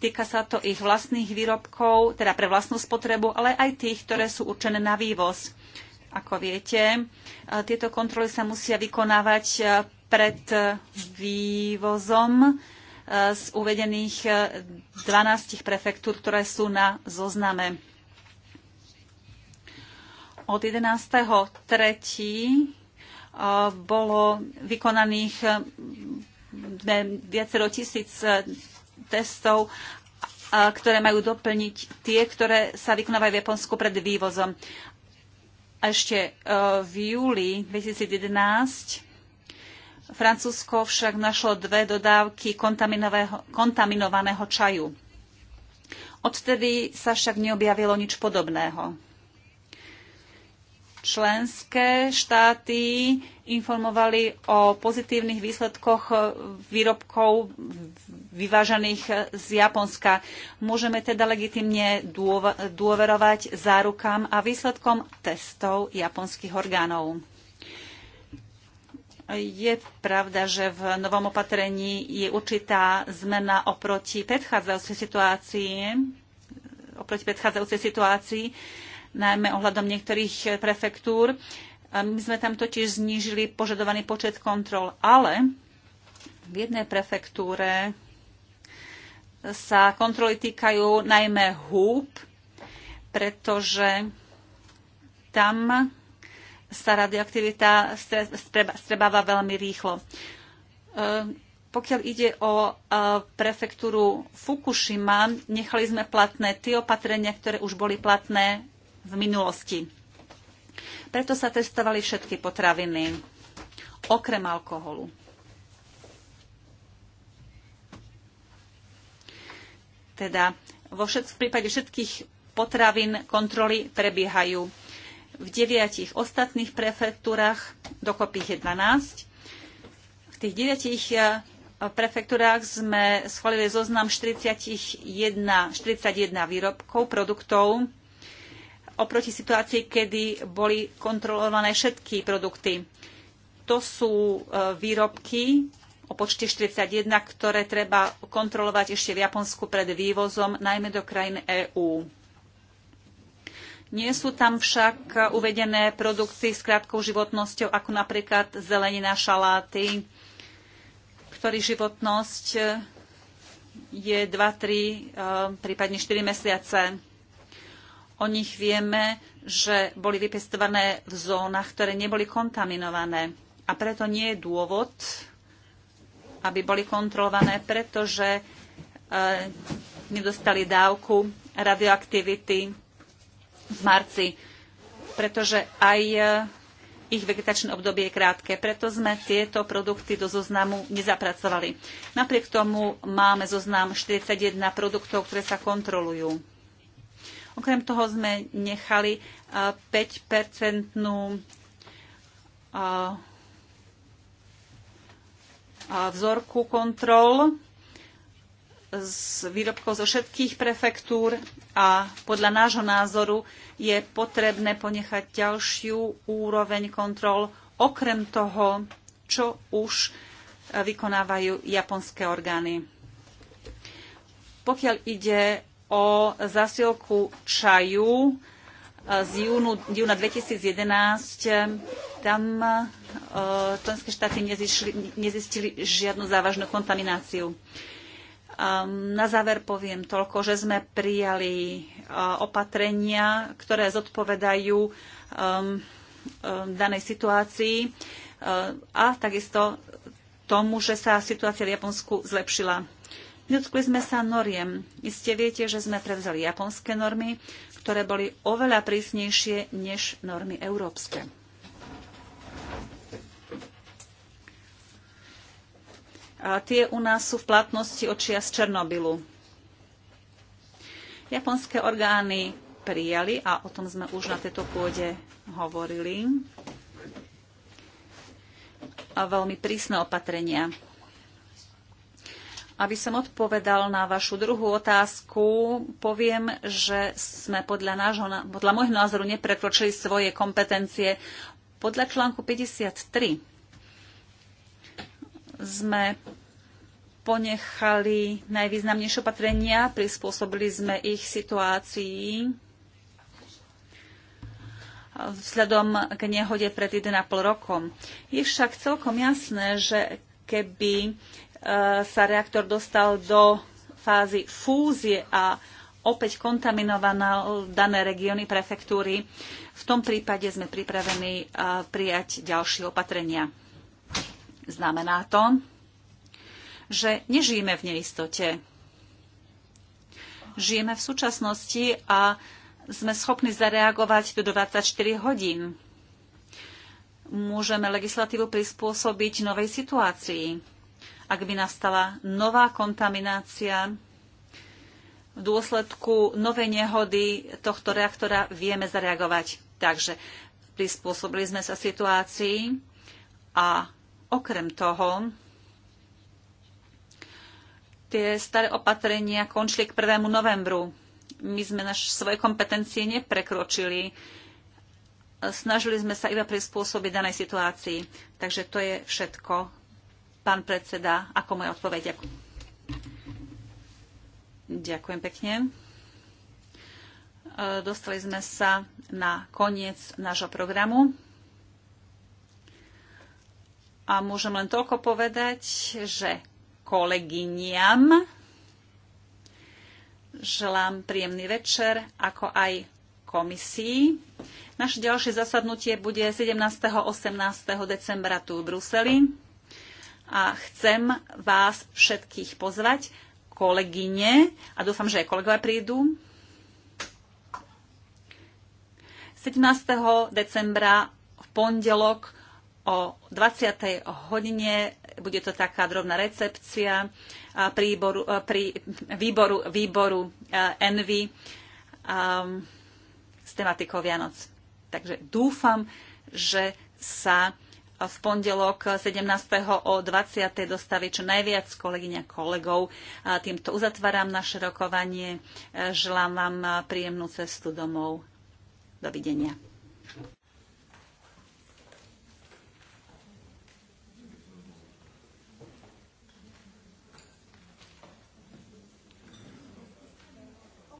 Speaker 1: Týka sa to ich vlastných výrobkov, teda pre vlastnú spotrebu, ale aj tých, ktoré sú určené na vývoz. Ako viete, eh, tieto kontroly sa musia vykonávať eh, pred vývozom eh, z uvedených 12 prefektúr, ktoré sú na zozname. Od 11.3. E, bolo vykonaných e, viacero tisíc e, testov, ktoré majú doplniť tie, ktoré sa vykonávajú v Japonsku pred vývozom. A ešte v júli 2011 Francúzsko však našlo dve dodávky kontaminovaného čaju. Odtedy sa však neobjavilo nič podobného členské štáty informovali o pozitívnych výsledkoch výrobkov vyvážaných z Japonska. Môžeme teda legitimne dôverovať zárukám a výsledkom testov japonských orgánov. Je pravda, že v novom opatrení je určitá zmena oproti predchádzajúcej situácii, oproti predchádzajúcej situácii, najmä ohľadom niektorých eh, prefektúr. My sme tam totiž znížili požadovaný počet kontrol, ale v jednej prefektúre sa kontroly týkajú najmä húb, pretože tam sa radioaktivita strebáva veľmi rýchlo. Eh, pokiaľ ide o eh, prefektúru Fukushima, nechali sme platné tie opatrenia, ktoré už boli platné v minulosti. Preto sa testovali všetky potraviny, okrem alkoholu. Teda vo všet, v prípade všetkých potravín kontroly prebiehajú v deviatich ostatných prefektúrach, dokopy je 12. V tých deviatich eh, prefektúrach sme schválili zoznam 41, 41 výrobkov, produktov, oproti situácii, kedy boli kontrolované všetky produkty. To sú e, výrobky o počte 41, ktoré treba kontrolovať ešte v Japonsku pred vývozom, najmä do krajín EÚ. Nie sú tam však uvedené produkty s krátkou životnosťou, ako napríklad zelenina, šaláty, ktorých životnosť e, je 2-3, e, prípadne 4 mesiace. O nich vieme, že boli vypestované v zónach, ktoré neboli kontaminované. A preto nie je dôvod, aby boli kontrolované, pretože e, nedostali dávku radioaktivity v marci, pretože aj e, ich vegetačné obdobie je krátke. Preto sme tieto produkty do zoznamu nezapracovali. Napriek tomu máme zoznam 41 produktov, ktoré sa kontrolujú. Okrem toho sme nechali 5-percentnú vzorku kontrol z výrobkov zo všetkých prefektúr a podľa nášho názoru je potrebné ponechať ďalšiu úroveň kontrol okrem toho, čo už e, vykonávajú japonské orgány. Pokiaľ ide o zasielku čaju e, z júnu, júna 2011. Tam e, členské štáty nezišli, nezistili žiadnu závažnú kontamináciu. Na záver poviem toľko, že sme prijali e, opatrenia, ktoré zodpovedajú danej situácii a takisto tomu, že sa situácia v Japonsku zlepšila. Dotkli sme sa noriem. Iste viete, že sme prevzali japonské normy, ktoré boli oveľa prísnejšie než normy európske. A tie u nás sú v platnosti od z Černobylu. Japonské orgány prijali a o tom sme už na tejto pôde hovorili. A veľmi prísne opatrenia. Aby som odpovedal na vašu druhú otázku, poviem, že sme podľa, nášho, podľa môjho názoru neprekročili svoje kompetencie. Podľa článku 53 sme ponechali najvýznamnejšie opatrenia, prispôsobili sme ich situácii vzhľadom k nehode pred 1,5 rokom. Je však celkom jasné, že keby Eh, sa reaktor dostal do fázy fúzie a opäť kontaminovaná dané regióny prefektúry. V tom prípade sme pripravení eh, prijať ďalšie opatrenia. Znamená to, že nežijeme v neistote. Žijeme v súčasnosti a sme schopní zareagovať do 24 hodín. Môžeme legislatívu prispôsobiť novej situácii ak by nastala nová kontaminácia v dôsledku novej nehody tohto reaktora vieme zareagovať. Takže prispôsobili sme sa situácii a okrem toho tie staré opatrenia končili k 1. novembru. My sme naš, svoje kompetencie neprekročili. Snažili sme sa iba prispôsobiť danej situácii. Takže to je všetko Pán predseda, ako moja odpoveď? Ďakujem. Ďakujem pekne. E, dostali sme sa na koniec nášho programu. A môžem len toľko povedať, že kolegyniam želám príjemný večer, ako aj komisii. Naše ďalšie zasadnutie bude 17. 18. decembra tu v Bruseli a chcem vás všetkých pozvať, kolegyne, a dúfam, že aj kolegovia prídu. 17. decembra v pondelok o 20. hodine bude to taká drobná recepcia príboru, pri výboru, výboru Envy um, s tematikou Vianoc. Takže dúfam, že sa v pondelok 17. o 20. dostaví čo najviac kolegyň a kolegov. Týmto uzatváram naše rokovanie. Želám vám príjemnú cestu domov. Dovidenia.